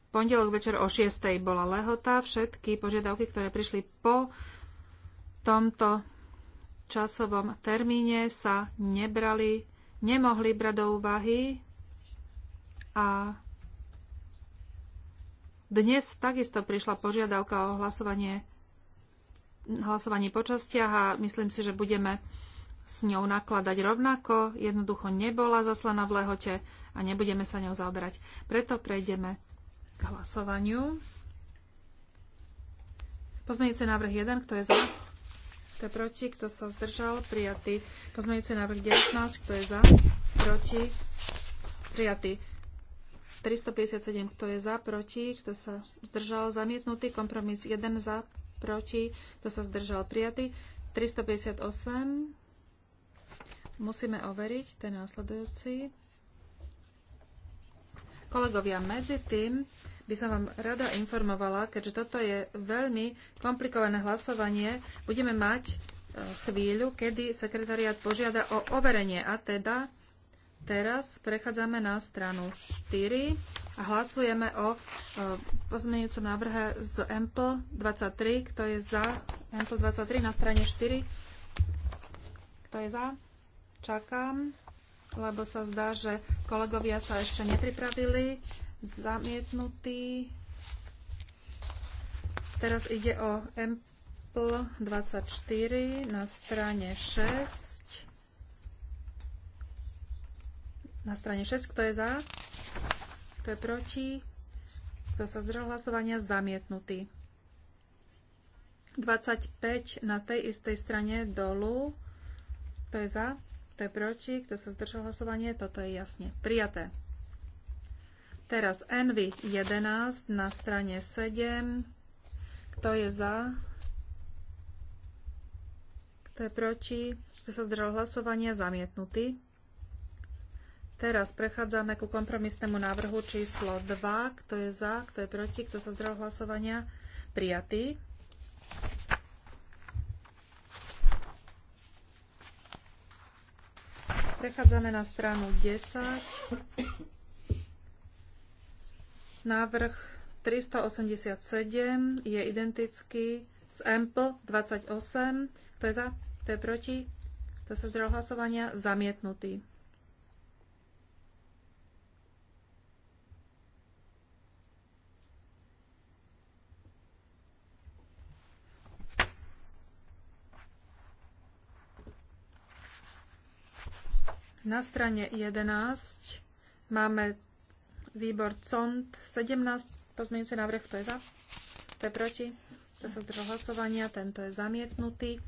pondelok večer o 6. bola lehota. Všetky požiadavky, ktoré prišli po tomto časovom termíne, sa nebrali, nemohli brať do úvahy a dnes takisto prišla požiadavka o hlasovanie, hlasovanie po častiach a myslím si, že budeme s ňou nakladať rovnako. Jednoducho nebola zaslaná v lehote a nebudeme sa ňou zaoberať. Preto prejdeme k hlasovaniu. Pozmeňujúci návrh 1, kto je za? Kto je proti? Kto sa zdržal? Prijatý. Pozmeňujúci návrh 19, kto je za? Proti? Prijatý. 357, kto je za, proti, kto sa zdržal, zamietnutý, kompromis 1 za, proti, kto sa zdržal, prijatý, 358, musíme overiť, ten následujúci. Kolegovia, medzi tým by som vám rada informovala, keďže toto je veľmi komplikované hlasovanie, budeme mať e, chvíľu, kedy sekretariat požiada o overenie. A teda teraz prechádzame na stranu 4 a hlasujeme o e, pozmeňujúcom návrhe z EMPL 23. Kto je za EMPL 23 na strane 4? Kto je za? Čakám lebo sa zdá, že kolegovia sa ešte nepripravili. Zamietnutý. Teraz ide o MPL 24 na strane 6. Na strane 6, kto je za? Kto je proti? Kto sa zdržal hlasovania? Zamietnutý. 25 na tej istej strane dolu. Kto je za? Kto je proti? Kto sa zdržal hlasovanie? Toto je jasne prijaté. Teraz Envy 11 na strane 7. Kto je za? Kto je proti? Kto sa zdržal hlasovanie? Zamietnutý. Teraz prechádzame ku kompromisnému návrhu číslo 2. Kto je za? Kto je proti? Kto sa zdržal hlasovania? Prijatý. Prechádzame na stranu 10. Návrh 387 je identický s EMPL 28. Kto je za? Kto je proti? Kto sa zdržal hlasovania? Zamietnutý. Na strane 11 máme výbor CONT 17, pozmeňujúci návrh, kto je za, kto je proti, kto sa zdržal hlasovania, tento je zamietnutý.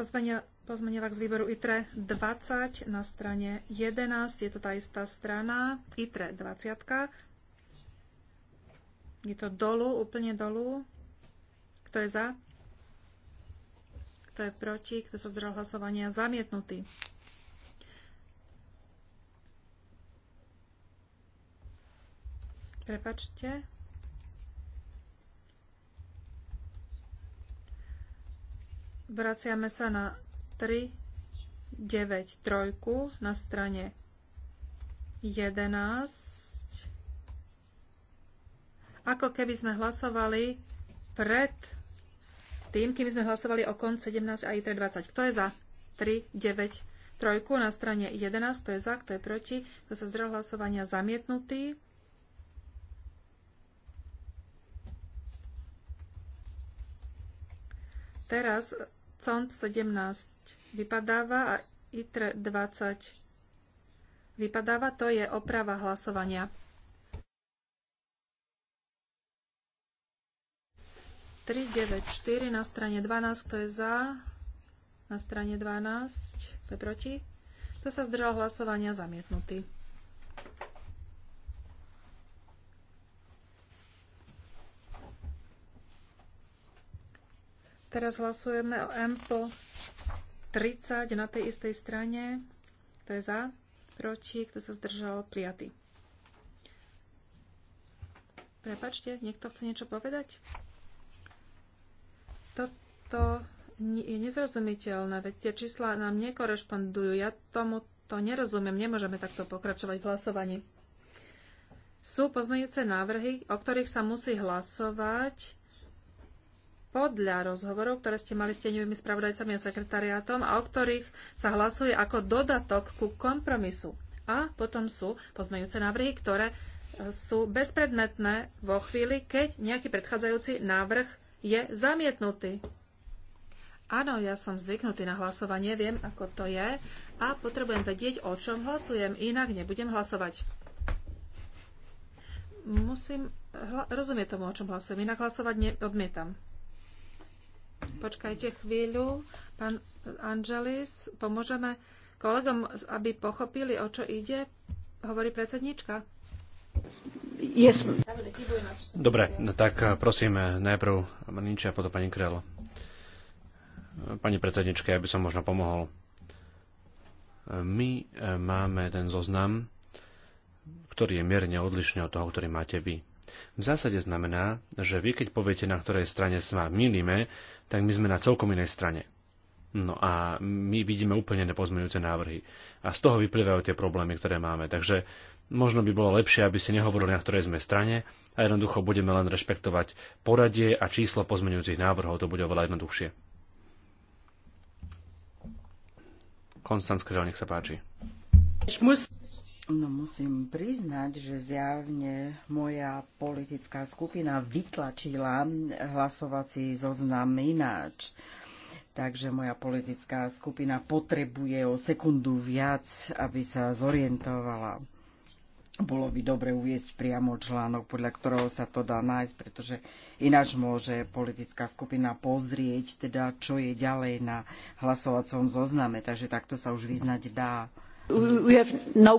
Pozmenia, z výboru ITRE 20 na strane 11, je to tá istá strana, ITRE 20. Je to dolu, úplne dolu. Kto je za? Kto je proti? Kto sa zdržal hlasovania? Zamietnutý. Prepačte. Vraciame sa na 3, 9, 3 na strane 11. Ako keby sme hlasovali pred tým, kým sme hlasovali o konc 17 a ITR 20. Kto je za? 3, 9, 3 na strane 11. Kto je za? Kto je proti? Kto sa zdrel hlasovania? Zamietnutý. Teraz CONT 17 vypadáva a ITRE 20 vypadáva. To je oprava hlasovania. Tri, 9, 4 na strane 12, kto je za, na strane 12, je proti. Kto sa zdržal hlasovania, zamietnutý. Teraz hlasujeme o po 30 na tej istej strane. To je za, proti, kto sa zdržal, prijatý. Prepačte, niekto chce niečo povedať? Toto je nezrozumiteľné, veď tie čísla nám nekorešpondujú. Ja tomu to nerozumiem, nemôžeme takto pokračovať v hlasovaní. Sú pozmeňujúce návrhy, o ktorých sa musí hlasovať podľa rozhovorov, ktoré ste mali s tenivými spravodajcami a sekretariátom a o ktorých sa hlasuje ako dodatok ku kompromisu. A potom sú pozmeňujúce návrhy, ktoré e, sú bezpredmetné vo chvíli, keď nejaký predchádzajúci návrh je zamietnutý. Áno, ja som zvyknutý na hlasovanie, viem, ako to je a potrebujem vedieť, o čom hlasujem, inak nebudem hlasovať. Musím hla- rozumieť tomu, o čom hlasujem, inak hlasovať neodmietam. Počkajte chvíľu. Pán Angelis, pomôžeme kolegom, aby pochopili, o čo ide? Hovorí predsednička. Yes. Dobre, no tak eh, prosím eh, najprv Mrniča a potom pani Krel. Eh, pani predsednička, ja by som možno pomohol. My máme ten zoznam, ktorý je mierne odlišný od toho, ktorý máte vy. V zásade znamená, že vy keď poviete, na ktorej strane sa milíme, tak my sme na celkom inej strane. No a my vidíme úplne nepozmenujúce návrhy. A z toho vyplývajú tie problémy, ktoré máme. Takže možno by bolo lepšie, aby ste nehovorili, na ktorej sme strane a jednoducho budeme len rešpektovať poradie a číslo pozmenujúcich návrhov. To bude oveľa jednoduchšie. Konstant Skrel, nech sa páči. Muss No musím priznať, že zjavne moja politická skupina vytlačila hlasovací zoznam ináč. Takže moja politická skupina potrebuje o sekundu viac, aby sa zorientovala. Bolo by dobre uviesť priamo článok, podľa ktorého sa to dá nájsť, pretože ináč môže politická skupina pozrieť, teda čo je ďalej na hlasovacom zozname. Takže takto sa už vyznať dá. No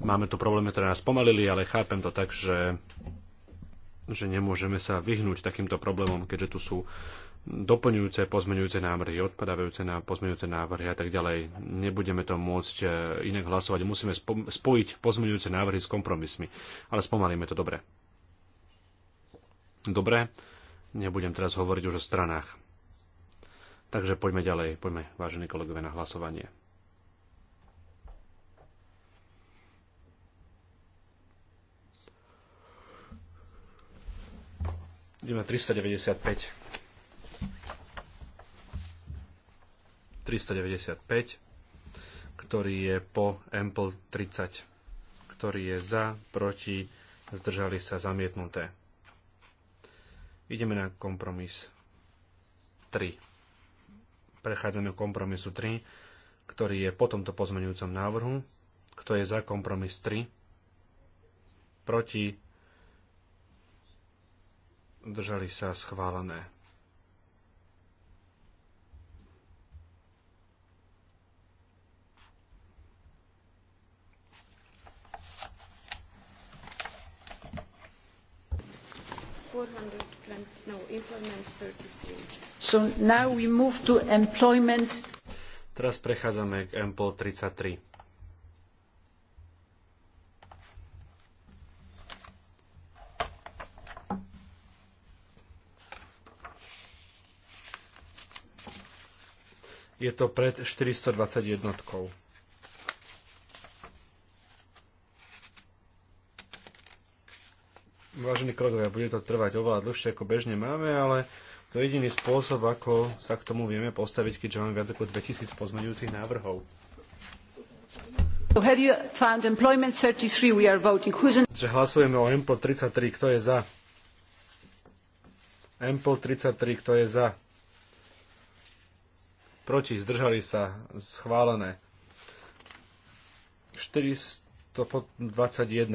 Máme tu problémy, ktoré nás pomalili, ale chápem to tak, že, že nemôžeme sa vyhnúť takýmto problémom, keďže tu sú doplňujúce, pozmeňujúce návrhy, odpadávajúce na pozmeňujúce návrhy a tak ďalej. Nebudeme to môcť e, inak hlasovať. Musíme spojiť pozmeňujúce návrhy s kompromismi. Ale spomalíme to dobre. Dobre, nebudem teraz hovoriť už o stranách. Takže poďme ďalej, poďme, vážení kolegovia, na hlasovanie. Ideme 395. 395, ktorý je po Ample 30, ktorý je za, proti, zdržali sa zamietnuté. Ideme na kompromis 3. Prechádzame k kompromisu 3, ktorý je po tomto pozmenujúcom návrhu. Kto je za kompromis 3? Proti Držali sa schválené. No, so now we move to employment. Teraz prechádzame k MPO 33. je to pred 421. Vážení kolegovia, bude to trvať oveľa dlhšie ako bežne máme, ale to je jediný spôsob, ako sa k tomu vieme postaviť, keďže máme viac ako 2000 pozmeňujúcich návrhov. So have you found employment 33 we are voting. Who's in... Že hlasujeme o MPL 33, kto je za? MPL 33, kto je za? proti, zdržali sa, schválené. 421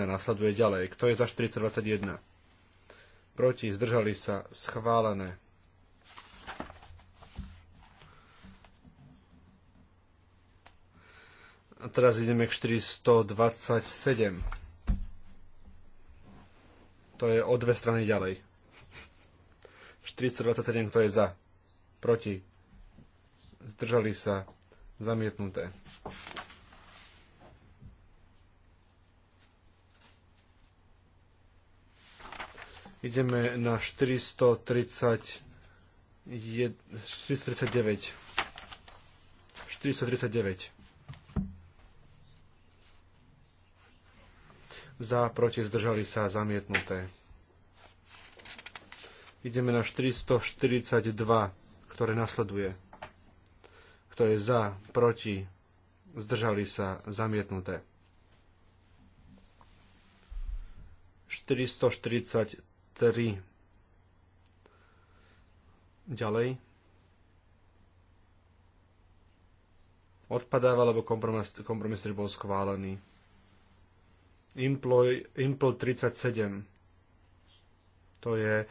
nasleduje ďalej. Kto je za 421? Proti, zdržali sa, schválené. A teraz ideme k 427. To je o dve strany ďalej. 427, kto je za? Proti, zdržali sa, zamietnuté. Ideme na 430, 439. 439. Za, proti, zdržali sa, zamietnuté. Ideme na 442, ktoré nasleduje. Kto je za, proti, zdržali sa, zamietnuté. 443. Ďalej. Odpadáva, lebo kompromis, kompromis bol schválený. Impl 37. To je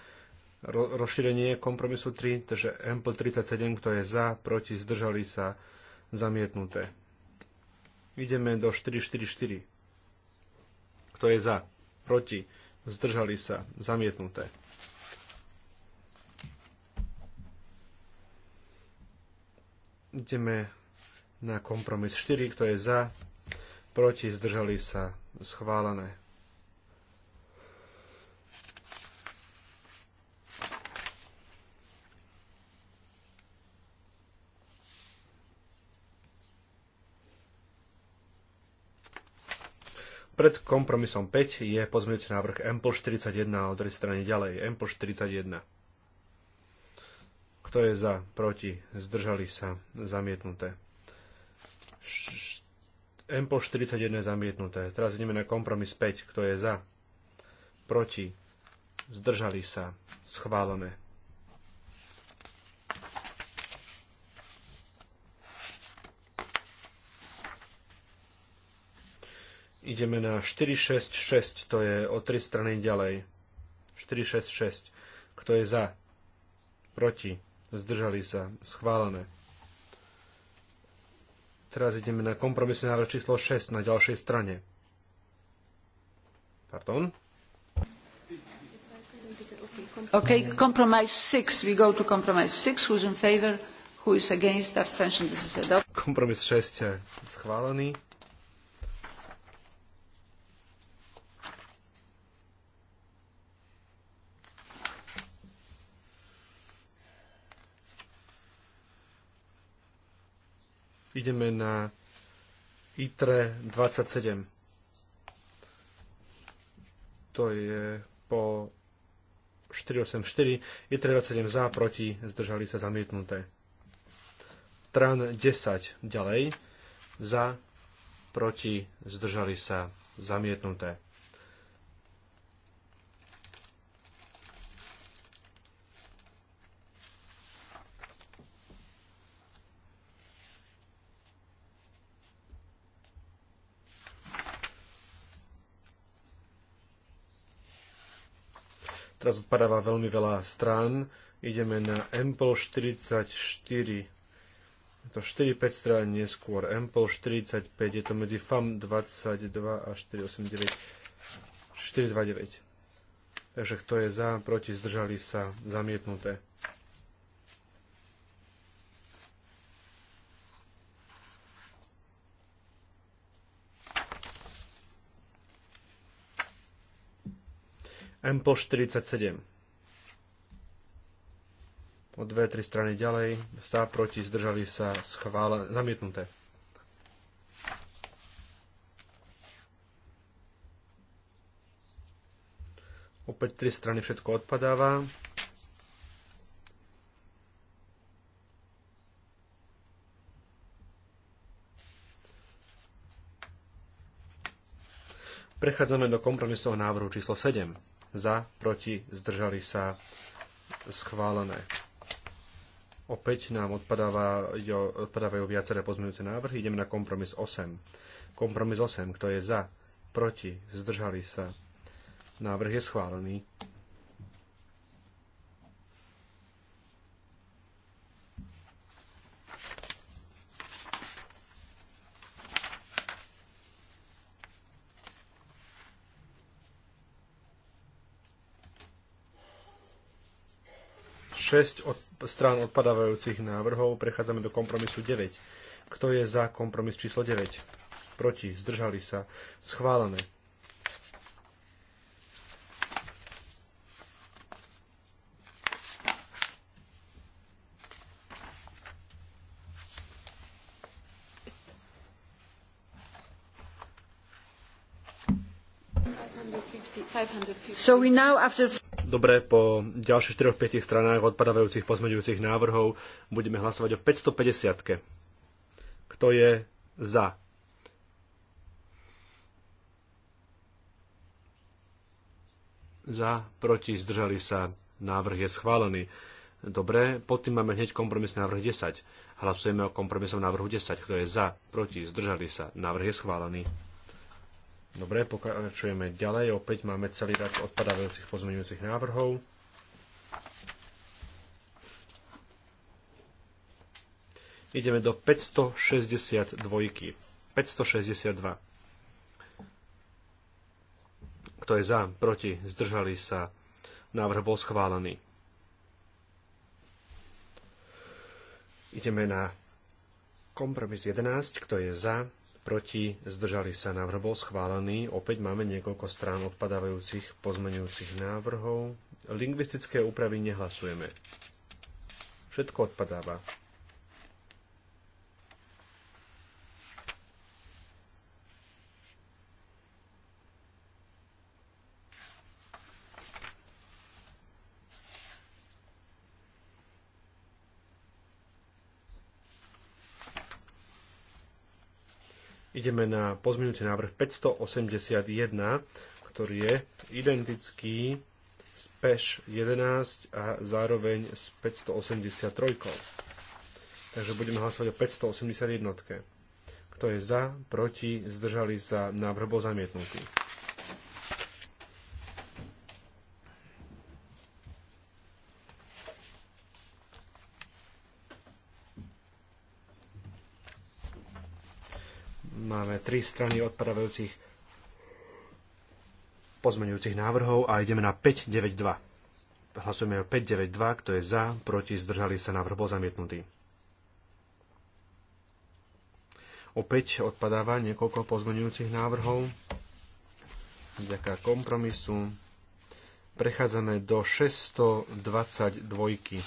rozšírenie kompromisu 3, takže Ample 37, kto je za, proti, zdržali sa, zamietnuté. Ideme do 444. Kto je za, proti, zdržali sa, zamietnuté. Ideme na kompromis 4, kto je za, proti, zdržali sa, schválené. Pred kompromisom 5 je pozmeňujúci návrh MPL 41 od druhej strany ďalej. MPL 41. Kto je za? Proti? Zdržali sa? Zamietnuté. MPL 41 je zamietnuté. Teraz ideme na kompromis 5. Kto je za? Proti? Zdržali sa? Schválené. ideme na 466, to je o tri strany ďalej. 466. Kto je za? Proti? Zdržali sa? Schválené. Teraz ideme na kompromisný návrh číslo 6 na ďalšej strane. Pardon? OK, compromise 6. We go to compromise 6. Who's in favor? Who is against? Abstention. This is adopted. Kompromis 6 je schválený. Ideme na ITRE 27. To je po 484. ITRE 27 za, proti, zdržali sa zamietnuté. TRAN 10 ďalej za, proti, zdržali sa zamietnuté. teraz zodpadáva veľmi veľa strán. Ideme na Ample 44. Je to 4-5 strán neskôr. Ample 45. Je to medzi FAM 22 a 489. 429. Takže kto je za, proti, zdržali sa, zamietnuté. MPO 47. O dve, tri strany ďalej. Za, proti, zdržali sa, schvále, zamietnuté. Opäť tri strany všetko odpadáva. Prechádzame do kompromisov návrhu číslo 7 za, proti, zdržali sa, schválené. Opäť nám odpadáva, odpadávajú viaceré pozmeňujúce návrhy. Ideme na kompromis 8. Kompromis 8, kto je za, proti, zdržali sa. Návrh je schválený. 6 od, strán odpadávajúcich návrhov. Prechádzame do kompromisu 9. Kto je za kompromis číslo 9? Proti? Zdržali sa? Schválené. So we now after dobre, po ďalších 4-5 stranách odpadávajúcich pozmeňujúcich návrhov budeme hlasovať o 550. Kto je za? Za, proti, zdržali sa. Návrh je schválený. Dobre, pod tým máme hneď kompromisný návrh 10. Hlasujeme o kompromisnom návrhu 10. Kto je za, proti, zdržali sa. Návrh je schválený. Dobre, pokračujeme ďalej. Opäť máme celý rad odpadávajúcich pozmeňujúcich návrhov. Ideme do 562. 562. Kto je za, proti, zdržali sa. Návrh bol schválený. Ideme na kompromis 11. Kto je za, proti, zdržali sa. Návrh bol schválený. Opäť máme niekoľko strán odpadávajúcich pozmenujúcich návrhov. Lingvistické úpravy nehlasujeme. Všetko odpadáva. Ideme na pozmeňujúci návrh 581, ktorý je identický s PEŠ 11 a zároveň s 583. Takže budeme hlasovať o 581. Kto je za, proti, zdržali sa, návrh bol zamietnutý. Máme tri strany odpravujúcich pozmeňujúcich návrhov a ideme na 592. Hlasujeme o 592, kto je za, proti, zdržali sa, návrh bol zamietnutý. Opäť odpadáva niekoľko pozmeňujúcich návrhov. Vďaka kompromisu prechádzame do 622.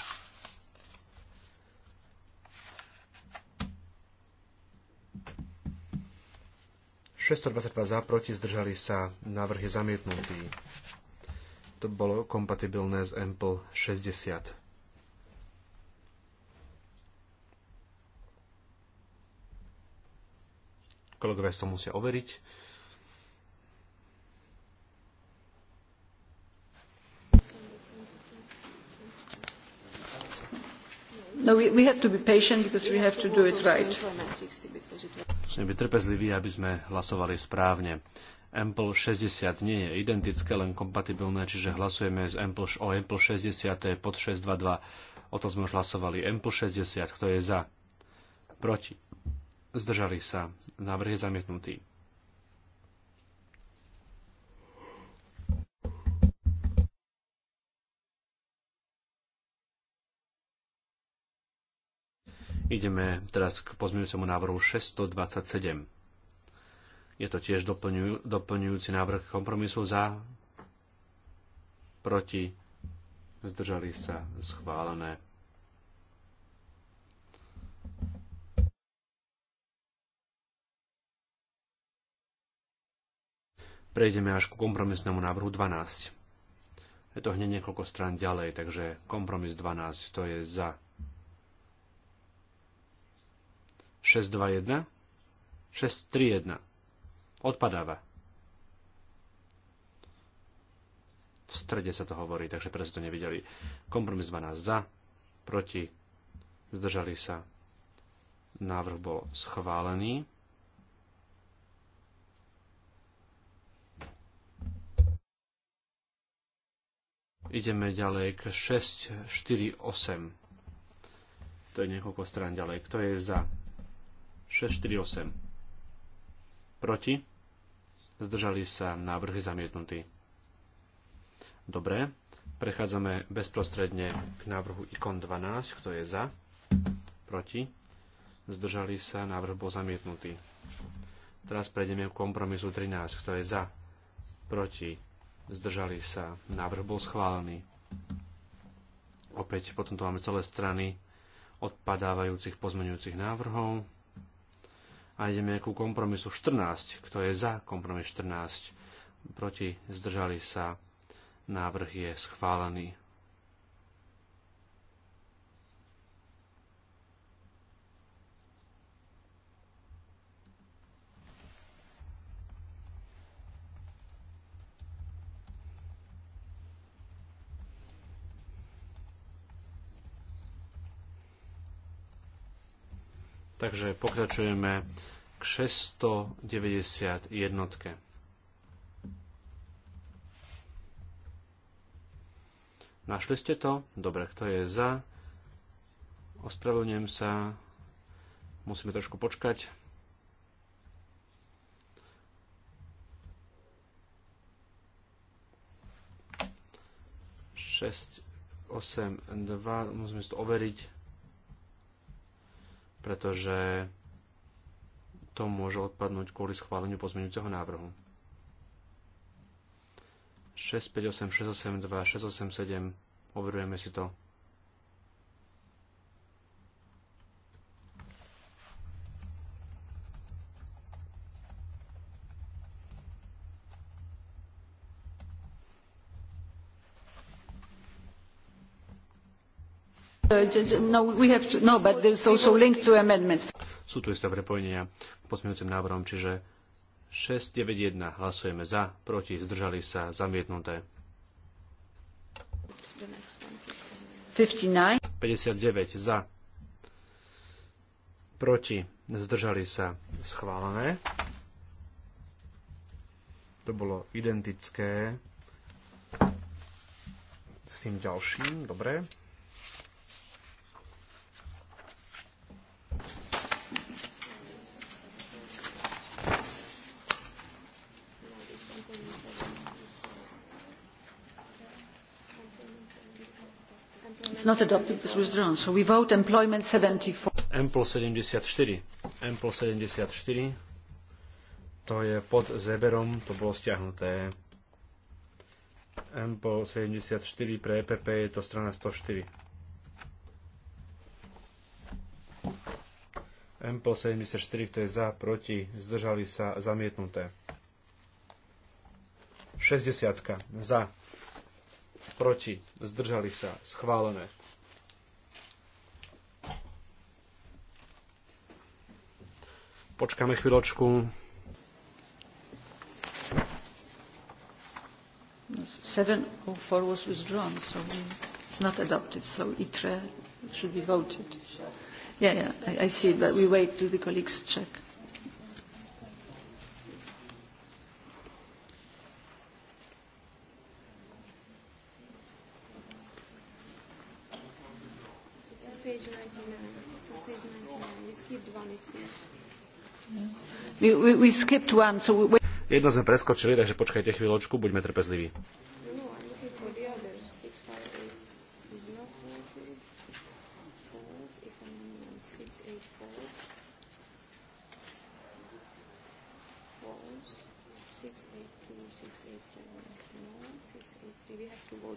622 za, proti, zdržali sa, návrh je zamietnutý. To bolo kompatibilné s Ample 60. Kolegovia to musia overiť. No, we, we have to be patient because we have to do it right musíme byť trpezliví, aby sme hlasovali správne. Ample 60 nie je identické, len kompatibilné, čiže hlasujeme z Ample, o Ample 60, to je pod 622. O to sme už hlasovali. Ample 60, kto je za? Proti. Zdržali sa. Návrh je zamietnutý. Ideme teraz k pozmeňujúcemu návrhu 627. Je to tiež doplňuj, doplňujúci návrh kompromisu za, proti, zdržali sa, schválené. Prejdeme až ku kompromisnému návrhu 12. Je to hneď niekoľko strán ďalej, takže kompromis 12 to je za, 621, 631 odpadáva. V strede sa to hovorí, takže preto to nevideli. Kompromis 12 za, proti, zdržali sa. Návrh bol schválený. Ideme ďalej k 648. To je niekoľko strán ďalej. Kto je za? 648. Proti? Zdržali sa návrhy zamietnutý. Dobre, prechádzame bezprostredne k návrhu ikon 12, kto je za, proti, zdržali sa, návrh bol zamietnutý. Teraz prejdeme k kompromisu 13, kto je za, proti, zdržali sa, návrh bol schválený. Opäť potom tu máme celé strany odpadávajúcich pozmeňujúcich návrhov a ideme ku kompromisu 14. Kto je za kompromis 14? Proti zdržali sa. Návrh je schválený. Takže pokračujeme k 691. Našli ste to? Dobre, kto je za? Ospravedlňujem sa. Musíme trošku počkať. Šesť, osem, dva. Musíme si to overiť pretože to môže odpadnúť kvôli schváleniu pozmeňujúceho návrhu. 6, 682, 687, 2, Overujeme si to. Uh, no, no, Sú tu isté prepojenia posmievacím návrhom, čiže 691 hlasujeme za, proti, zdržali sa, zamietnuté. 59 za, proti, zdržali sa, schválené. To bolo identické s tým ďalším, dobre. it's not adopted, it's withdrawn. To je pod Zeberom, to bolo stiahnuté. Empl 74 pre EPP je to strana 104. Empl 74, to je za, proti, zdržali sa, zamietnuté. 60. Za proti, zdržali sa, schválené. Počkáme chvíľočku. 704 e Yeah, yeah, I, I see, but we wait till the colleagues check. Jedno sme preskočili, takže počkajte chvíľočku, buďme trpezliví.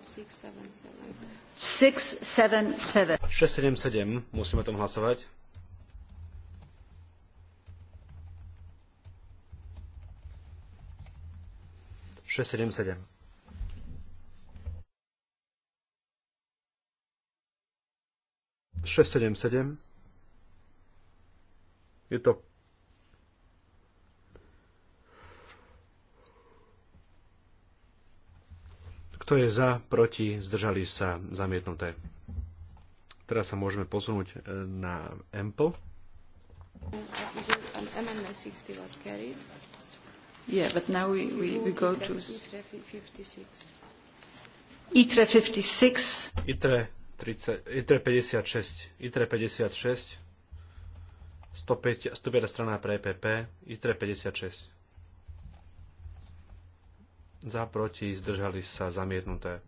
Six, seven, seven. 6, 7, 7. Musíme o tom hlasovať. 677. Šesť, sedem, sedem. Je to Kto je za, proti, zdržali sa, zamietnuté. Teraz sa môžeme posunúť e, na Ample. Yeah, but now we, we, we go to... ITRE 56. ITRE, 30, ITRE 56. ITRE 56. 105, 105 strana pre EPP. ITRE 56. Za, proti, zdržali sa, zamietnuté.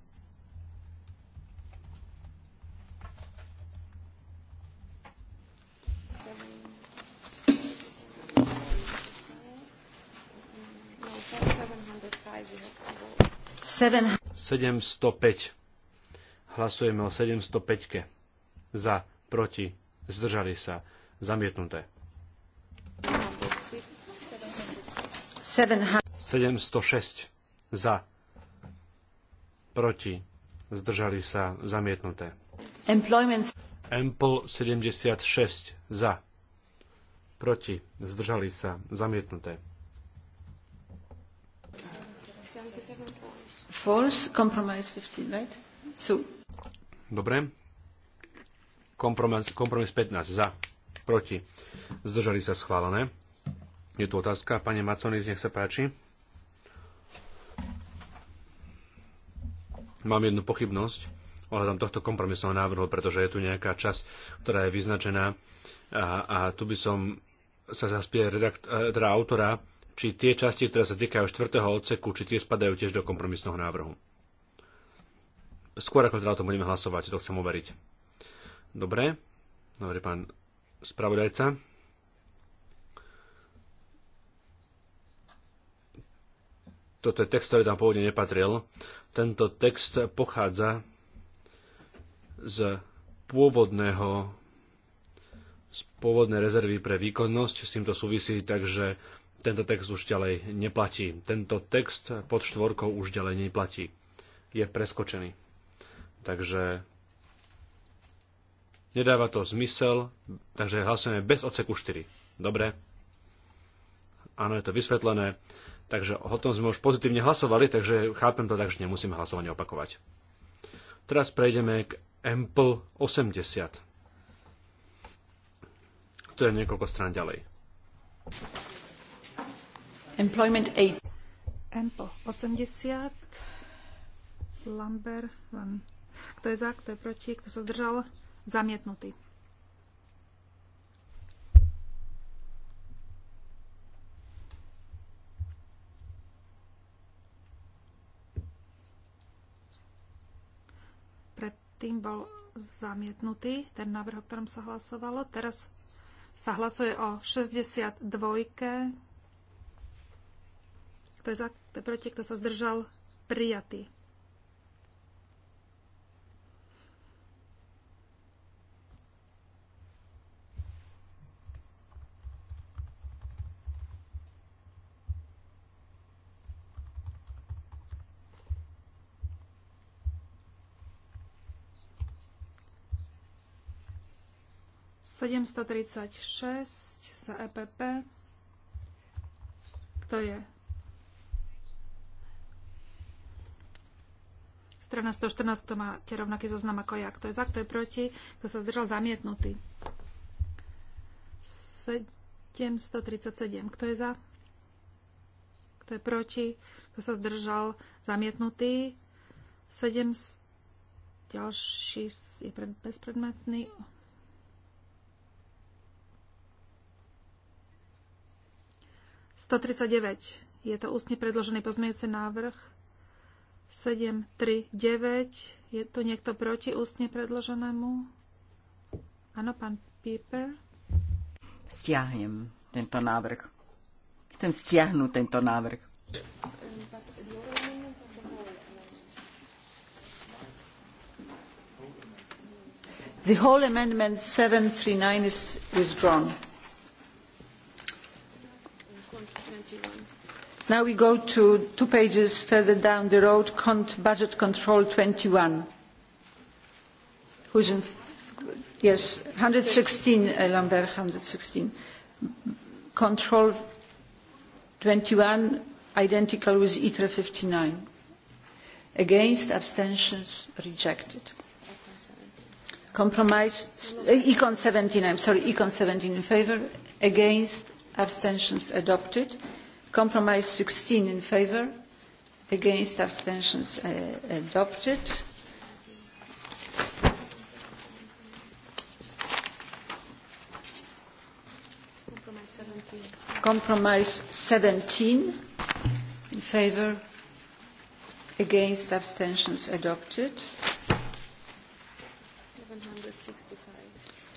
705. Hlasujeme o 705. Za, proti, zdržali sa, zamietnuté. 706. Za, proti, zdržali sa, zamietnuté. Employment. Empl 76. Za, proti, zdržali sa, zamietnuté. false. Compromise 15, right? So. Dobre. Kompromis, kompromis 15 za, proti. Zdržali sa schválené. Je tu otázka. Pane Maconis, nech sa páči. Mám jednu pochybnosť ohľadom tohto kompromisného návrhu, pretože je tu nejaká časť, ktorá je vyznačená a, a tu by som sa zaspie redakt, eh, teda autora či tie časti, ktoré sa týkajú štvrtého odseku, či tie spadajú tiež do kompromisného návrhu. Skôr ako teda o tom budeme hlasovať, to chcem overiť. Dobre, dobre pán spravodajca. Toto je text, ktorý tam pôvodne nepatril. Tento text pochádza z pôvodného z pôvodnej rezervy pre výkonnosť. S týmto súvisí, takže tento text už ďalej neplatí. Tento text pod štvorkou už ďalej neplatí. Je preskočený. Takže nedáva to zmysel, takže hlasujeme bez odseku 4. Dobre? Áno, je to vysvetlené. Takže o tom sme už pozitívne hlasovali, takže chápem to tak, že nemusíme hlasovanie opakovať. Teraz prejdeme k Ample 80. To je niekoľko strán ďalej. Employment aid. Ample 80. Lambert. Van. Kto je za, kto je proti, kto sa zdržal? Zamietnutý. Predtým bol zamietnutý ten návrh, o ktorom sa hlasovalo. Teraz sa hlasuje o 62 kto je za? proti? Kto sa zdržal? Prijatý. Sedemsto Sedemstotridsaťšesť za EPP. Kto je Strana 114 to máte rovnaký zoznam ako ja. Kto je za, kto je proti, kto sa zdržal zamietnutý. 737. Kto je za? Kto je proti? Kto sa zdržal zamietnutý? 7 ďalší je pred, bezpredmetný. Sto je to ústne predložený pozmeňujúci návrh 739. Je tu niekto proti ústne predloženému? Áno, pán Pieper. Stiahnem tento návrh. Chcem stiahnuť tento návrh. The whole amendment 739 is withdrawn. now we go to two pages further down the road budget control twenty one who's in yes one hundred sixteen uh, lambert one hundred sixteen control twenty one identical with itre fifty nine against abstentions rejected compromise uh, econ seventeen i'm sorry econ seventeen in favour against abstentions adopted compromise sixteen in favour uh, against abstentions adopted compromise compromise seventeen in favour against abstentions adopted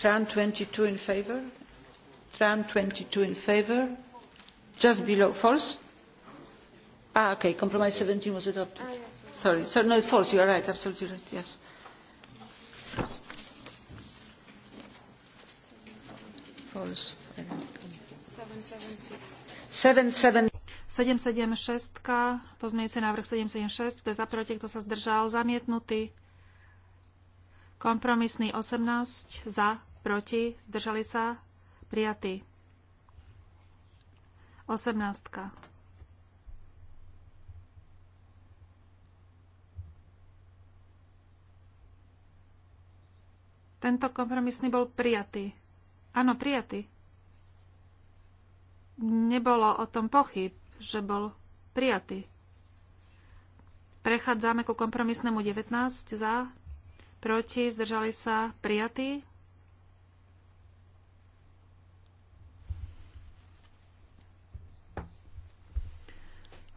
tran twenty two in favour tran twenty two in favour just below false ah okay compromise seventeen was adopted ah, yes, sorry so no it falls you are right absolutely right yes false 776 pozmeňujúci návrh 776 kto je za proti kto sa zdržal zamietnutý kompromisný 18 za proti, zdržali sa, prijatý. 18. Tento kompromisný bol prijatý. Áno, prijatý. Nebolo o tom pochyb, že bol prijatý. Prechádzame ku kompromisnému 19 za, proti, zdržali sa, prijatý.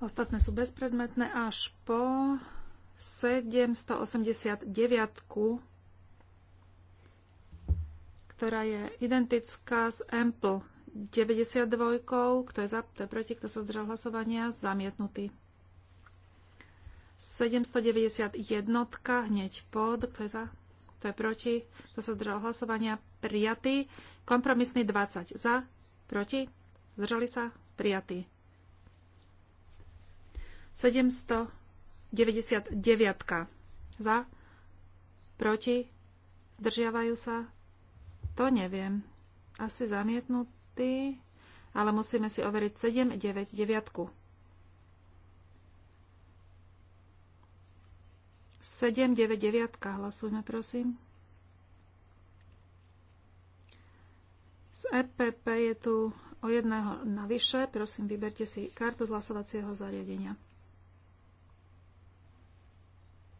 Ostatné sú bezpredmetné až po 789, ktorá je identická s Ample 92, kto je za, kto je proti, kto sa zdržal hlasovania, zamietnutý. 791 hneď pod, kto je za, kto je proti, kto sa zdržal hlasovania, prijatý. Kompromisný 20 za, proti, zdržali sa, prijatý. 799 za, proti, zdržiavajú sa, to neviem. Asi zamietnutý, ale musíme si overiť 799. 799 hlasujme prosím. Z EPP je tu o jedného navyše. Prosím, vyberte si kartu z hlasovacieho zariadenia.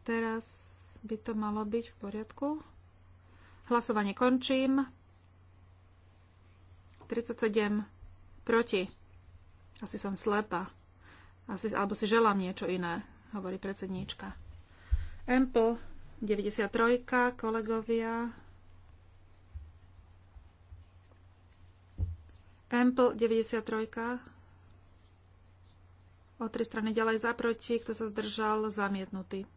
Teraz by to malo byť v poriadku. Hlasovanie končím. 37 proti. Asi som slepa. Asi, alebo si želám niečo iné, hovorí predsedníčka. Empl 93, kolegovia. Empl 93. O tri strany ďalej za proti, kto sa zdržal, zamietnutý.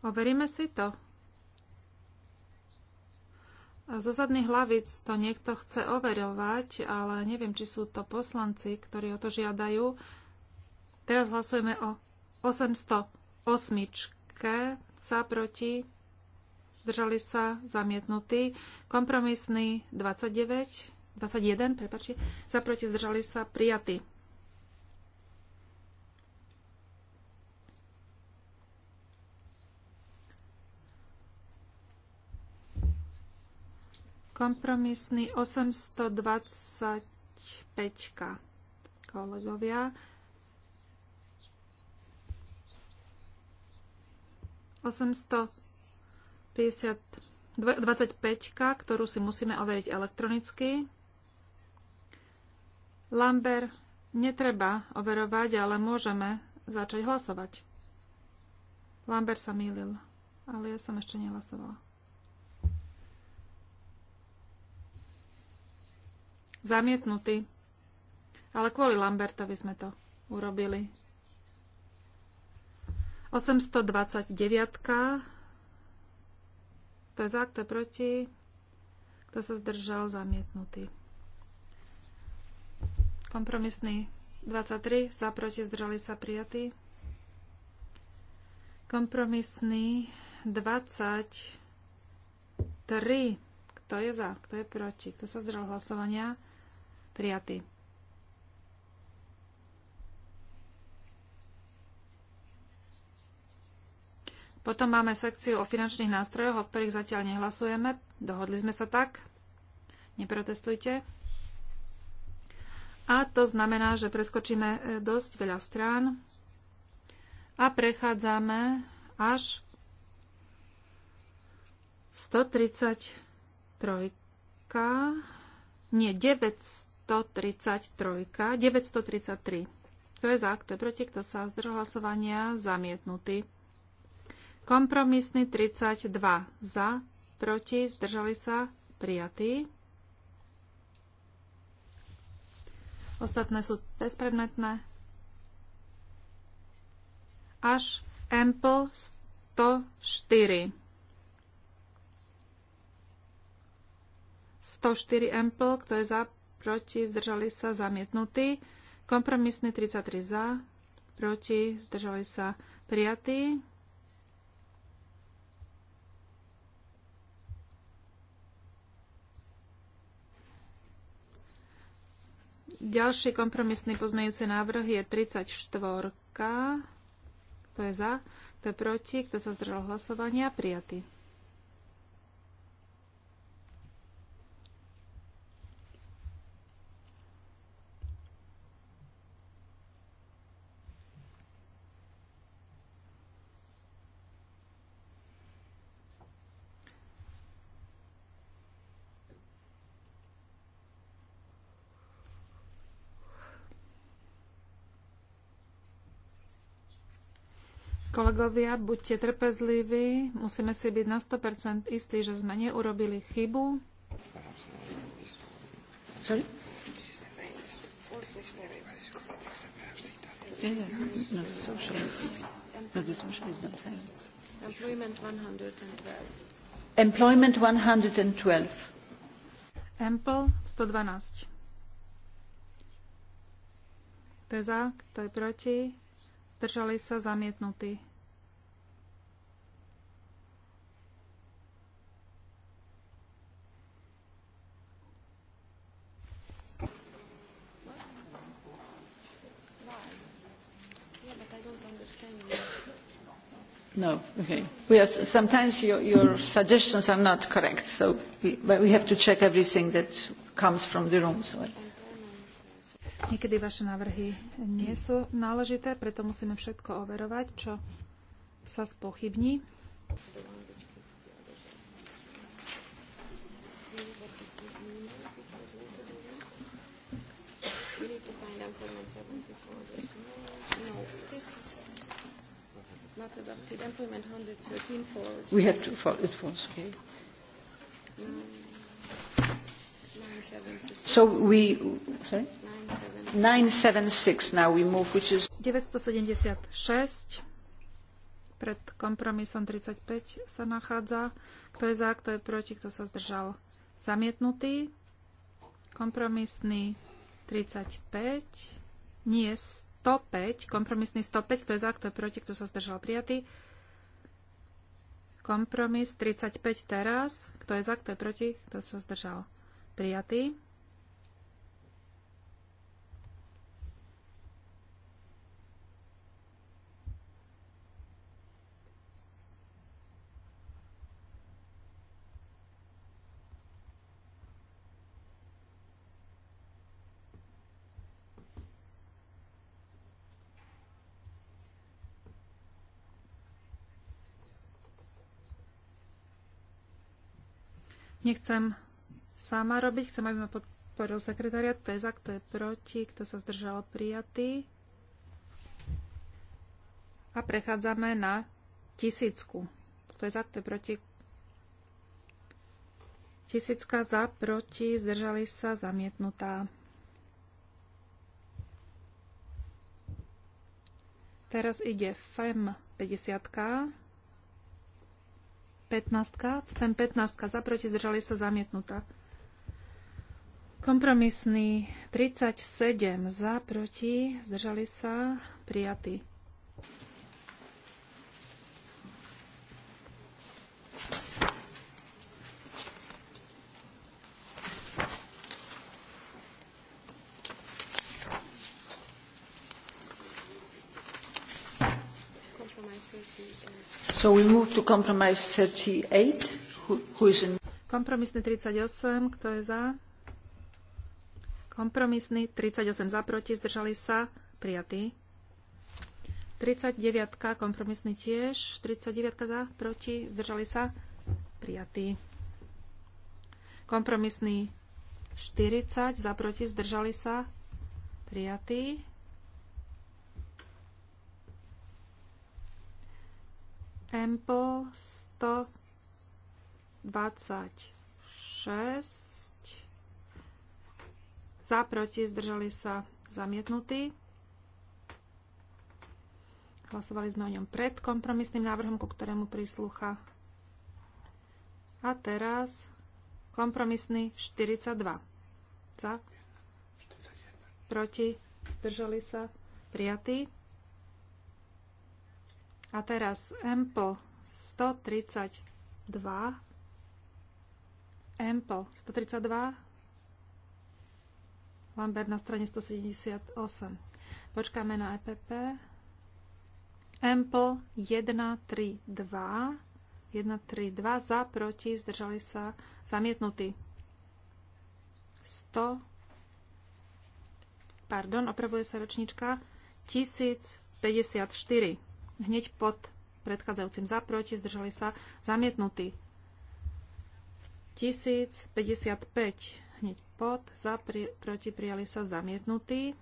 Overíme si to. Zo zadných hlavic to niekto chce overovať, ale neviem, či sú to poslanci, ktorí o to žiadajú. Teraz hlasujeme o 808. Sa proti. Držali sa zamietnutí. Kompromisný 29. 21, prepačte. Za proti zdržali sa prijatí. Kompromisný 825. Kolegovia. 850 25, ktorú si musíme overiť elektronicky. Lamber netreba overovať, ale môžeme začať hlasovať. Lamber sa mýlil, ale ja som ešte nehlasovala. zamietnutý. Ale kvôli Lambertovi sme to urobili. 829. To je za, kto je proti. Kto sa zdržal, zamietnutý. Kompromisný 23. Za, proti, zdržali sa, prijatý. Kompromisný 23. Kto je za? Kto je proti? Kto sa zdržal hlasovania? prijatý. Potom máme sekciu o finančných nástrojoch, o ktorých zatiaľ nehlasujeme. Dohodli sme sa tak. Neprotestujte. A to znamená, že preskočíme e, dosť veľa strán a prechádzame až 133. Nie, 900. 933. 933. Kto je za, kto je proti, kto sa zdržal hlasovania, zamietnutý. Kompromisný 32. Za, proti, zdržali sa, prijatý. Ostatné sú bezpredmetné. Až Ample 104. 104 Ample, kto je za, proti, zdržali sa, zamietnutý. Kompromisný 33 za, proti, zdržali sa, prijatý. Ďalší kompromisný pozmejúci návrh je 34. Kto je za? Kto je proti? Kto sa zdržal hlasovania? Prijatý. Kolegovia, buďte trpezliví, musíme si byť na 100% istí, že sme neurobili chybu. Sorry? Employment 112. Employment 112. Ample 112. To je za, to je proti. Držali sa zamietnutí. No, okay. We have, sometimes your, your suggestions are not correct, so we, but we have to check everything that comes from the room. So. Niekedy vaše návrhy nie sú náležité, preto musíme všetko overovať, čo sa spochybní. No, this is not adopted. Employment 113 falls. We have to fall. It falls. Okay. Mm, so we, sorry? 976 now we move, which is... 976 pred kompromisom 35 sa nachádza. Kto je za, kto je proti, kto sa zdržal. Zamietnutý. Kompromisný 35. Nie, 105, kompromisný 105, kto je za, kto je proti, kto sa zdržal prijatý. Kompromis 35 teraz, kto je za, kto je proti, kto sa zdržal prijatý. nechcem sama robiť, chcem, aby ma podporil sekretariat, To je za, kto je proti, kto sa zdržal prijatý. A prechádzame na tisícku. Kto je za, kto je proti. Tisícka za, proti, zdržali sa, zamietnutá. Teraz ide FEM 50. 15. Fem 15. Za proti zdržali sa zamietnutá. Kompromisný 37. Za proti zdržali sa prijatý. So tridsať osem, kto je za? Kompromisný osem za, proti, zdržali sa, prijatý. 39, kompromisný tiež, Tridsať 39 za, proti, zdržali sa, prijatý. Kompromisný štyridsať, za, proti, zdržali sa, prijatý. Ample 126. Za, proti, zdržali sa zamietnutí. Hlasovali sme o ňom pred kompromisným návrhom, ku ktorému príslucha. A teraz kompromisný 42. Za? Proti? Zdržali sa? Prijatý? A teraz Ample 132. Ample 132. Lambert na strane 178. Počkáme na EPP. Ample 132. 2, za, proti, zdržali sa, zamietnutí. 100, pardon, opravuje sa ročnička, 1054 hneď pod predchádzajúcim za, proti, zdržali sa, zamietnutí. 1055 hneď pod, za, pri, proti, prijali sa, zamietnutí.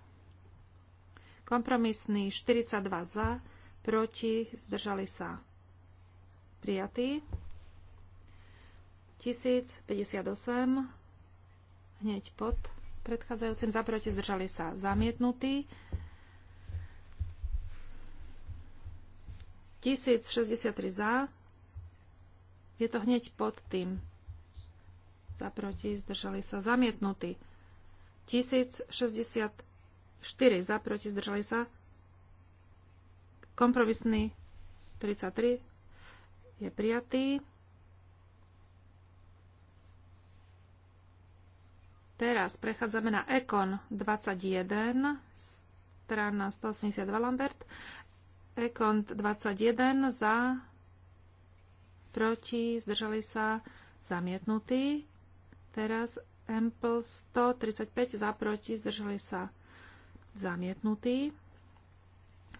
Kompromisný 42 za, proti, zdržali sa, prijatí. 1058 hneď pod predchádzajúcim, zaproti, zdržali sa, zamietnutí. 1063 za. Je to hneď pod tým. Za proti zdržali sa zamietnutí. 1064 za proti zdržali sa. Kompromisný 33 je prijatý. Teraz prechádzame na Ekon 21, strana 182 Lambert. Ekont 21 za, proti, zdržali sa, zamietnutý. Teraz Ample 135 za, proti, zdržali sa, zamietnutý.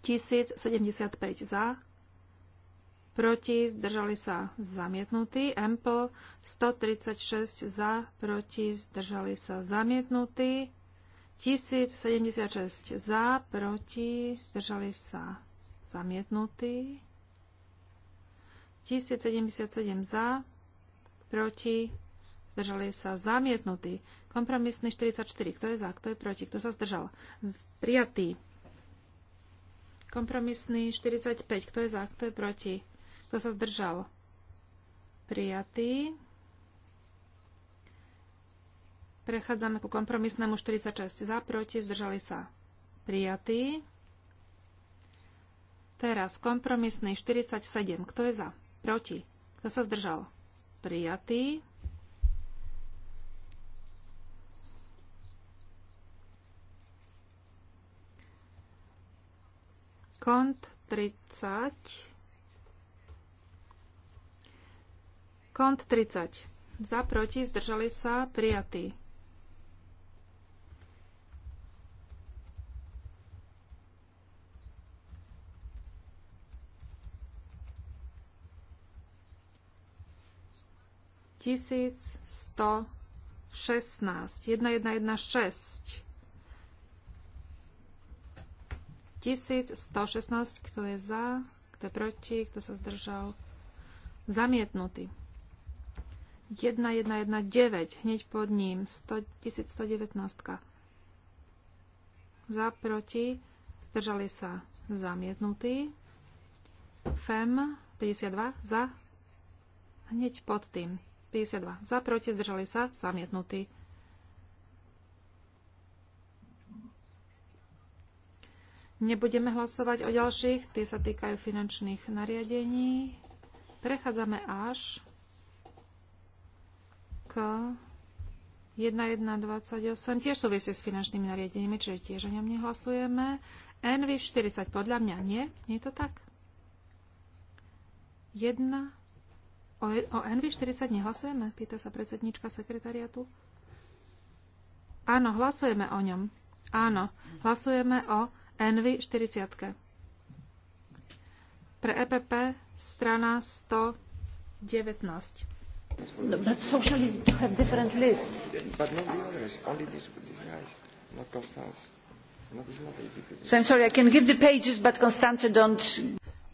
1075 za, proti, zdržali sa, zamietnutý. Ample 136 za, proti, zdržali sa, zamietnutý. 1076 za, proti, zdržali sa, zamietnutý. 1077 za, proti, zdržali sa zamietnutý. Kompromisný 44. Kto je za, kto je proti, kto sa zdržal? Prijatý. Kompromisný 45. Kto je za, kto je proti, kto sa zdržal? Prijatý. Prechádzame ku kompromisnému 46. Za, proti, zdržali sa. Prijatý. Teraz kompromisný 47. Kto je za? Proti. Kto sa zdržal? Prijatý. Kont 30. Kont 30. Za, proti, zdržali sa, prijatý. 1116. 1116. 1116, kto je za, kto je proti, kto sa zdržal. Zamietnutý. 1119, hneď pod ním, 100, 1119. Za, proti, zdržali sa. Zamietnutý. FEM 52, za, hneď pod tým. 52 za, proti, zdržali sa, zamietnutý. Nebudeme hlasovať o ďalších, tie sa týkajú finančných nariadení. Prechádzame až k 1128, tiež súvisí s finančnými nariadeniami, čiže tiež o ňom nehlasujeme. NV40, podľa mňa nie, nie je to tak? 1, O, o NV40 nehlasujeme? Pýta sa predsednička sekretariatu. Áno, hlasujeme o ňom. Áno, hlasujeme o NV40. Pre EPP strana 119. No, but socialists have different lists. But not the others, only these guys, not Constance. So I'm sorry, I can give the pages, but Constance don't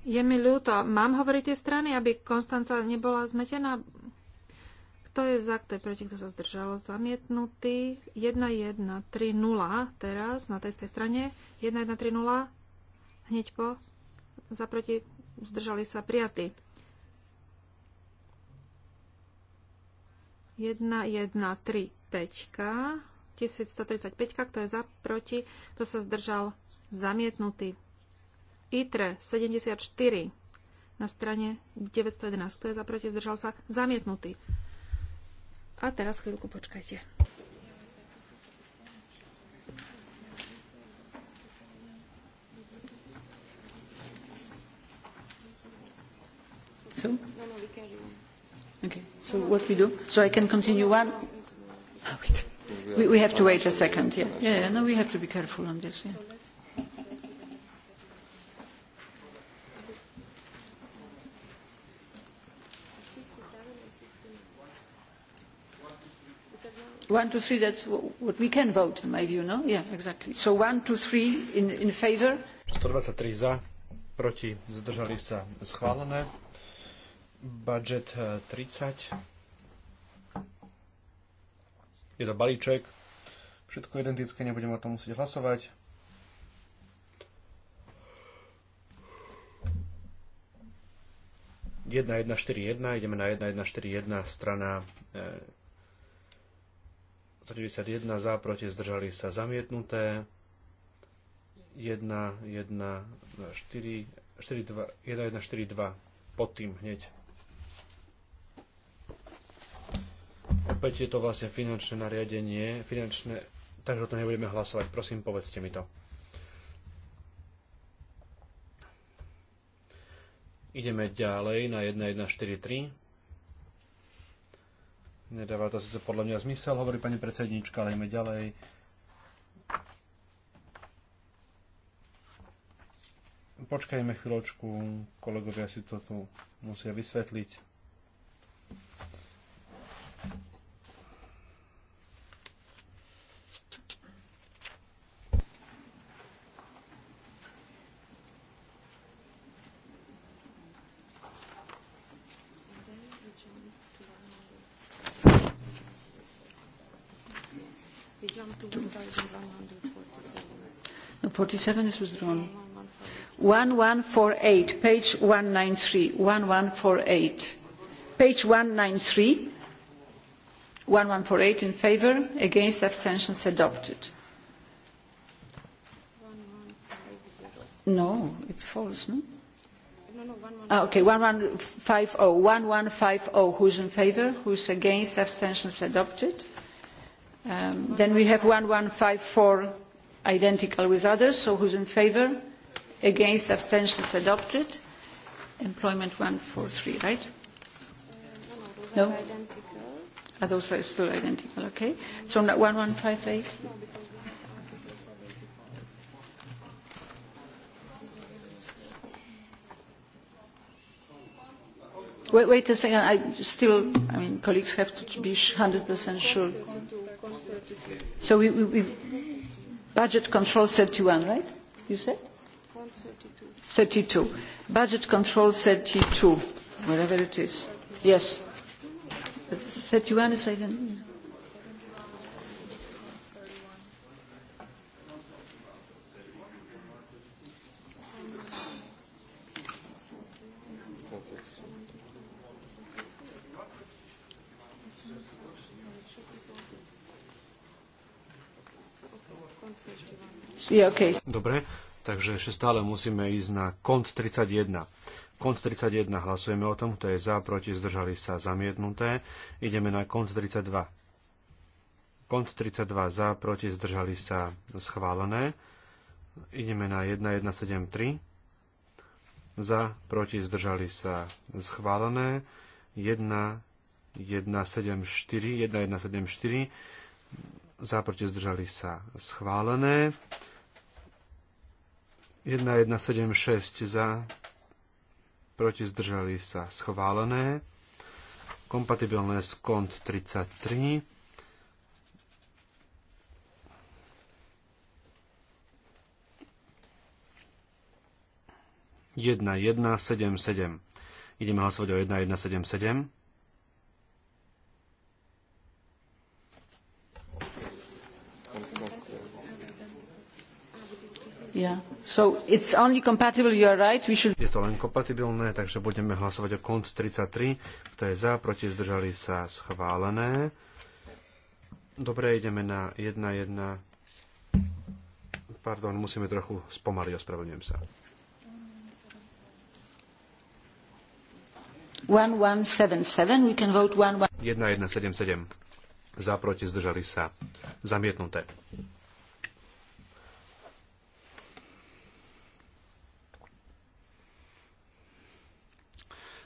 je mi ľúto. Mám hovoriť tie strany, aby Konstanca nebola zmetená? Kto je za, kto je proti, kto sa zdržal? Zamietnutý. 1-1-3-0 teraz na tej istej strane. 1-1-3-0 hneď po. Za, proti, zdržali sa prijatí. 5, 1135 kto je za, proti, kto sa zdržal, zamietnutý. ITRE 74 na strane 911. Kto je za Zdržal sa? Zamietnutý. A teraz chvíľku počkajte. So? No, no, okay. So what we do? So I can continue one. Oh, wait. We, we have to wait a second. Yeah. Yeah. Yeah. No, we have to be careful on this. Yeah. one two three that's what we can vote in my view no yeah exactly so one two three in, in favor 123 za proti zdržali sa schválené budget 30 eh, je to balíček všetko identické nebudeme o tom musieť hlasovať jedna jedna štyri jedna ideme na jedna jedna štyri jedna strana e, 191 za, proti, zdržali sa zamietnuté. 1, 1, 4, 4, 2, 1, 1, 4, 2. Pod tým hneď. Opäť je to vlastne finančné nariadenie, finančné, takže o to nebudeme hlasovať. Prosím, povedzte mi to. Ideme ďalej na 1143. Nedáva to sice podľa mňa zmysel, hovorí pani predsednička, ale ideme ďalej. Počkajme chvíľočku, kolegovia si to tu musia vysvetliť. No, 47 is withdrawn. 1148, page 193. 1148. Page 193. 1148 in favor, against abstentions adopted. No, it falls, no? No, no, one, one, ah, okay, 1150. 1150, who's in favor, who's against, abstentions adopted. Um, then we have one one five four identical with others, so who's in favour? Against abstentions adopted. Employment one four three, right? No? no? Are ah, those are still identical, okay. So one one five eight. Wait, wait a second. I still, I mean, colleagues have to be 100% sure. So we, we, we budget control 31, right? You said? 32. Budget control 32, wherever it is. Yes. 31 is, I don't Know. je OK. Dobre, takže ešte stále musíme ísť na kont 31. Kont 31 hlasujeme o tom, kto je za, proti, zdržali sa, zamietnuté. Ideme na kont 32. Kont 32 za, proti, zdržali sa, schválené. Ideme na 1173. Za, proti, zdržali sa, schválené. 1, 1, 7, 4, 1, 1, 7, 4. Za, proti, zdržali sa, schválené. 1176 za, proti zdržali sa schválené, kompatibilné s kont 33. Jedna, jedna, sedem, sedem. Ideme hlasovať o jedna jedna sedem sedem Je to len kompatibilné, takže budeme hlasovať o kont 33. Kto je za, proti, zdržali sa, schválené. Dobre, ideme na 1.1. Pardon, musíme trochu spomaliť, ospravedlňujem sa. 1177, we can vote 1177. Za, proti, zdržali sa. Zamietnuté.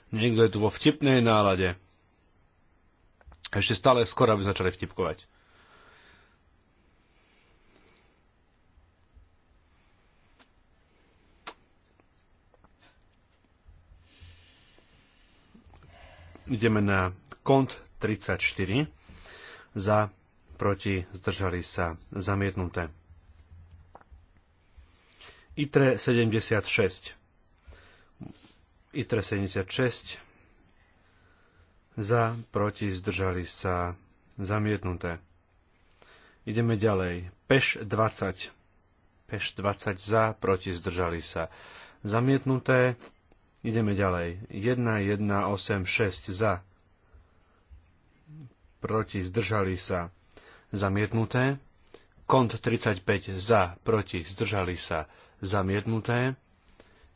Niekto je tu vo vtipnej nálade. Ešte stále skoro, aby začali vtipkovať. Ideme na kont 34 za proti zdržali sa zamietnuté. ITRE 76 ITRE 76 za, proti, zdržali sa, zamietnuté. Ideme ďalej. Peš 20. Peš 20 za, proti, zdržali sa, zamietnuté. Ideme ďalej. 1, 1, 8, 6 za, proti, zdržali sa, zamietnuté. Kont 35 za, proti, zdržali sa, zamietnuté.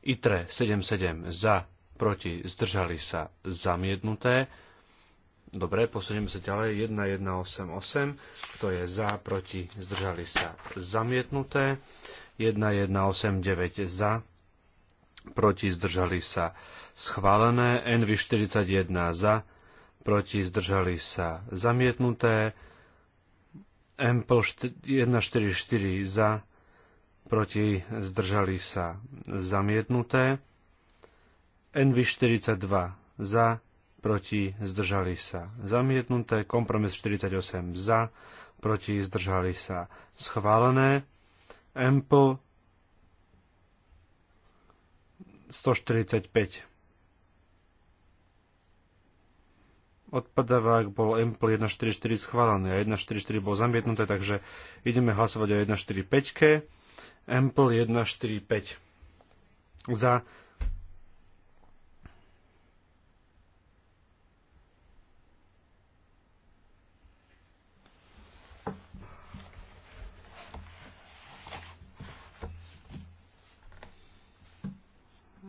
ITRE 77 za, proti, zdržali sa zamietnuté. Dobre, posunieme sa ďalej. 1188, kto je za, proti, zdržali sa zamietnuté. 1189 za, proti, zdržali sa schválené. NV 41 za, proti, zdržali sa zamietnuté. MPL 144 za, proti, zdržali sa zamietnuté. NV42 za, proti, zdržali sa zamietnuté. Kompromis 48 za, proti, zdržali sa schválené. MPO 145 odpadavák bol MPL 1.4.4 schválený a 1.4.4 bol zamietnuté, takže ideme hlasovať o 1.4.5. Empol 145 za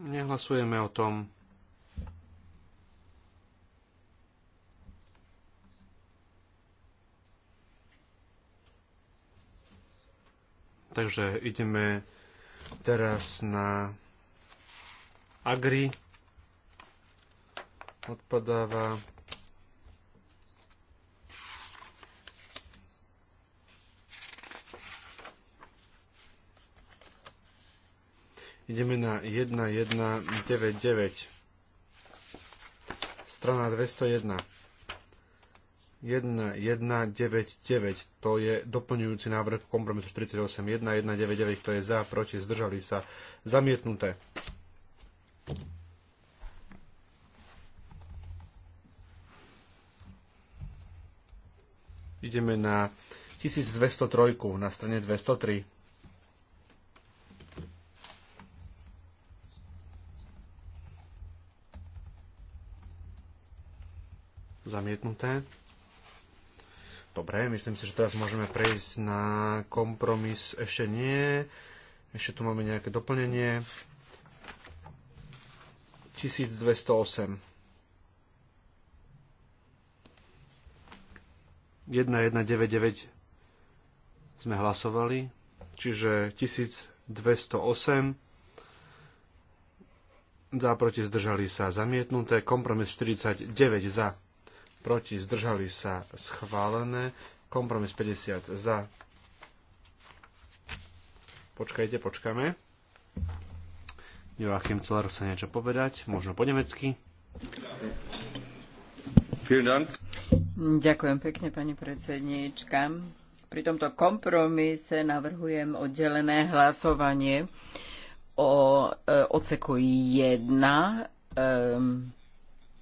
Nehlasujeme o tom. Takže ideme teraz na Agri. Odpadáva. Ideme na 1199. Strana 201. 1199, to je doplňujúci návrh kompromisu 48, 1199, to je za, proti, zdržali sa, zamietnuté. Ideme na 1203, na strane 203. Zamietnuté. Dobre, myslím si, že teraz môžeme prejsť na kompromis. Ešte nie. Ešte tu máme nejaké doplnenie. 1208. 1199 sme hlasovali, čiže 1208 za proti zdržali sa zamietnuté, kompromis 49 za proti, zdržali sa schválené. Kompromis 50 za. Počkajte, počkáme. Joachim Celer sa niečo povedať, možno po nemecky. Ďakujem pekne, pani predsedníčka. Pri tomto kompromise navrhujem oddelené hlasovanie o e, odseku 1, e,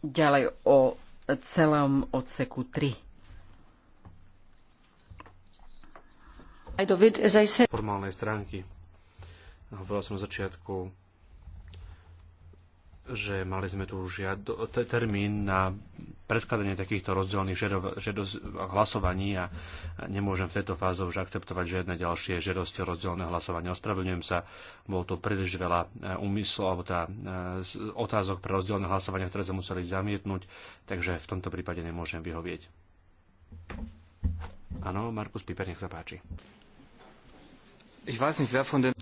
ďalej o celom odseku 3. Formálnej stránky. Hovoril som na začiatku že mali sme tu už žiado, termín na predkladanie takýchto rozdielných žiado, hlasovaní a nemôžem v tejto fáze už akceptovať žiadne ďalšie žiadosti o rozdielne hlasovanie. Ospravedlňujem sa, bolo to príliš veľa e, úmyslov alebo tá, e, otázok pre rozdielne hlasovanie, ktoré sme museli zamietnúť, takže v tomto prípade nemôžem vyhovieť. Áno, Markus Piper, nech sa páči. Ich weiß nicht, wer von den...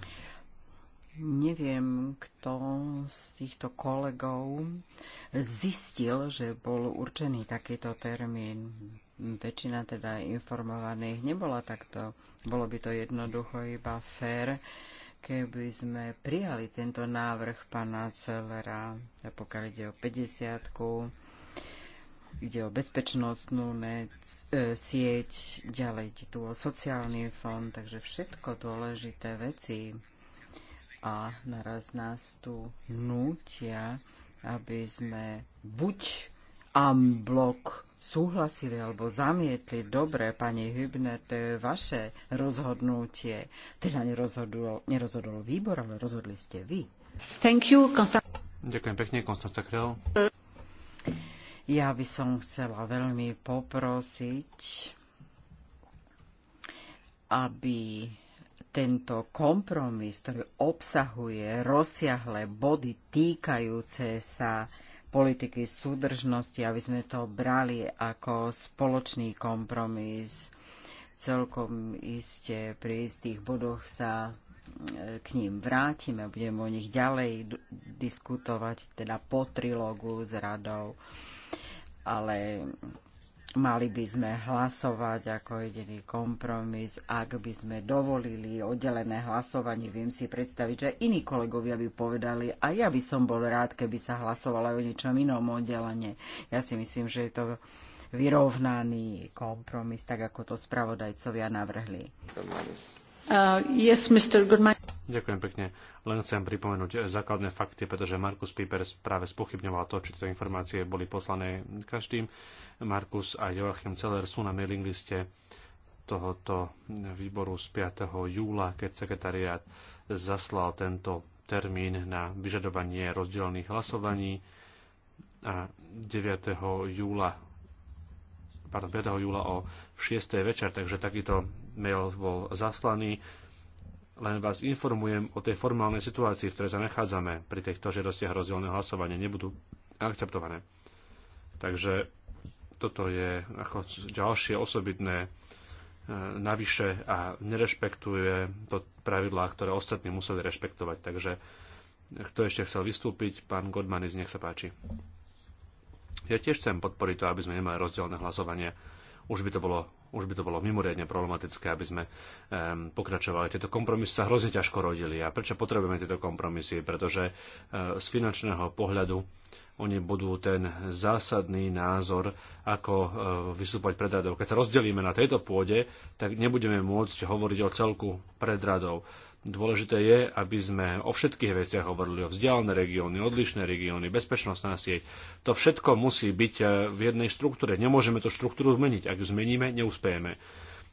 Neviem, kto z týchto kolegov zistil, že bol určený takýto termín. Väčšina teda informovaných nebola takto. Bolo by to jednoducho iba fér, keby sme prijali tento návrh pána Celera, pokiaľ ide o 50 ide o bezpečnostnú nec, e, sieť, ďalej tu o sociálny fond, takže všetko dôležité veci a naraz nás tu nutia, aby sme buď amblok súhlasili alebo zamietli. Dobre, pani Hübner, to je vaše rozhodnutie. Teda nerozhodol, nerozhodol výbor, ale rozhodli ste vy. Thank you, Konstant- Ďakujem pekne, Konstanca Krel. Ja by som chcela veľmi poprosiť, aby tento kompromis, ktorý obsahuje rozsiahle body týkajúce sa politiky súdržnosti, aby sme to brali ako spoločný kompromis. Celkom iste pri istých bodoch sa e, k ním vrátime, budeme o nich ďalej diskutovať, teda po trilógu s radou. Ale Mali by sme hlasovať ako jediný kompromis, ak by sme dovolili oddelené hlasovanie. Viem si predstaviť, že iní kolegovia by povedali, a ja by som bol rád, keby sa hlasovalo o niečom inom oddelenie. Ja si myslím, že je to vyrovnaný kompromis, tak ako to spravodajcovia navrhli. Uh, yes, Mr. Goodman. Ďakujem pekne. Len chcem pripomenúť základné fakty, pretože Markus Piper práve spochybňoval to, či tie informácie boli poslané každým. Markus a Joachim Celer sú na mailing liste tohoto výboru z 5. júla, keď sekretariát zaslal tento termín na vyžadovanie rozdielných hlasovaní a 9. júla pardon, 5. júla o 6. večer, takže takýto mail bol zaslaný. Len vás informujem o tej formálnej situácii, v ktorej sa nachádzame pri týchto žiadostiach rozdielne hlasovanie. Nebudú akceptované. Takže toto je ako ďalšie osobitné e, navyše a nerešpektuje to pravidlá, ktoré ostatní museli rešpektovať. Takže e, kto ešte chcel vystúpiť, pán Godmanis, nech sa páči. Ja tiež chcem podporiť to, aby sme nemali rozdielne hlasovanie. Už by to bolo už by to bolo mimoriadne problematické, aby sme um, pokračovali. Tieto kompromisy sa hrozne ťažko rodili. A prečo potrebujeme tieto kompromisy? Pretože uh, z finančného pohľadu oni budú ten zásadný názor, ako eh, vystúpať pred radou. Keď sa rozdelíme na tejto pôde, tak nebudeme môcť hovoriť o celku pred radou. Dôležité je, aby sme o všetkých veciach hovorili, o vzdialené regióny, odlišné regióny, bezpečnostná sieť. To všetko musí byť e, v jednej štruktúre. Nemôžeme tú štruktúru zmeniť. Ak ju zmeníme, neúspejeme.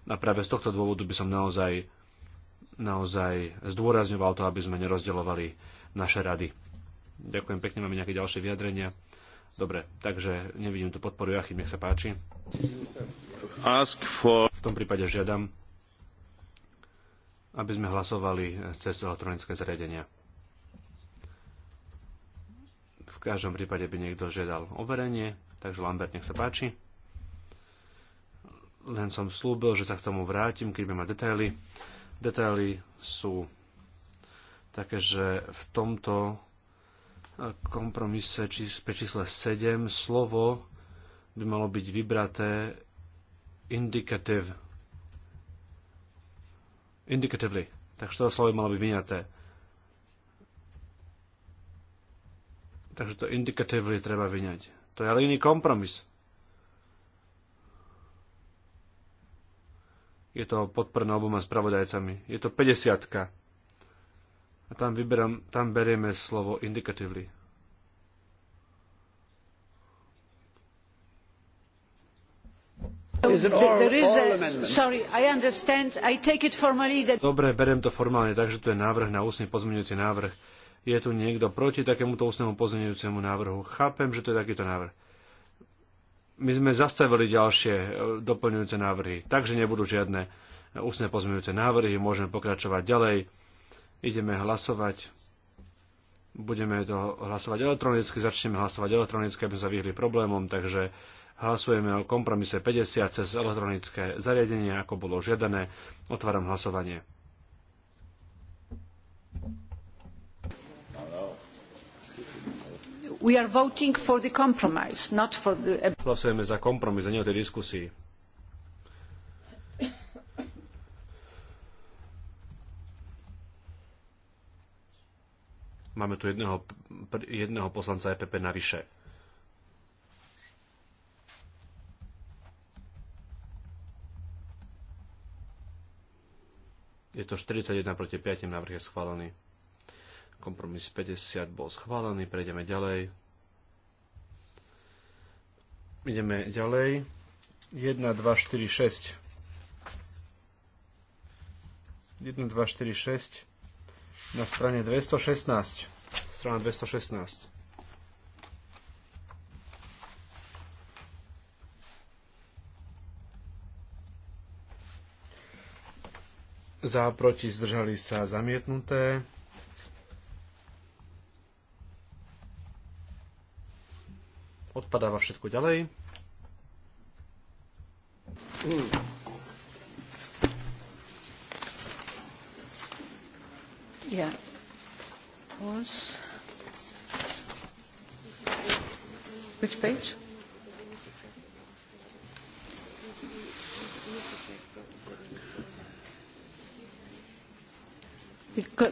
A práve z tohto dôvodu by som naozaj, naozaj zdôrazňoval to, aby sme nerozdeľovali naše rady. Ďakujem pekne, máme nejaké ďalšie vyjadrenia. Dobre, takže nevidím tu podporu Jachim, nech sa páči. V tom prípade žiadam aby sme hlasovali cez elektronické zariadenia. V každom prípade by niekto žiadal overenie, takže Lambert, nech sa páči. Len som slúbil, že sa k tomu vrátim, keď budem mať detaily. Detaily sú také, že v tomto e, kompromise či, pri čísle 7 slovo by malo byť vybraté indicative Indicatively. Takže toto slovo malo byť vyňaté. Takže to indicatively treba vyňať. To je ale iný kompromis. Je to podporné oboma spravodajcami. Je to 50. A tam, vyberám, tam berieme slovo indicatively. Dobre, berem to formálne, takže to je návrh na ústny pozmeňujúci návrh. Je tu niekto proti takémuto ústnemu pozmeňujúcemu návrhu? Chápem, že to je takýto návrh. My sme zastavili ďalšie e, doplňujúce návrhy, takže nebudú žiadne e, ústne pozmeňujúce návrhy, môžeme pokračovať ďalej. Ideme hlasovať. Budeme to hlasovať elektronicky, začneme hlasovať elektronicky, aby sme sa vyhli problémom, takže Hlasujeme o kompromise 50 cez elektronické zariadenie, ako bolo žiadané. Otváram hlasovanie. We are voting for the compromise, not for the... Hlasujeme za kompromis a nie o tej diskusii. Máme tu jedného, jedného poslanca EPP navyše. Je to 41 proti 5, návrh je schválený. Kompromis 50 bol schválený, prejdeme ďalej. Ideme ďalej. 1, 2, 4, 6. 1, 2, 4, 6 na strane 216. Strana 216. za, proti, zdržali sa zamietnuté. Odpadáva všetko ďalej. Ja. Which page? So no,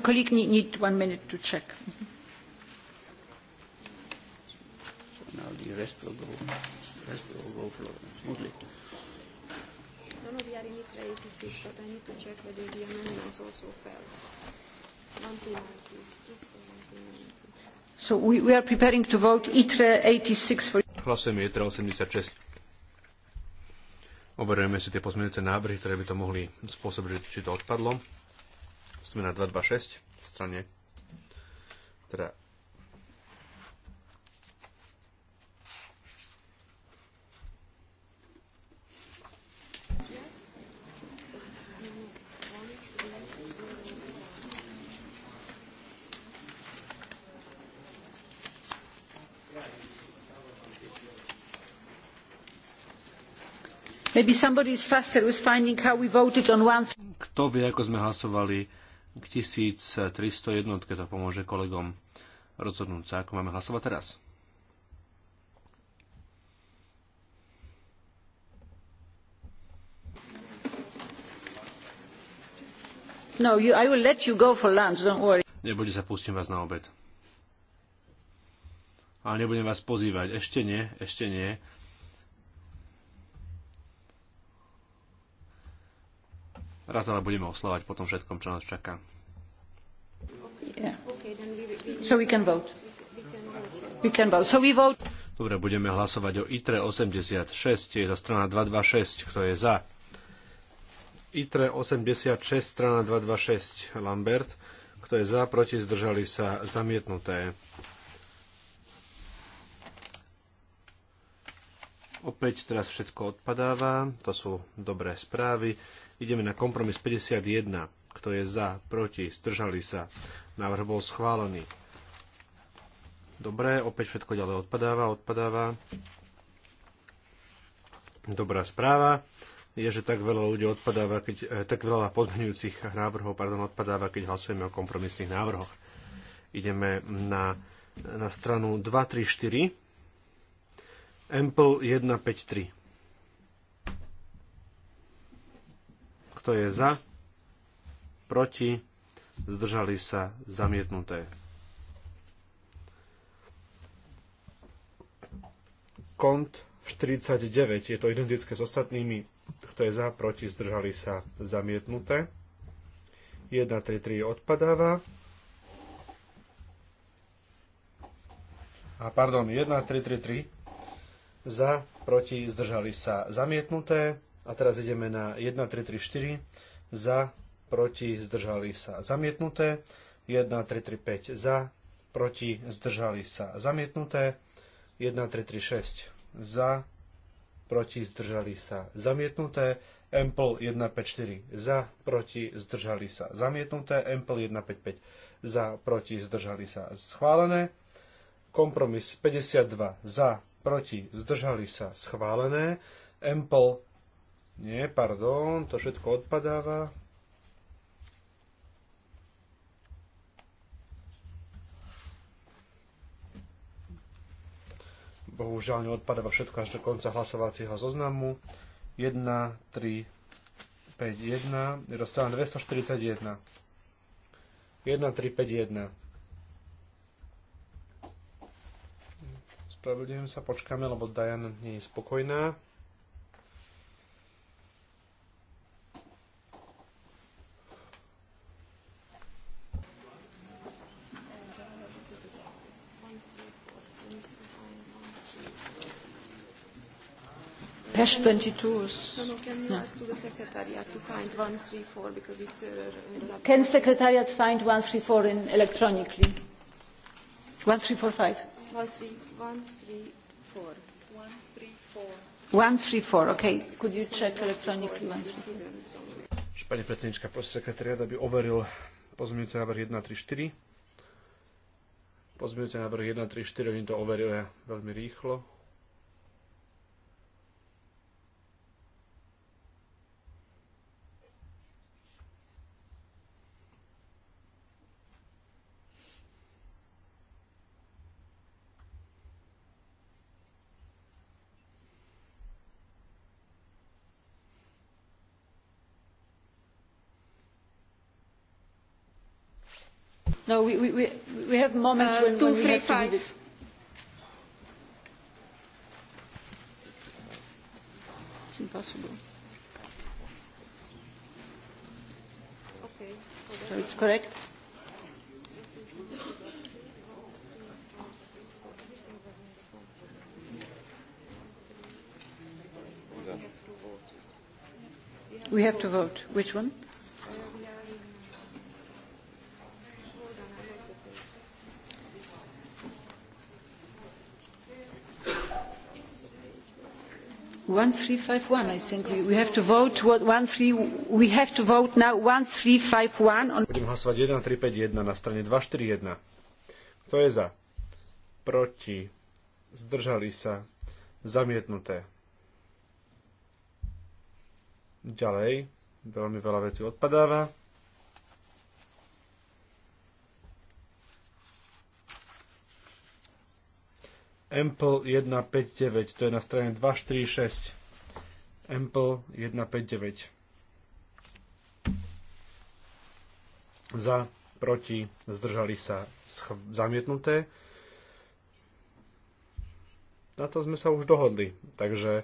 no, we are preparing to vote for... Hlasujeme ITRA 86. Overujeme si tie pozmeňujúce návrhy, ktoré by to mohli spôsobiť, či to odpadlo sme na 226 v strane, teda Kto vie, ako sme hlasovali k 1300 jednotke to pomôže kolegom rozhodnúť sa, ako máme hlasovať teraz. No, you, I will let you go for lunch, don't worry. Nebude sa, pustím vás na obed. Ale nebudem vás pozývať. Ešte nie, ešte nie. raz ale budeme oslovať po tom všetkom, čo nás čaká. Dobre, budeme hlasovať o ITRE 86, je to strana 226, kto je za. ITRE 86, strana 226, Lambert, kto je za, proti, zdržali sa, zamietnuté. Opäť teraz všetko odpadáva, to sú dobré správy. Ideme na kompromis 51. Kto je za, proti, zdržali sa. Návrh bol schválený. Dobre, opäť všetko ďalej odpadáva, odpadáva. Dobrá správa je, že tak veľa ľudí odpadáva, keď, e, tak veľa pozmeňujúcich návrhov pardon, odpadáva, keď hlasujeme o kompromisných návrhoch. Ideme na, na stranu 234, Ample 153. Kto je za? Proti? Zdržali sa zamietnuté. Kont 49. Je to identické s ostatnými. Kto je za? Proti? Zdržali sa zamietnuté. 1, 3, 3 odpadáva. A pardon, 1, 3, 3, 3. Za, proti, zdržali sa zamietnuté. A teraz ideme na 1, 3, 3, 4. Za, proti, zdržali sa. Zamietnuté. 1, 3, 3, 5. Za, proti, zdržali sa. Zamietnuté. 1, 3, 3, 6. Za, proti, zdržali sa. Zamietnuté. Ample 1, 5, 4. za, proti, zdržali sa. Zamietnuté Ample 1, 5, 5. za, proti, zdržali sa. Schválené. Kompromis 52 za, proti, zdržali sa. Schválené. Ample nie, pardon, to všetko odpadáva. Bohužiaľ neodpadáva všetko až do konca hlasovacieho zoznamu. 1, 3, 5, 1, je dostávam 241. 1, 3, 5, 1. Spravedlňujem sa, počkáme, lebo Diana nie je spokojná. Dash 22. No, no, can no. ask to the Secretariat to find 134 because it's... Uh, can Secretariat find 134 in electronically? 1345? 134. 134, okay. Could you check electronically 134? Pani predsednička, prosím sekretariat, aby overil pozmeňujúce návrh 134. Pozmeňujúce návrh 134, oni to overia veľmi rýchlo. No, we, we, we, we have moments uh, when, two, when three, we have five. to... Five. It's impossible. Okay. So it's correct? We have to vote. Which one? 1351 I think we, we have to vote what 13 we Budem hlasovať 1351 na strane 241. Kto je za? Proti? Zdržali sa? Zamietnuté. Ďalej, veľmi veľa vecí odpadáva. Ample 159, to je na strane 246. Ample 159. Za, proti, zdržali sa zamietnuté. Na to sme sa už dohodli, takže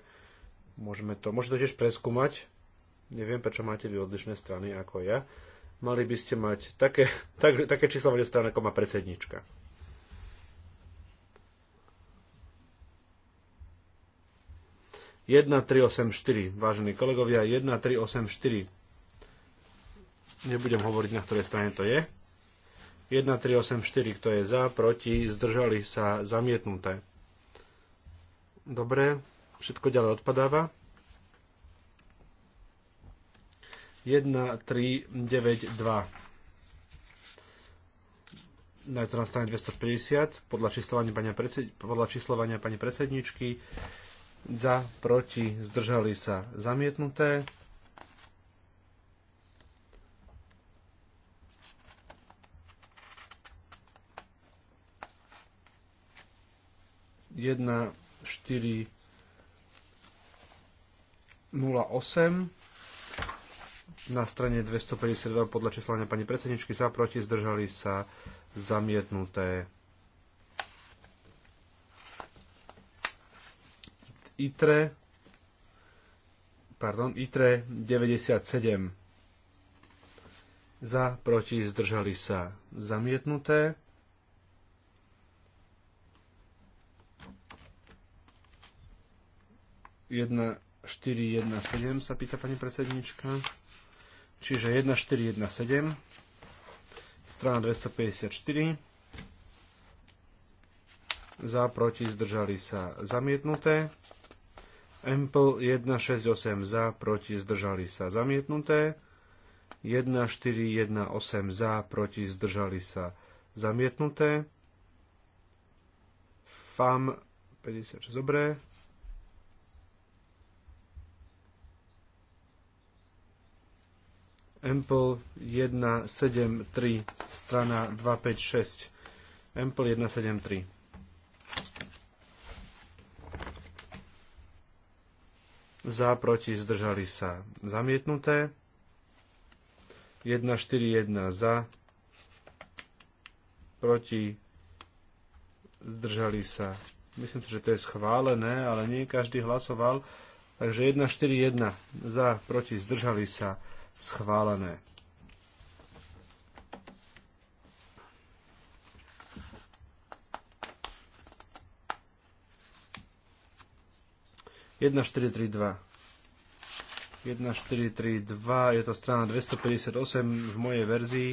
môžeme to, môžete to tiež preskúmať. Neviem, prečo máte vy odlišné strany ako ja. Mali by ste mať také, *laughs* tak, také číslo strany, strane, ako má predsednička. 1384, vážení kolegovia, 1384. Nebudem hovoriť, na ktorej strane to je. 1384, kto je za, proti, zdržali sa, zamietnuté. Dobre, všetko ďalej odpadáva. 1392. Najprv na strane 250, podľa číslovania pani, predsed... podľa číslovania pani predsedničky za, proti, zdržali sa zamietnuté. Jedna, štyri, nula, osem na strane 252 podľa číslania pani predsedničky za proti zdržali sa zamietnuté. ITRE, pardon, ITRE 97. Za, proti, zdržali sa zamietnuté. Jedna, 417 sa pýta pani predsednička. Čiže 1417, strana 254. Za, proti, zdržali sa zamietnuté. Ample 168 za, proti zdržali sa zamietnuté. 1418 za, proti zdržali sa zamietnuté. FAM 56 dobré. Ample 173 strana 256. Ample 173. za, proti, zdržali sa, zamietnuté. 1, 4, 1, za, proti, zdržali sa. Myslím, že to je schválené, ale nie každý hlasoval. Takže 1, 4, 1, za, proti, zdržali sa, schválené. 1432. 1432, je to strana 258 v mojej verzii.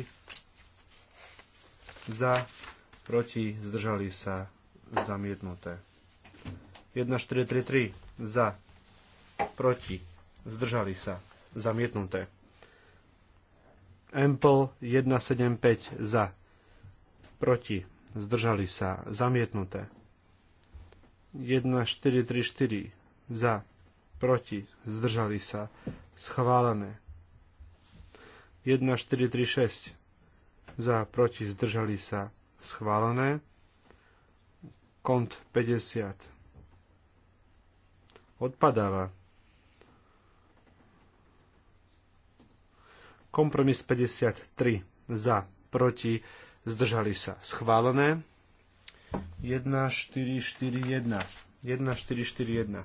Za, proti, zdržali sa, zamietnuté. 1433, za, proti, zdržali sa, zamietnuté. Ample 175 za, proti, zdržali sa, zamietnuté. 1434 za, proti, zdržali sa, schválené. 1, 4, 3, 6, za, proti, zdržali sa, schválené. Kont 50 odpadáva. Kompromis 53 za, proti, zdržali sa. Schválené. 1, 4, 4, 1. 1, 4, 4, 1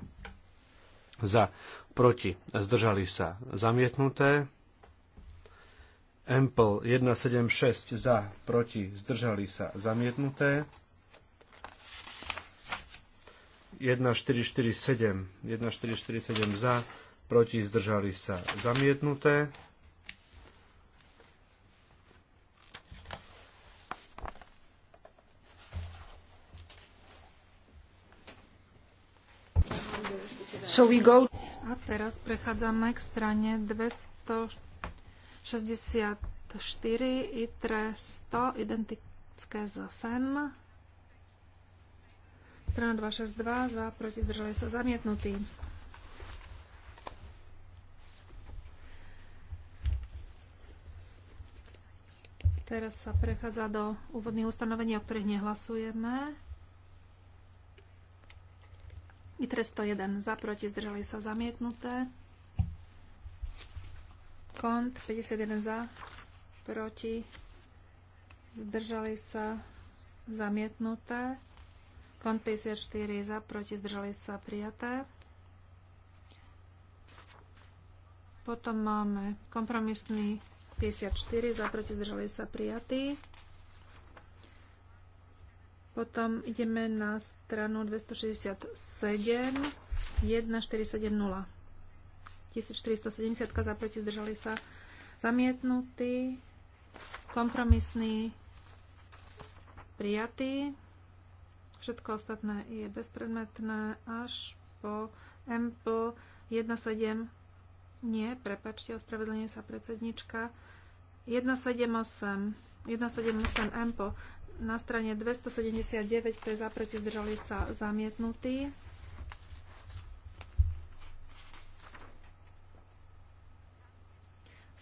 za, proti, zdržali sa zamietnuté. Ample 176 za, proti, zdržali sa zamietnuté. 1447, 1447 za, proti, zdržali sa zamietnuté. So we go... A teraz prechádzame k strane 264 ITRE 100 identické za FEM. Strana 262 za proti zdržali sa zamietnutí. Teraz sa prechádza do úvodných ustanovení, o ktorých nehlasujeme. ITRE 101 za, proti, zdržali sa zamietnuté. Kont 51 za, proti, zdržali sa zamietnuté. Kont 54 za, proti, zdržali sa prijaté. Potom máme kompromisný 54 za, proti, zdržali sa prijatý. Potom ideme na stranu 267 1470. 1470 za zdržali sa zamietnutý, kompromisný, prijatý. Všetko ostatné je bezpredmetné až po MPL 17 nie, prepačte, ospravedlňuje sa predsednička. 178 178 MPO na strane 279, pre za, proti, zdržali sa zamietnutí.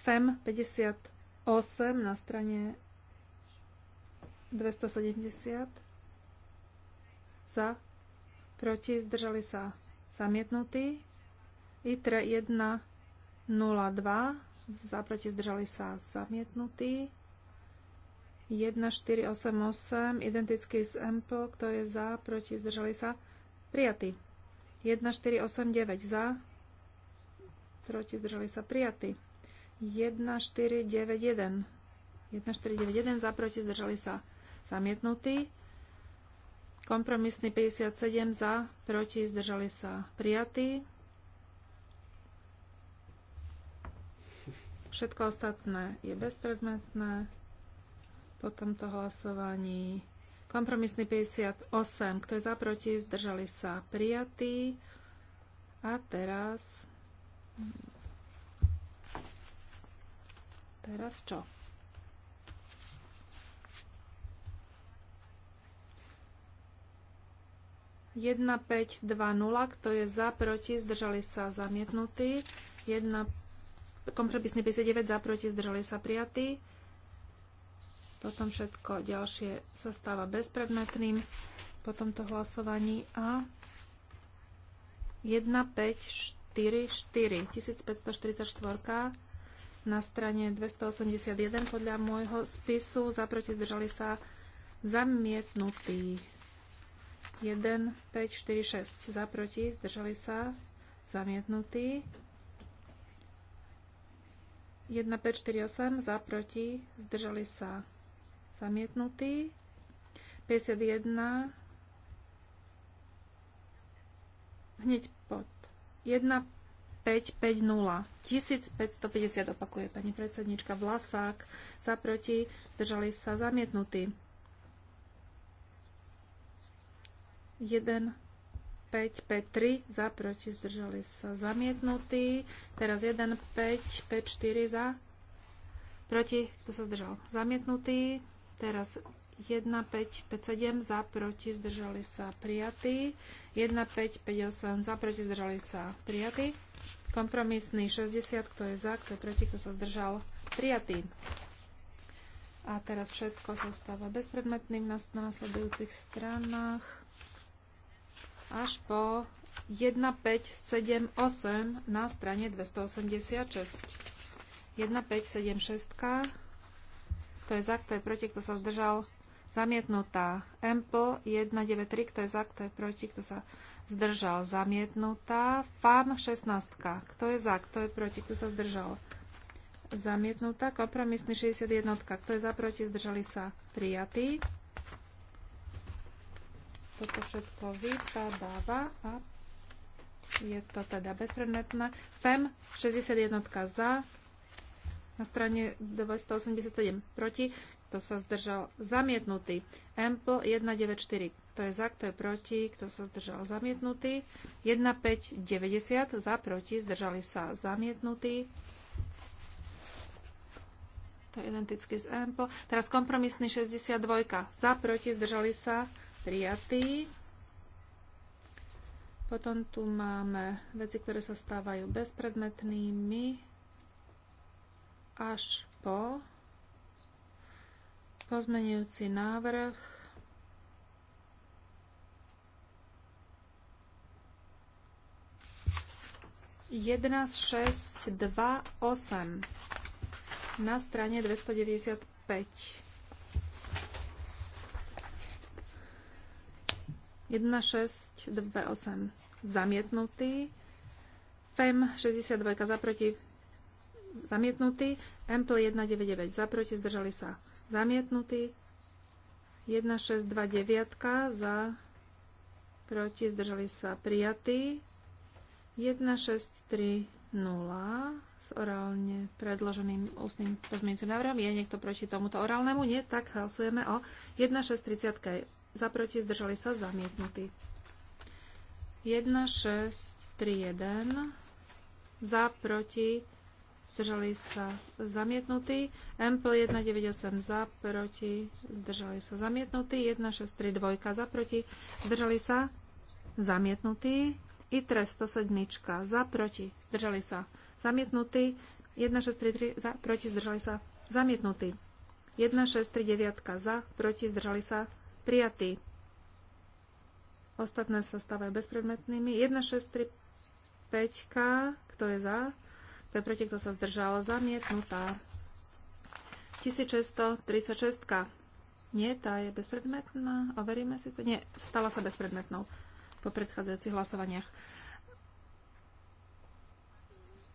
FEM e 58 na strane 270 za, proti, zdržali sa zamietnutí. ITRE 102 za, proti, zdržali sa zamietnutí. 1488, identický s Ample, kto je za, proti, zdržali sa, prijatý. 1489 za, proti, zdržali sa, prijatý. 1491 1491 za, proti, zdržali sa, zamietnutý. Kompromisný 57 za, proti, zdržali sa, prijatý. Všetko ostatné je bezpredmetné po tomto hlasovaní. Kompromisný 58. Kto je za, proti? Zdržali sa prijatí. A teraz... Teraz čo? Jedna, päť, dva, nula. Kto je za, proti? Zdržali sa zamietnutí. Jedna, kompromisný 59. Za, proti? Zdržali sa prijatí. Potom všetko ďalšie sa stáva bezpredmetným po tomto hlasovaní a 1, 5, 4, 4, 1544 na strane 281 podľa môjho spisu. Za proti zdržali sa zamietnutí. 1, 5, 4, 6. Za proti zdržali sa zamietnutí. 1, 5, 4, 8. Za proti zdržali sa Zamietnutý. 51. Hneď pod. 1, 5, 5, 0. 1550 opakuje pani predsednička Vlasák. Za proti držali sa zamietnutí. 1, 5, 5, 3, za, proti, zdržali sa zamietnutí. Teraz 1, 5, 5, 4, za, proti, to sa zdržal, zamietnutý. Teraz 1, 5, 5, 7 za, proti, zdržali sa prijatí. 1, 5, 5, 8 za, proti, zdržali sa prijatí. Kompromisný 60, kto je za, kto je proti, kto sa zdržal, prijatý. A teraz všetko sa stáva bezpredmetným na následujúcich stranách až po 1, 5, 7, 8 na strane 286. 1, 5, 7, 6 kto je za, kto je proti, kto sa zdržal, zamietnutá. Ample 193, kto je za, kto je proti, kto sa zdržal, zamietnutá. FAM 16, kto je za, kto je proti, kto sa zdržal, zamietnutá. Kompromisný 61, kto je za, proti, zdržali sa, prijatý. Toto všetko vypadáva a je to teda bezpredmetné. FEM 61 za, na strane 287 proti, kto sa zdržal zamietnutý. Ample 194, kto je za, kto je proti, kto sa zdržal zamietnutý. 1590 za, proti, zdržali sa zamietnutý. To je identicky s Ample. Teraz kompromisný 62, za, proti, zdržali sa prijatý. Potom tu máme veci, ktoré sa stávajú bezpredmetnými až po pozmenujúci návrh jedna šesť dva osem na strane 295. Jedna šesť dve osem zamietnutý. FEM 62 za proti zamietnutý. Ample 199 za, proti, zdržali sa zamietnutý. 1629 za, proti, zdržali sa prijatý. 1630 s orálne predloženým ústnym pozmeňujúcim návrhom. Je niekto proti tomuto orálnemu? Nie, tak hlasujeme o 1630. Za proti zdržali sa zamietnutý. 1631 za proti zdržali sa zamietnutí. Ample 198 za, proti, zdržali sa zamietnutí. 1632 za, proti, zdržali sa zamietnutí. ITRE 107 za, proti, zdržali sa zamietnutí. 1633 za, proti, zdržali sa zamietnutí. 1639 za, proti, zdržali sa prijatí. Ostatné sa stávajú bezpredmetnými. 1635, kto je za? Kto je proti, kto sa zdržal? Zamietnutá. 1636. Nie, tá je bezpredmetná. Overíme si to. Nie, stala sa bezpredmetnou po predchádzajúcich hlasovaniach.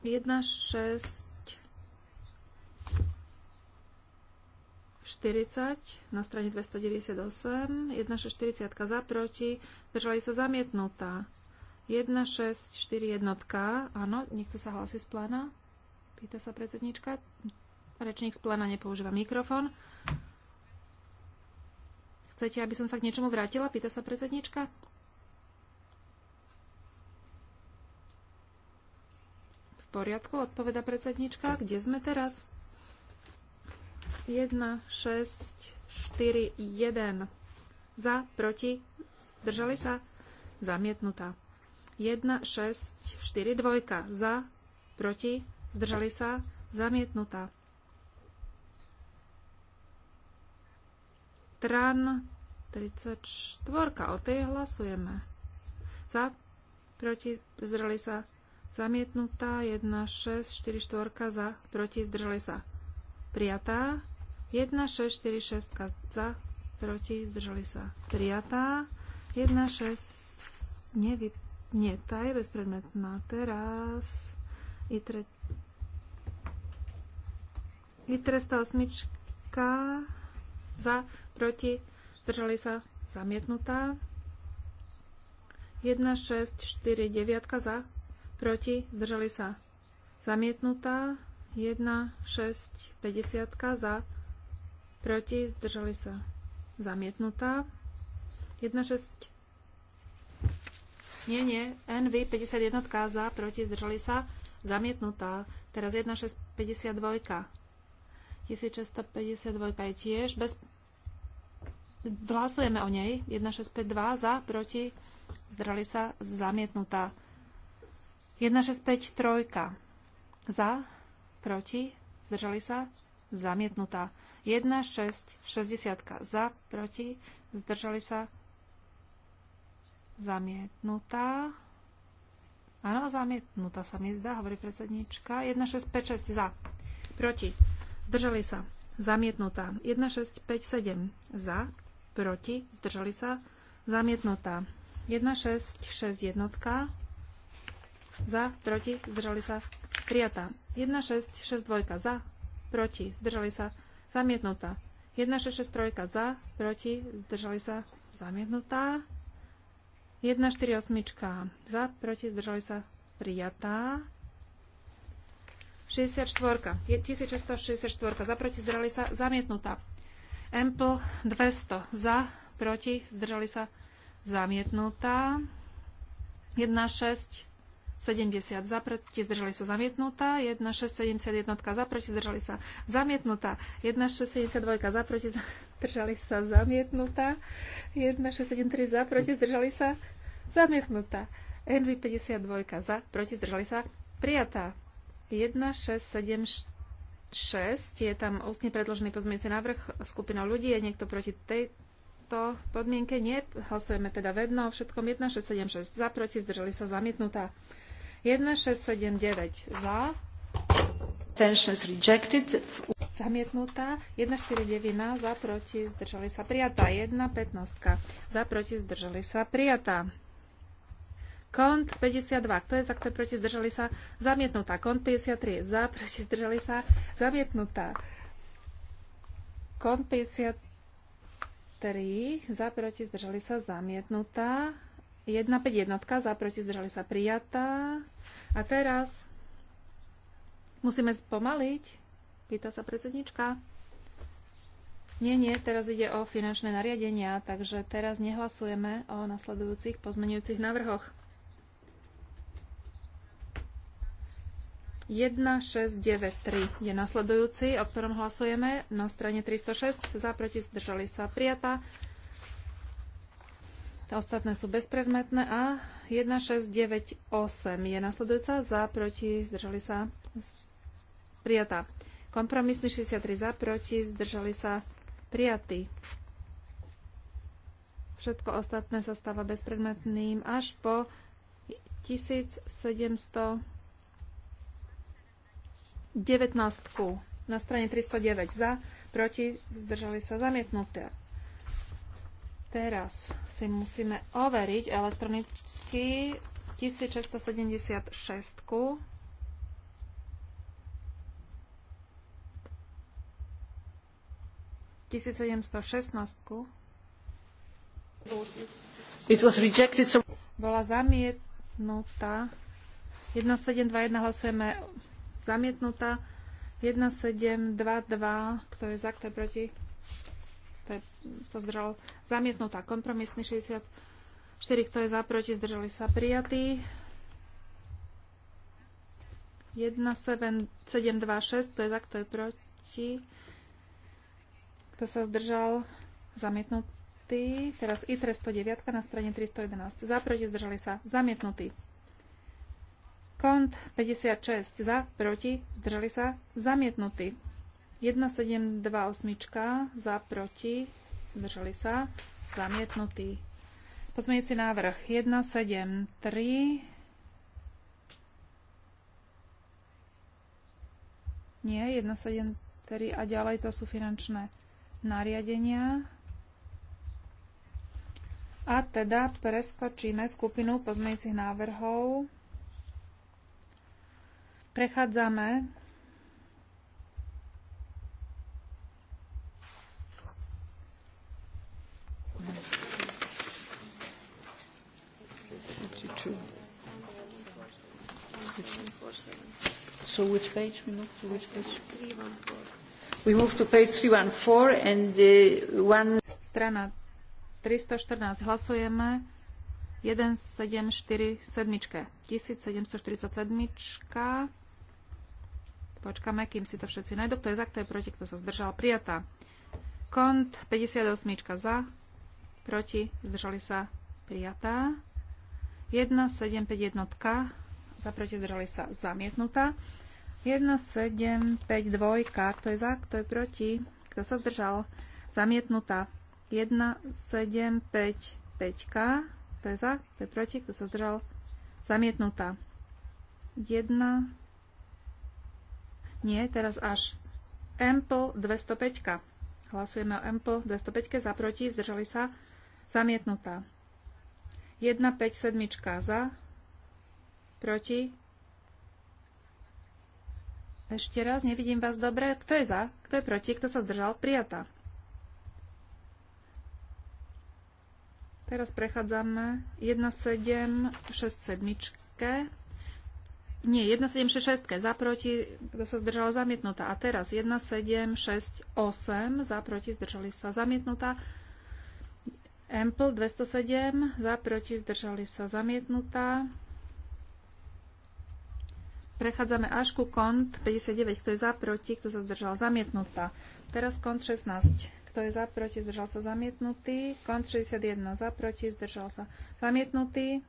1, 6, 40 na strane 298, 1,640 za proti, držali sa zamietnutá. 1641. Áno, niekto sa hlási z pléna? Pýta sa predsednička. Rečník z pléna nepoužíva mikrofón. Chcete, aby som sa k niečomu vrátila? Pýta sa predsednička. V poriadku, odpoveda predsednička. Kde sme teraz? 1, 6, 4, 1. Za, proti, zdržali sa, zamietnutá. 1, 6, 4, 2 za, proti, zdržali sa, zamietnutá. Tran 34, o tej hlasujeme. Za, proti, zdržali sa, zamietnutá. 1, 6, 4, 4 za, proti, zdržali sa, prijatá. 1, 6, 4, 6 za, proti, zdržali sa, prijatá. 1, 6, nevypadá nie, tá je bezpredmetná. Teraz Je ITRE osmička za, proti, držali sa zamietnutá. 1, 6, 4, 9 za, proti, držali sa zamietnutá. 1, 6, 50 za, proti, zdržali sa zamietnutá. 1, 6, nie, nie. NV 51 za, proti, zdržali sa. Zamietnutá. Teraz 1652. 1652 je tiež. Bez... Hlasujeme o nej. 1652 za, proti, zdržali sa. Zamietnutá. 1653 za, proti, zdržali sa. Zamietnutá. 1660 za, proti, zdržali sa. Zamietnutá. Áno, zamietnutá sa mi zdá, hovorí predsednička. 6 za. Proti. Zdržali sa. Zamietnutá. 7 za. Proti. Zdržali sa. Zamietnutá. jednotka, za. Proti. Zdržali sa. Prijatá. dvojka za. Proti. Zdržali sa. Zamietnutá. trojka za. Proti. Zdržali sa. Zamietnutá. 1, 4, 8. za, proti, zdržali sa prijatá. 64. 1664 za, proti, zdržali sa zamietnutá. Ample 200 za, proti, zdržali sa zamietnutá. 1, 6, 70 za, proti, zdržali sa zamietnutá, 1671 za, proti, zdržali sa zamietnutá, 1672 *laughs* za, proti, zdržali sa zamietnutá, 1673 za, proti, zdržali sa zamietnutá, NV 52 za, proti, zdržali sa prijatá, 1674 6, je tam ústne predložený pozmeňujúci návrh skupina ľudí, je niekto proti tejto podmienke nie. Hlasujeme teda vedno o všetkom 1676 za, proti, zdržali sa zamietnutá. 1679 za. Abstentions rejected. Zamietnutá. 149 za, proti, zdržali sa prijatá. 115 za, proti, zdržali sa prijatá. Kont 52. Kto je za, kto je proti, zdržali sa? Zamietnutá. Kont 53. Za, proti, zdržali sa? Zamietnutá. Kont 53. Za, proti, zdržali sa? Zamietnutá. 151 za, proti zdržali sa prijatá. A teraz musíme spomaliť, pýta sa predsednička. Nie, nie, teraz ide o finančné nariadenia, takže teraz nehlasujeme o nasledujúcich pozmenujúcich návrhoch. 1693 je nasledujúci, o ktorom hlasujeme na strane 306. Za proti zdržali sa prijatá. Ostatné sú bezpredmetné a 1698 je nasledujúca za, proti, zdržali sa, prijatá. Kompromisný 63 za, proti, zdržali sa, prijatý. Všetko ostatné sa stáva bezpredmetným až po 1719 na strane 309 za, proti, zdržali sa, zamietnuté. Teraz si musíme overiť elektronicky 1676. -ku. It was rejected, so... Bola zamietnutá. 1721 hlasujeme zamietnutá. 1722, kto je za, kto je proti? je sa zdržalo, zamietnutá. Kompromisný 64, kto je za, proti, zdržali sa prijatí. 6, kto je za, kto je proti. Kto sa zdržal zamietnutý. Teraz ITRE 109 na strane 311. Za, proti, zdržali sa zamietnutý. Kont 56 za, proti, zdržali sa zamietnutý. 1728 za, proti, zdržali sa, zamietnutý. Pozmeňujúci návrh 173 Nie, 173 a ďalej to sú finančné nariadenia. A teda preskočíme skupinu pozmeňujúcich návrhov. Prechádzame So which page we move to? Which page? We move to page 314 and the uh, one... Strana 314. Hlasujeme 1747. 1747. Počkáme, kým si to všetci najdú, Kto je za, kto je proti, kto sa zdržal. Prijatá. Kont 58 za, proti, zdržali sa, prijatá. 1, 7, za, proti, zdržali sa, zamietnutá. 1752, kto je za, kto je proti, kto sa zdržal, zamietnutá. 5. kto je za, kto je proti, kto sa zdržal, zamietnutá. 1, nie, teraz až Ample 205. Hlasujeme o Ample 205 za, proti, zdržali sa, zamietnutá. 1, 5, 7 za, proti, ešte raz, nevidím vás dobre. Kto je za? Kto je proti? Kto sa zdržal? Prijatá. Teraz prechádzame 1767. Nie, 1766 za proti, kto sa zdržal zamietnutá. A teraz 1768 za proti, zdržali sa zamietnutá. Ample 207 za proti, zdržali sa zamietnutá. Prechádzame až ku kont 59, kto je za, proti, kto sa zdržal, zamietnutá. Teraz kont 16, kto je za, proti, zdržal sa, zamietnutý. Kont 61, za, proti, zdržal sa, zamietnutý.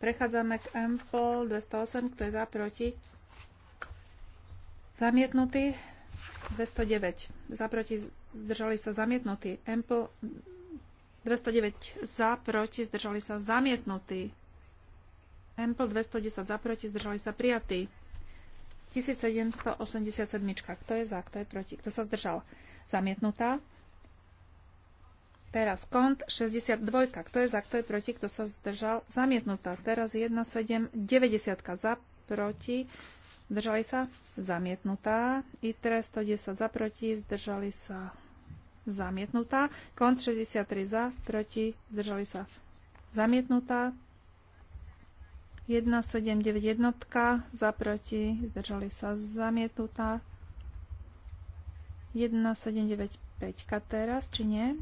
Prechádzame k Ample 208, kto je za, proti, zamietnutý. 209, za, proti, zdržali sa, zamietnutý. Ample 209 za, proti, zdržali sa zamietnutý. Hempel 210 za, proti, zdržali sa prijatí. 1787. Kto je za, kto je proti? Kto sa zdržal? Zamietnutá. Teraz kont 62. Kto je za, kto je proti? Kto sa zdržal? Zamietnutá. Teraz 1790 za, proti. Zdržali sa? Zamietnutá. ITRE 110 za, proti. Zdržali sa? Zamietnutá. Kont 63 za, proti. Zdržali sa? Zamietnutá. 1791 jednotka za proti, zdržali sa zamietnutá. 1795 teraz, či nie?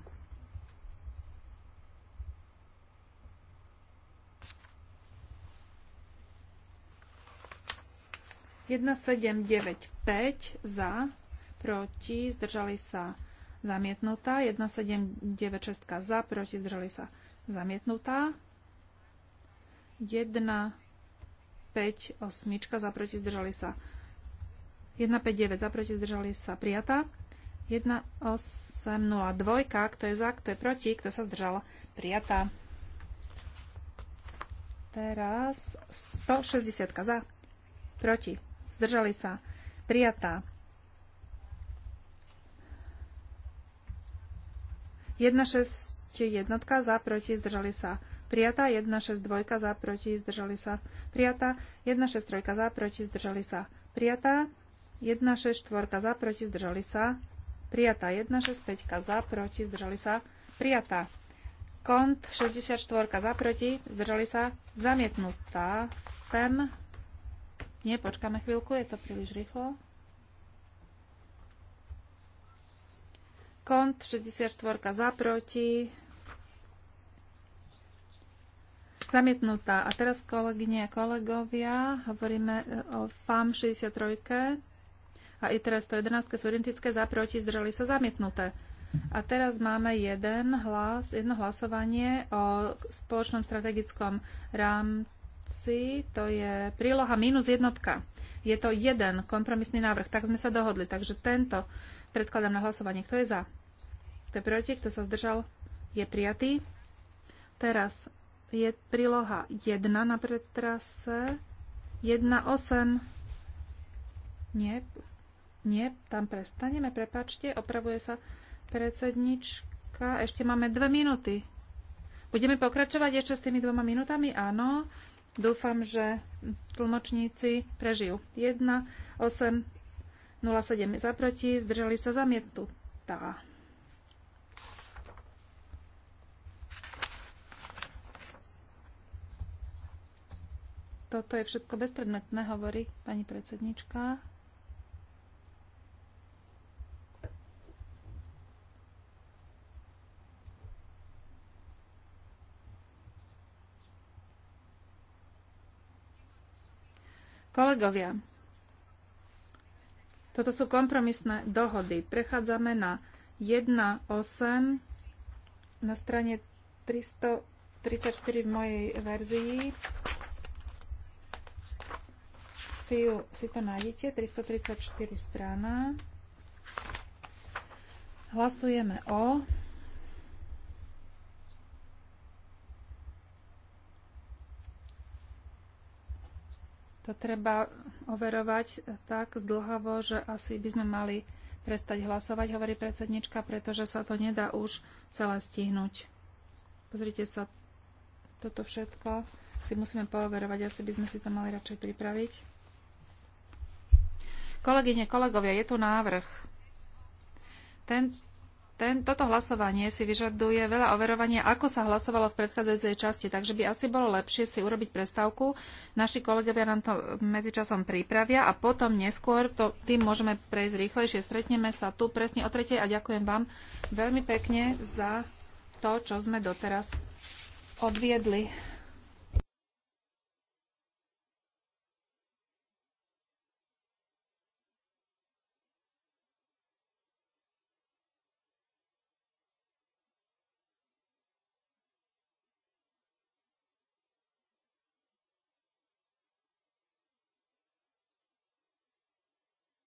Jedna sedem deväť päť za, proti, zdržali sa zamietnutá. Jedna sedem deväť šestka za, proti, zdržali sa zamietnutá. 1, 5, 8 za proti zdržali sa. 1, 5, 9 za proti zdržali sa prijatá. 1, 8, 0, 2, kto je za, kto je proti, kto sa zdržal prijatá. Teraz 160 za, proti, zdržali sa prijatá. 1, 6, jednotka za, proti, zdržali sa prijatá. Prijatá 162 za, proti, zdržali sa. Prijatá 163 za, proti, zdržali sa. Prijatá 164 za, proti, zdržali sa. Prijatá 165 za, proti, zdržali sa. Prijatá. Kont 64 za, proti, zdržali sa. Zamietnutá. FEM. Nie, počkáme chvíľku, je to príliš rýchlo. Kont 64 za, proti, Zamietnutá. A teraz, kolegyne a kolegovia, hovoríme e, o FAM 63 a to 111 sú identické, za, proti, zdrali sa, zamietnuté. A teraz máme jeden hlas, jedno hlasovanie o spoločnom strategickom rámci. To je príloha minus jednotka. Je to jeden kompromisný návrh. Tak sme sa dohodli. Takže tento predkladám na hlasovanie. Kto je za? Kto je proti? Kto sa zdržal? Je prijatý. Teraz je príloha 1 na pretrase. 1.8. Nie, nie, tam prestaneme, prepačte, opravuje sa predsednička. Ešte máme dve minúty. Budeme pokračovať ešte s tými dvoma minútami? Áno. Dúfam, že tlmočníci prežijú. 1, 8, 07 za proti, zdržali sa zamietnutá. Toto je všetko bezpredmetné, hovorí pani predsednička. Kolegovia, toto sú kompromisné dohody. Prechádzame na 1.8 na strane 334 v mojej verzii si, si to nájdete, 334 strana. Hlasujeme o To treba overovať tak zdlhavo, že asi by sme mali prestať hlasovať, hovorí predsednička, pretože sa to nedá už celé stihnúť. Pozrite sa, toto všetko si musíme pooverovať, asi by sme si to mali radšej pripraviť. Kolegyne, kolegovia, je tu návrh. Ten, ten, toto hlasovanie si vyžaduje veľa overovania, ako sa hlasovalo v predchádzajúcej časti, takže by asi bolo lepšie si urobiť prestávku. Naši kolegovia nám to medzičasom pripravia a potom neskôr to, tým môžeme prejsť rýchlejšie. Stretneme sa tu presne o tretej a ďakujem vám veľmi pekne za to, čo sme doteraz odviedli.